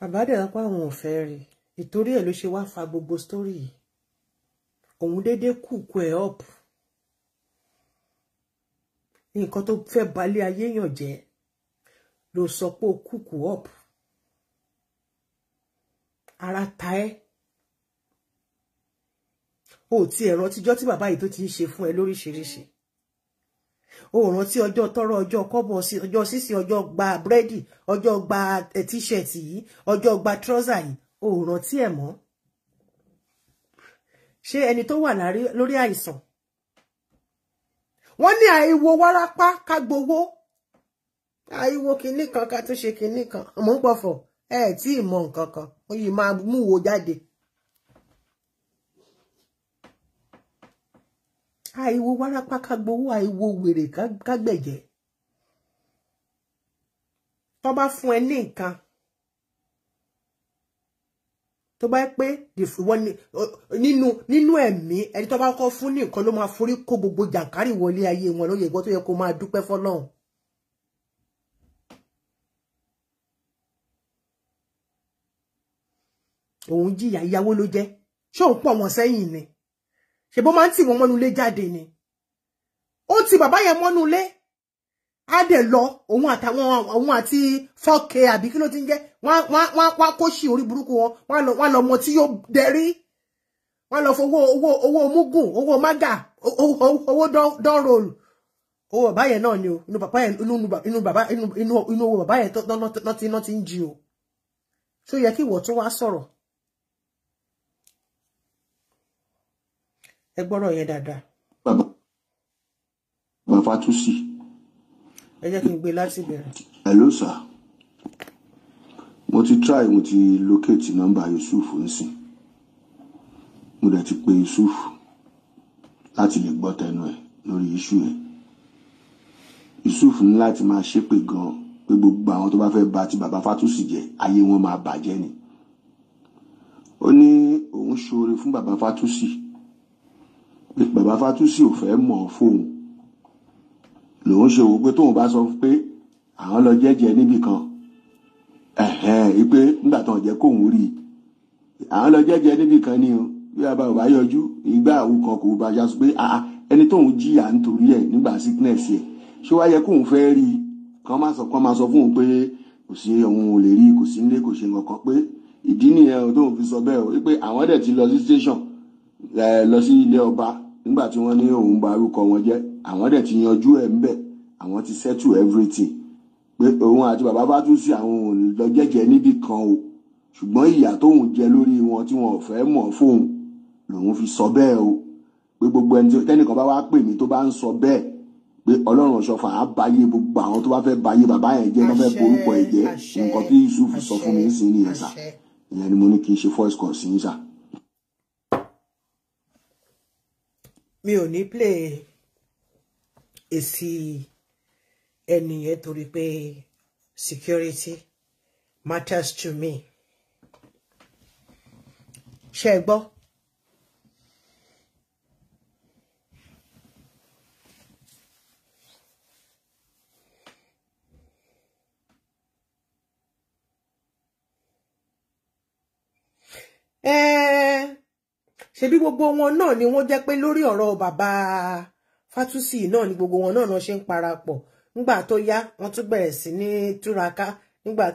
bàbá dẹ̀ lọ́pọ̀ àwọn ò fẹ́ rí ìtorí ẹ̀ ló ṣe wá fa gbogbo sítórì yìí òun déédéé kùkù ẹ̀ ọ̀pù nǹkan tó fẹ́ balẹ̀ ayé yàn jẹ́ ló sọ pé ó kúkú up ara ta ẹ́ o ti ẹ̀rọ tíjọ́ tí bàbá yìí tó ti ń ṣe fún ẹ lóríṣiríṣi o rántí ọjọ́ tọrọ ọjọ́ kọ́bọ̀ sí ọjọ́ sísìn ọjọ́ gba búrẹ́dì ọjọ́ gba tíṣẹ̀tì yìí ọjọ́ gba trọ́sà yìí o rántí ẹ̀ mọ́ ṣé ẹni tó wà lórí àìsàn wọ́n ní àìwo wárápá ká gbowó àìwo kinní kan ká tún ṣe kinní kan mò ń pọ̀fọ̀ ẹ tí ì mọ nǹkan kan ó yìí máa mú wo jáde. àìwo wárápá ká gbowó àìwo wèrè ká gbẹ̀jẹ̀ tó bá fún ẹ ní nǹkan tó bá pé nínú nínú ẹ̀mí ẹni tó bá kọ́ fún ní nǹkan ló máa forí kó gbogbo jàǹkárì wọlé ayé wọn lóye ìgbọ́ tó yẹ kó máa dúpẹ́ fọ́lọ́run òun jìyà ìyàwó ló jẹ́ ṣé òun pọ̀ wọ́n sẹ́yìn ni ṣe bó máa ń tì wọ́n mọ́nú ilé ni ó ti bàbá yẹn mọ́nú ilé á dẹ̀ lọ òun àtàwọn òun àti fọkẹ àbí kí ló ti ń wa wọ́n á kó sí orí burúkú wọn wọ́n á wa mọ tí yóò dẹrí wọ́n á lọ fowó owó owó mugun owó maga owó dán roll owó bàbá yẹn náà ni o inu inu inu baba inu inu inu inú owó bàbá yẹn nọtí not ń jí o so yẹ kí ìwọ tó wá sọ̀rọ̀. ẹ gbọ́rọ̀ yẹn dáadáa. bàbá bàbá tún sí ẹ jẹ́ kí n gbé láti bẹ̀rẹ̀. hello sir mo ti try mo ti locate nọ́mbà yusuf nsìn mo dẹ̀ ti pe yusuf láti lè gbọ́ tẹnu ẹ̀ lórí iṣu ẹ̀ yusuf ní láti máa ṣépè gan pé gbogbo àwọn tó bá fẹ́ bà ti bàbá fátúsì jẹ́ ayé wọn máa bàjẹ́ ni ó ní òun ṣoore fún bàbá fátúsì pé bàbá fátúsì ò fẹ́ mọ̀ ọ́ fóun lòun ṣe wò pé tóun bá sọ pé àwọn lọ jẹ́jẹ́ níbì kan ipe nígbà tó ń jẹ́ kóun rí i àwọn lọ jẹ́jẹ́ níbì kan ni o bí a bá ò bá yọjú ìgbà àwọn kan kò bá yá sọ pé ẹni tóun jìyà nítorí ẹ̀ nígbà sickness ẹ̀ ṣé wá yẹ kóun fẹ́ rí i kàn máa sọ kàn máa sọ fún un pé kò sí òun ò lè rí i kò sí nílé kò ṣe nǹkan pé ìdí nìyẹn o tóun fi sọ bẹ́ẹ̀ o pé àwọn dẹ̀ ti lọ sí station lọ sí ilé ọba nígbà tí wọ́n ní òun ba orúkọ wọn jẹ́ àwọn dẹ̀ ti yanjú ẹ̀ ńbẹ̀ àwọn ti settle everything pé òun àti bàbá bá tún sí àwọn òun lọ jẹ́jẹ́ níbì kan o ṣùgbọ́n ìyà tóun jẹ lórí wọn tí wọn ò fẹ́ mọ̀ fóun lòun fi sọ bẹ́ẹ̀ o pé gbogbo ẹni tẹ́nìkan bá wá pè mí tó bá ń sọ bẹ́ẹ̀ pé ọlọ́run ọ̀ṣọ́fà á báyé gbogbo àwọn tó bá fẹ́ báyé bàbá yẹn jẹ́ tó fẹ́ borúkọ ẹ̀ jẹ́ nǹkan tí Yusuf sọ fún mi sí nìyẹn sà ìyẹn ni mo ní kí n ṣe voice call sí yín sà. mi ò ní play èsì ẹnìyẹn torí pé security matters to me ṣe é gbọ́. ṣebí gbogbo wọn náà ni wọ́n jẹ́ pé lórí ọ̀rọ̀ bàbá fátúsì náà ni gbogbo wọn náà náà ṣe ń parapọ̀ nígbà tó yá wọ́n tún bẹ̀rẹ̀ sí ní túraká nígbà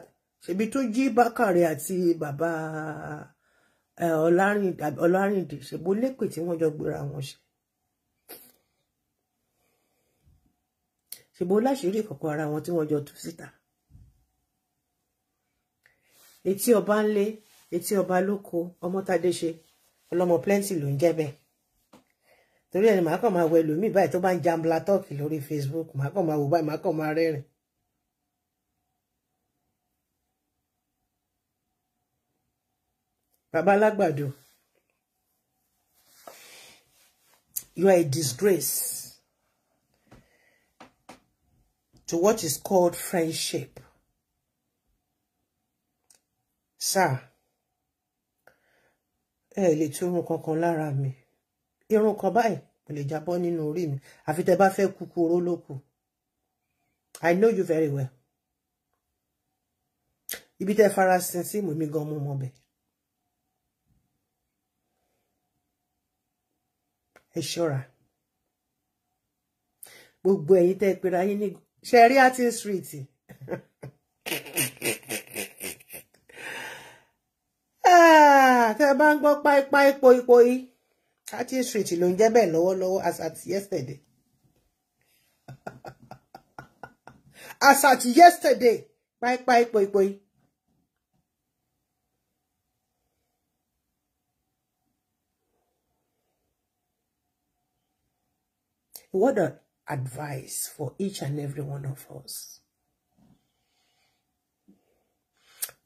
ṣebí tó jí bákàrẹ àti bàbá ọlárìndé ṣèbó lépè tí wọ́n jọ gbéra wọn ṣe ṣèbó láṣìírí kọ̀ọ̀kan ara wọn tí wọ́n jọ tú síta etí ọba ńlé etí ọba lóko ọmọ tádé ṣe ọlọ́mọ plenty ló ń jẹ́ bẹ́ẹ̀ torí ẹni màá kàn máa wọ ẹlòmíì báyìí tó bá ń jambla tọ́ọ̀kì lórí Facebook màá kàn máa wò báyìí màá kàn máa rẹ́rìn. bàbá alágbàdo you are a disgrace to what is called friendship. Sir, ẹ lè tún mú kankan lára mi irun kan báyìí kò lè jábọ́ nínú orí mi àfi tẹ́ bá fẹ́ kúkú oró ló i know you very well ibi tẹ́ fara sin sí mi gan mo mọ̀ bẹ̀ ẹ ṣọ́ra gbogbo ẹ̀yin tẹ́ pera yín ní ṣẹrí àti street ah, tẹ́ bá ń gbọ́ páípáí poipoí thirty street ló ń jẹ́ bẹ́ẹ̀ lọ́wọ́lọ́wọ́ as at yesterday as at yesterday páípáí pòipòi. What an advice for each and every one of us.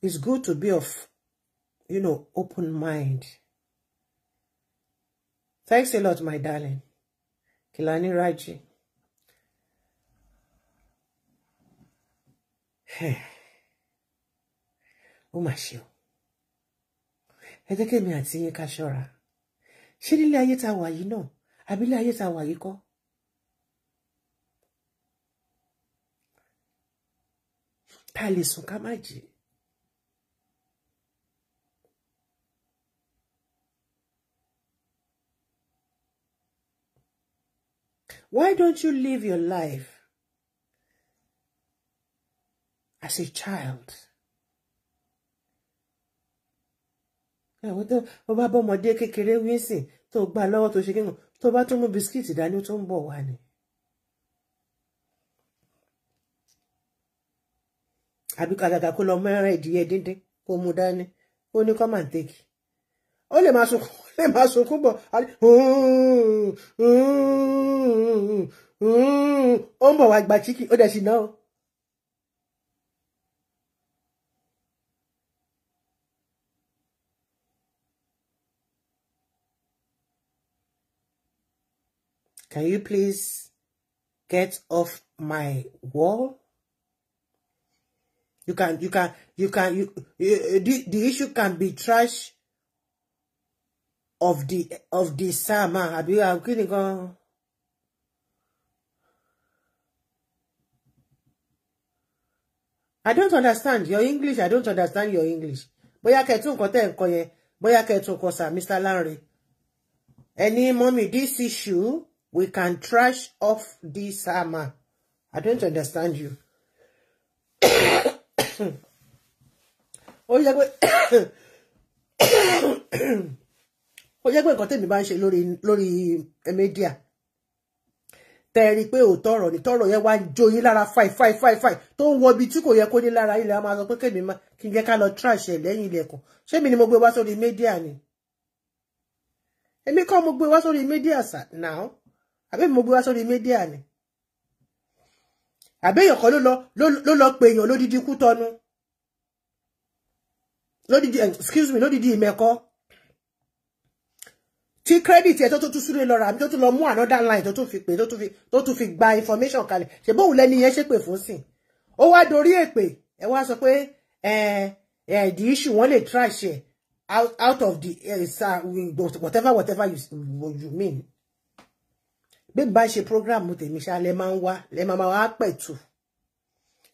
It's good to be of, you know, open mind. Thanks a lot, my darling. Kilani Raji. Ó mà ṣe o. Ẹ jẹ́ kémi àti yín ká ṣọ́ra. Ṣé nílé ayé ta wà yìí náà? Àbí ilé ayé ta wà yìí kọ́? Ta lè sùn ká má Why don't you live your life as a child? Àwọn tó o bá bọ́ ọmọdé kékeré wíńsìn tó gbà lọ́wọ́ tó ṣe kí tó bá tún mú bisikíìtì dání tó ń bọ̀ wá ni. Àbí kàgàgà kó lọ mẹ́rin ìdíyẹ díndín kó mú dání ó ní come and take ó lè máa sunkún lè máa sunkún bọ̀ ó ń bọ̀ wá gba chíkì ó dẹ̀ sì náà. Can you please get off my wall? You can, you can, you can, you, you, the, the issue can be trash of the of the sama àbí kí nìkan. I don't understand your English. I don't understand your English. Boya kẹ̀tún nǹkan tẹ̀ nǹkan yẹn. Bóyá kẹ̀tún kọ sir Mr. Lanre. Any mommy this issue we can trash off this summer. I don't understand you. Oh, yẹ pé. ó jẹ́ pé nǹkan tèmi bá ń ṣe lórí lórí media tẹ ẹ rí i pé òótọ́ ọ̀rọ̀ ni tọ́rọ̀ yẹn wá ń jó yín lára fàì fàì fàì fàì tó ń wọ ibi tí kò yẹ kó ní lára ilẹ̀ a máa sọ pé kèmí má kí n jẹ́ ká lọ trash ẹ̀ lẹ́yìn ilẹ̀kùn ṣé mi ni mo gbé wá sórí media ni èmi kọ́ mo gbé wá sórí media sà náà àbí mo gbé wá sórí media ni àbí èèyàn kan ló lọ ló lọ pe èèyàn lódìdí kú tọnu lódìdí excuse me lódìdí ìmẹ̀kọ́ tí credit ẹ̀ tó tó tún súré lọ rà mí tó tún lọ another line tó tún fi pè tó tún fi gba information kalẹ̀ ṣe bóun lẹni yẹn ṣe pè fún sìn ó wá dorí èpè ẹ wá sọ pé the issue wọn lè try share out, out of the uh, whatever whatever you, you mean bí n bá program tèmi ṣá lẹ máa ń wá lẹ máa máa wá pẹ̀tù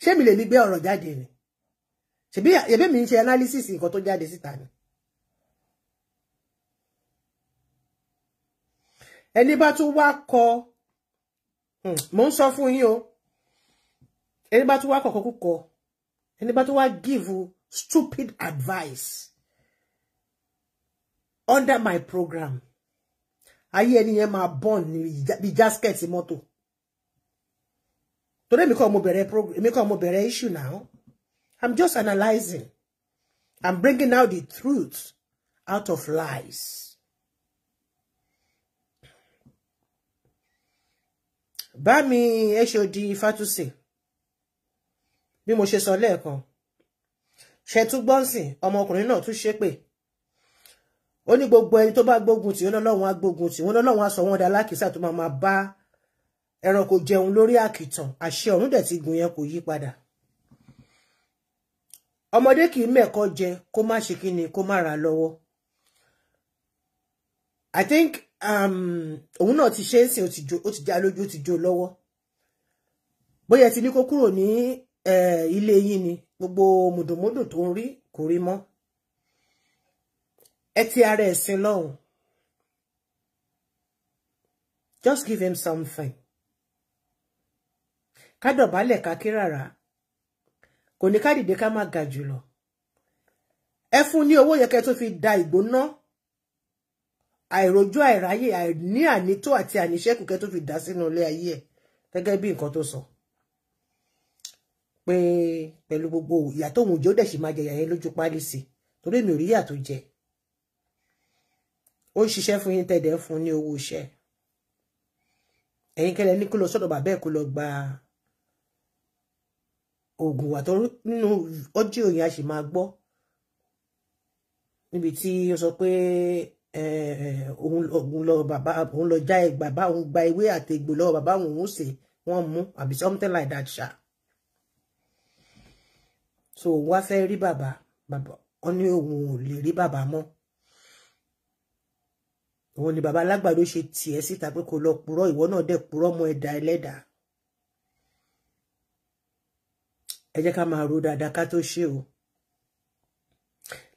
ṣé mi lè mi gbé ọ̀rọ̀ jáde ni ṣèbí mi ń analysis nǹkan tó jáde síta ni ẹni bá tún wá kọ hmm, mò ń sọ fún yín o ẹni bá tún wá kọ̀kọ́ kúkọ ẹni bá tún wá give stupid advice under my program ayé ẹni yẹn máa bọ́ọ̀n ní bí jasket mọ́tò torí èmi kọ́ mo bẹ̀rẹ̀ program èmi kọ́ mo bẹ̀rẹ̀ issue now I'm just analysing I'm bringing out the truth out of lies. bá mi hod fatusi bí mo ṣe sọ lẹ́ẹ̀kan ṣẹtú gbọ́nsìn ọmọkùnrin náà tún ṣépè ó ní gbogbo ẹni tó bá gbógun tì ó lọ́lọ́run á gbógun tì wọ́n lọ́lọ́run á sọ wọ́n dá lákìsà tó máa bá ẹranko jẹun lórí àkìtàn àṣẹ ọ̀run dẹ̀ ti gùn yẹn kò yí padà ọmọdé kì í mẹ́ẹ̀kọ́ jẹ kó má ṣe kí ni kó má ra lọ́wọ́ I think Um, òun náà ti ṣe é sìn ó ti já lójú ó ti jó lọ́wọ́ bóyá ti ní kó kúrò ní ilé yín ni gbogbo mùdùnmúdù tó ń rí kò rí mọ́ ẹ ti ara ẹ̀sìn lọ́hùn just give him something ká dọ̀bálẹ̀ ká kí rárá kò ní ká dìde ká má ga jùlọ ẹ fún ní owó yẹ kẹ́ tó fi da ìgbóná àìrojú àìráyè àìní ànító àti àníṣẹ́kù kẹ́ tó fi dá sínú ilé ayé ẹ̀ gẹ́gẹ́ bí nǹkan tó sọ pé pẹ̀lú gbogbo ìyà tó òun jẹ́ ó dẹ̀ sì máa jẹ ìyà yẹn lójú páálí sí torí mi ò rí ìyà tó jẹ ó ń ṣiṣẹ́ fún yín tẹ̀dẹ̀ fún ní owó iṣẹ́ ẹ̀yin kẹlẹ̀ ní kó lọ sọ́dọ̀ bàbá ẹ̀ kó lọ gba oògùn wà tó nínú ọjọ́ yẹn a sì máa gbọ́ níbi tí ó sọ pé Eh, òun lọ bàbá òun lọ já ẹgbà bá òun gba ewé àtegbò lọ́wọ́ bàbá òun òun ṣe wọ́n mú àbí something like that ṣá so òun wá fẹ́ rí bàbá bàbá wọ́n ní òun ò lè rí bàbá mọ́ òun ni bàbá alágbàdo ṣe tiẹ̀ síta pé kò lọ purọ́ ìwọ náà dẹ̀ purọ́ mọ́ ẹ̀dá ẹlẹ́dàá ẹ jẹ́ ká máa ro dáadáa ká tó ṣe o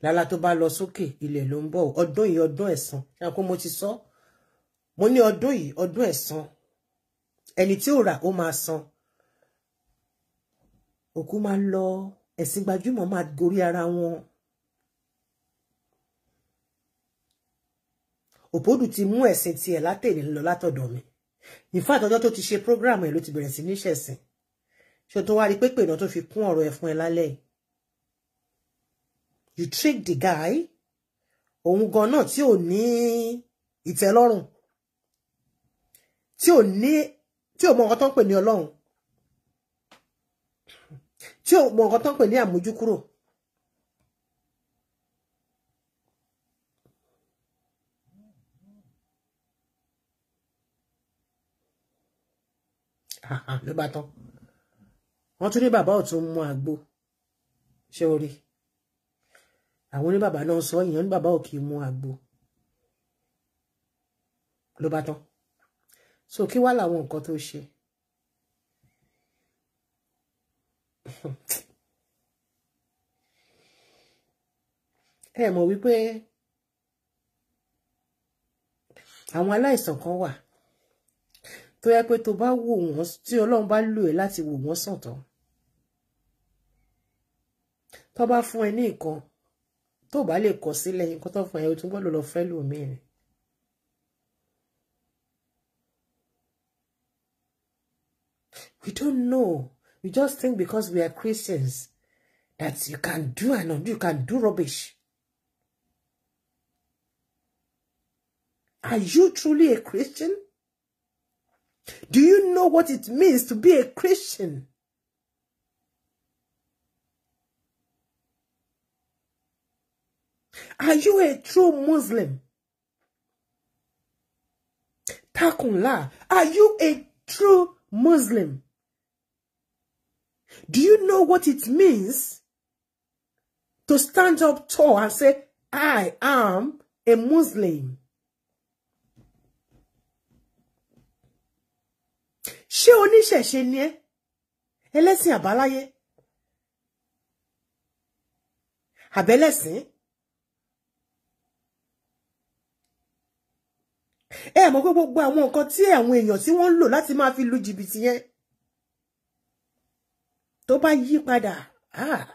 lálá tó bá lọ sókè ilẹ̀ ló ń bọ̀ ọdún yìí ọdún ẹ̀san ṣáà kó mo ti sọ mo ní ọdún yìí ọdún ẹ̀san ẹni tí ó rà ó máa san òkú máa lọ ẹ̀sìn gbajúmọ̀ máa gorí ara wọn. òpódù ti mú ẹ̀sìn tiẹ̀ látẹ̀lé lọ látọ̀dọ̀ mi ìfáàtì ọjọ́ tó ti ṣe prógráàmù ẹ̀ ló ti bẹ̀rẹ̀ sí níṣẹ̀sìn ṣé o tó wá rí pépè náà tó fi kún ọ̀rọ̀ ẹ̀ ẹ lálẹ́ yìí you trick the guy òun gan náà tí ò ní ìtẹ́lọ́rùn tí ò ní tí ò mọ nǹkan tó ń pè ní Ọlọ́run tí ò mọ nǹkan tó ń pè ní àmójúkúrò. ló bá tán wọ́n tún ní bàbá ọ̀tún mú àgbo ṣé o rí i àwọn oníbàbà náà sọ èèyàn oníbàbà ò kì í àgbo ló bá tán so kí wá làwọn nǹkan tó ṣe ẹ mọ̀ wípé àwọn aláìsàn kan wà tó yẹ pé tó bá wò wọ́n tí Ọlọ́run bá lò ẹ́ láti wò wọ́n sàn tán tó bá fún ẹ ní nǹkan tó bá lè kọ sílẹ̀ nǹkan tó fún ẹ o tún gbọ́dọ̀ lọ fẹ́ lómi we don't know we just think because we are Christians that you can do and undo you can do rubbish. Are you truly a Christian? Do you know what it means to be a Christian? Are you a true Muslim? Takunla, are you a true Muslim? Do you know what it means to stand up tall and say, I am a Muslim? Ṣé oníṣẹ̀ṣe ni ẹ́? Ẹlẹ́sìn àbáláyé? Àbẹ́lẹ́sìn? ẹ mọ̀ pé gbogbo àwọn nǹkan tí àwọn èèyàn tí wọ́n ń lò láti máa fi lu jìbìtì yẹn tó bá yí padà ah.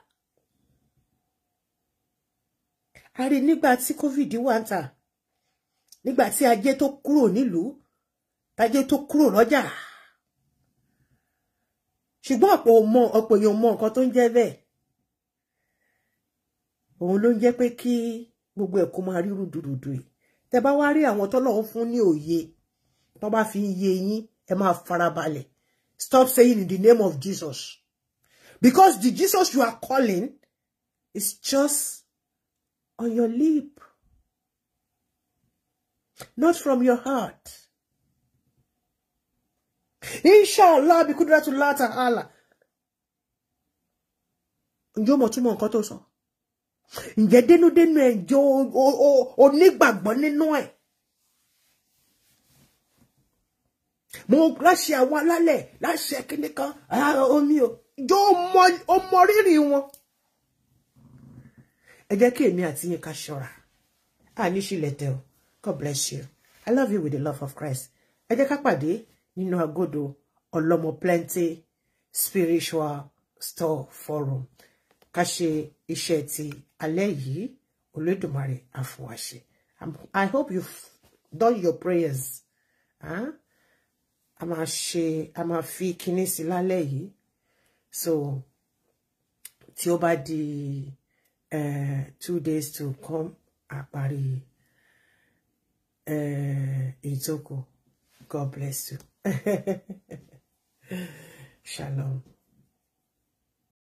a rí nígbà tí covid wà ń ta nígbà tí ajé tó kúrò nílùú tajé tó kúrò lọ́jà ṣùgbọ́n ọ̀pọ̀ mọ ọ̀pọ̀ èèyàn mọ nǹkan tó ń jẹ́ bẹ́ẹ̀ òun ló ń jẹ́ pé kí gbogbo ẹ̀ kó máa rí rúdurùdu yìí tẹ bá wá rí àwọn tọ́lọ́run fún ní òye tó bá fi yé yín ẹ máa farabalẹ̀ stop saying in the name of Jesus because the Jesus you are calling is just on your lip not from your heart inshallah bí kúndúrà tún látà hàlà ǹjọ́ mọ̀ túmọ̀ So? ǹjẹ́ dénúdénú ẹ̀ jẹ́ onígbàgbọ́ nínú ẹ̀ mo láṣẹ àwọn alálẹ̀ láṣẹ kíní kan ah, omi o jọ ó mọ rírì wọn ẹ jẹ́ kí èmi àti yín ká ṣọ́ra àní ṣílẹ̀ tẹ o God bless you I love you with the love of Christ ẹ jẹ́ ká pàdé nínú agodo ọlọ́mọ plenty spiritual store forum ká ṣe iṣẹ́ ti alẹ́ yìí olódùmarè àfọwàṣe i hope you've done your prayers huh? a máa ṣe a máa fi kinní sí lálẹ́ yìí so tí ó bá di uh, two days to come àparí eh, ìjókòó uh, god bless you shalom.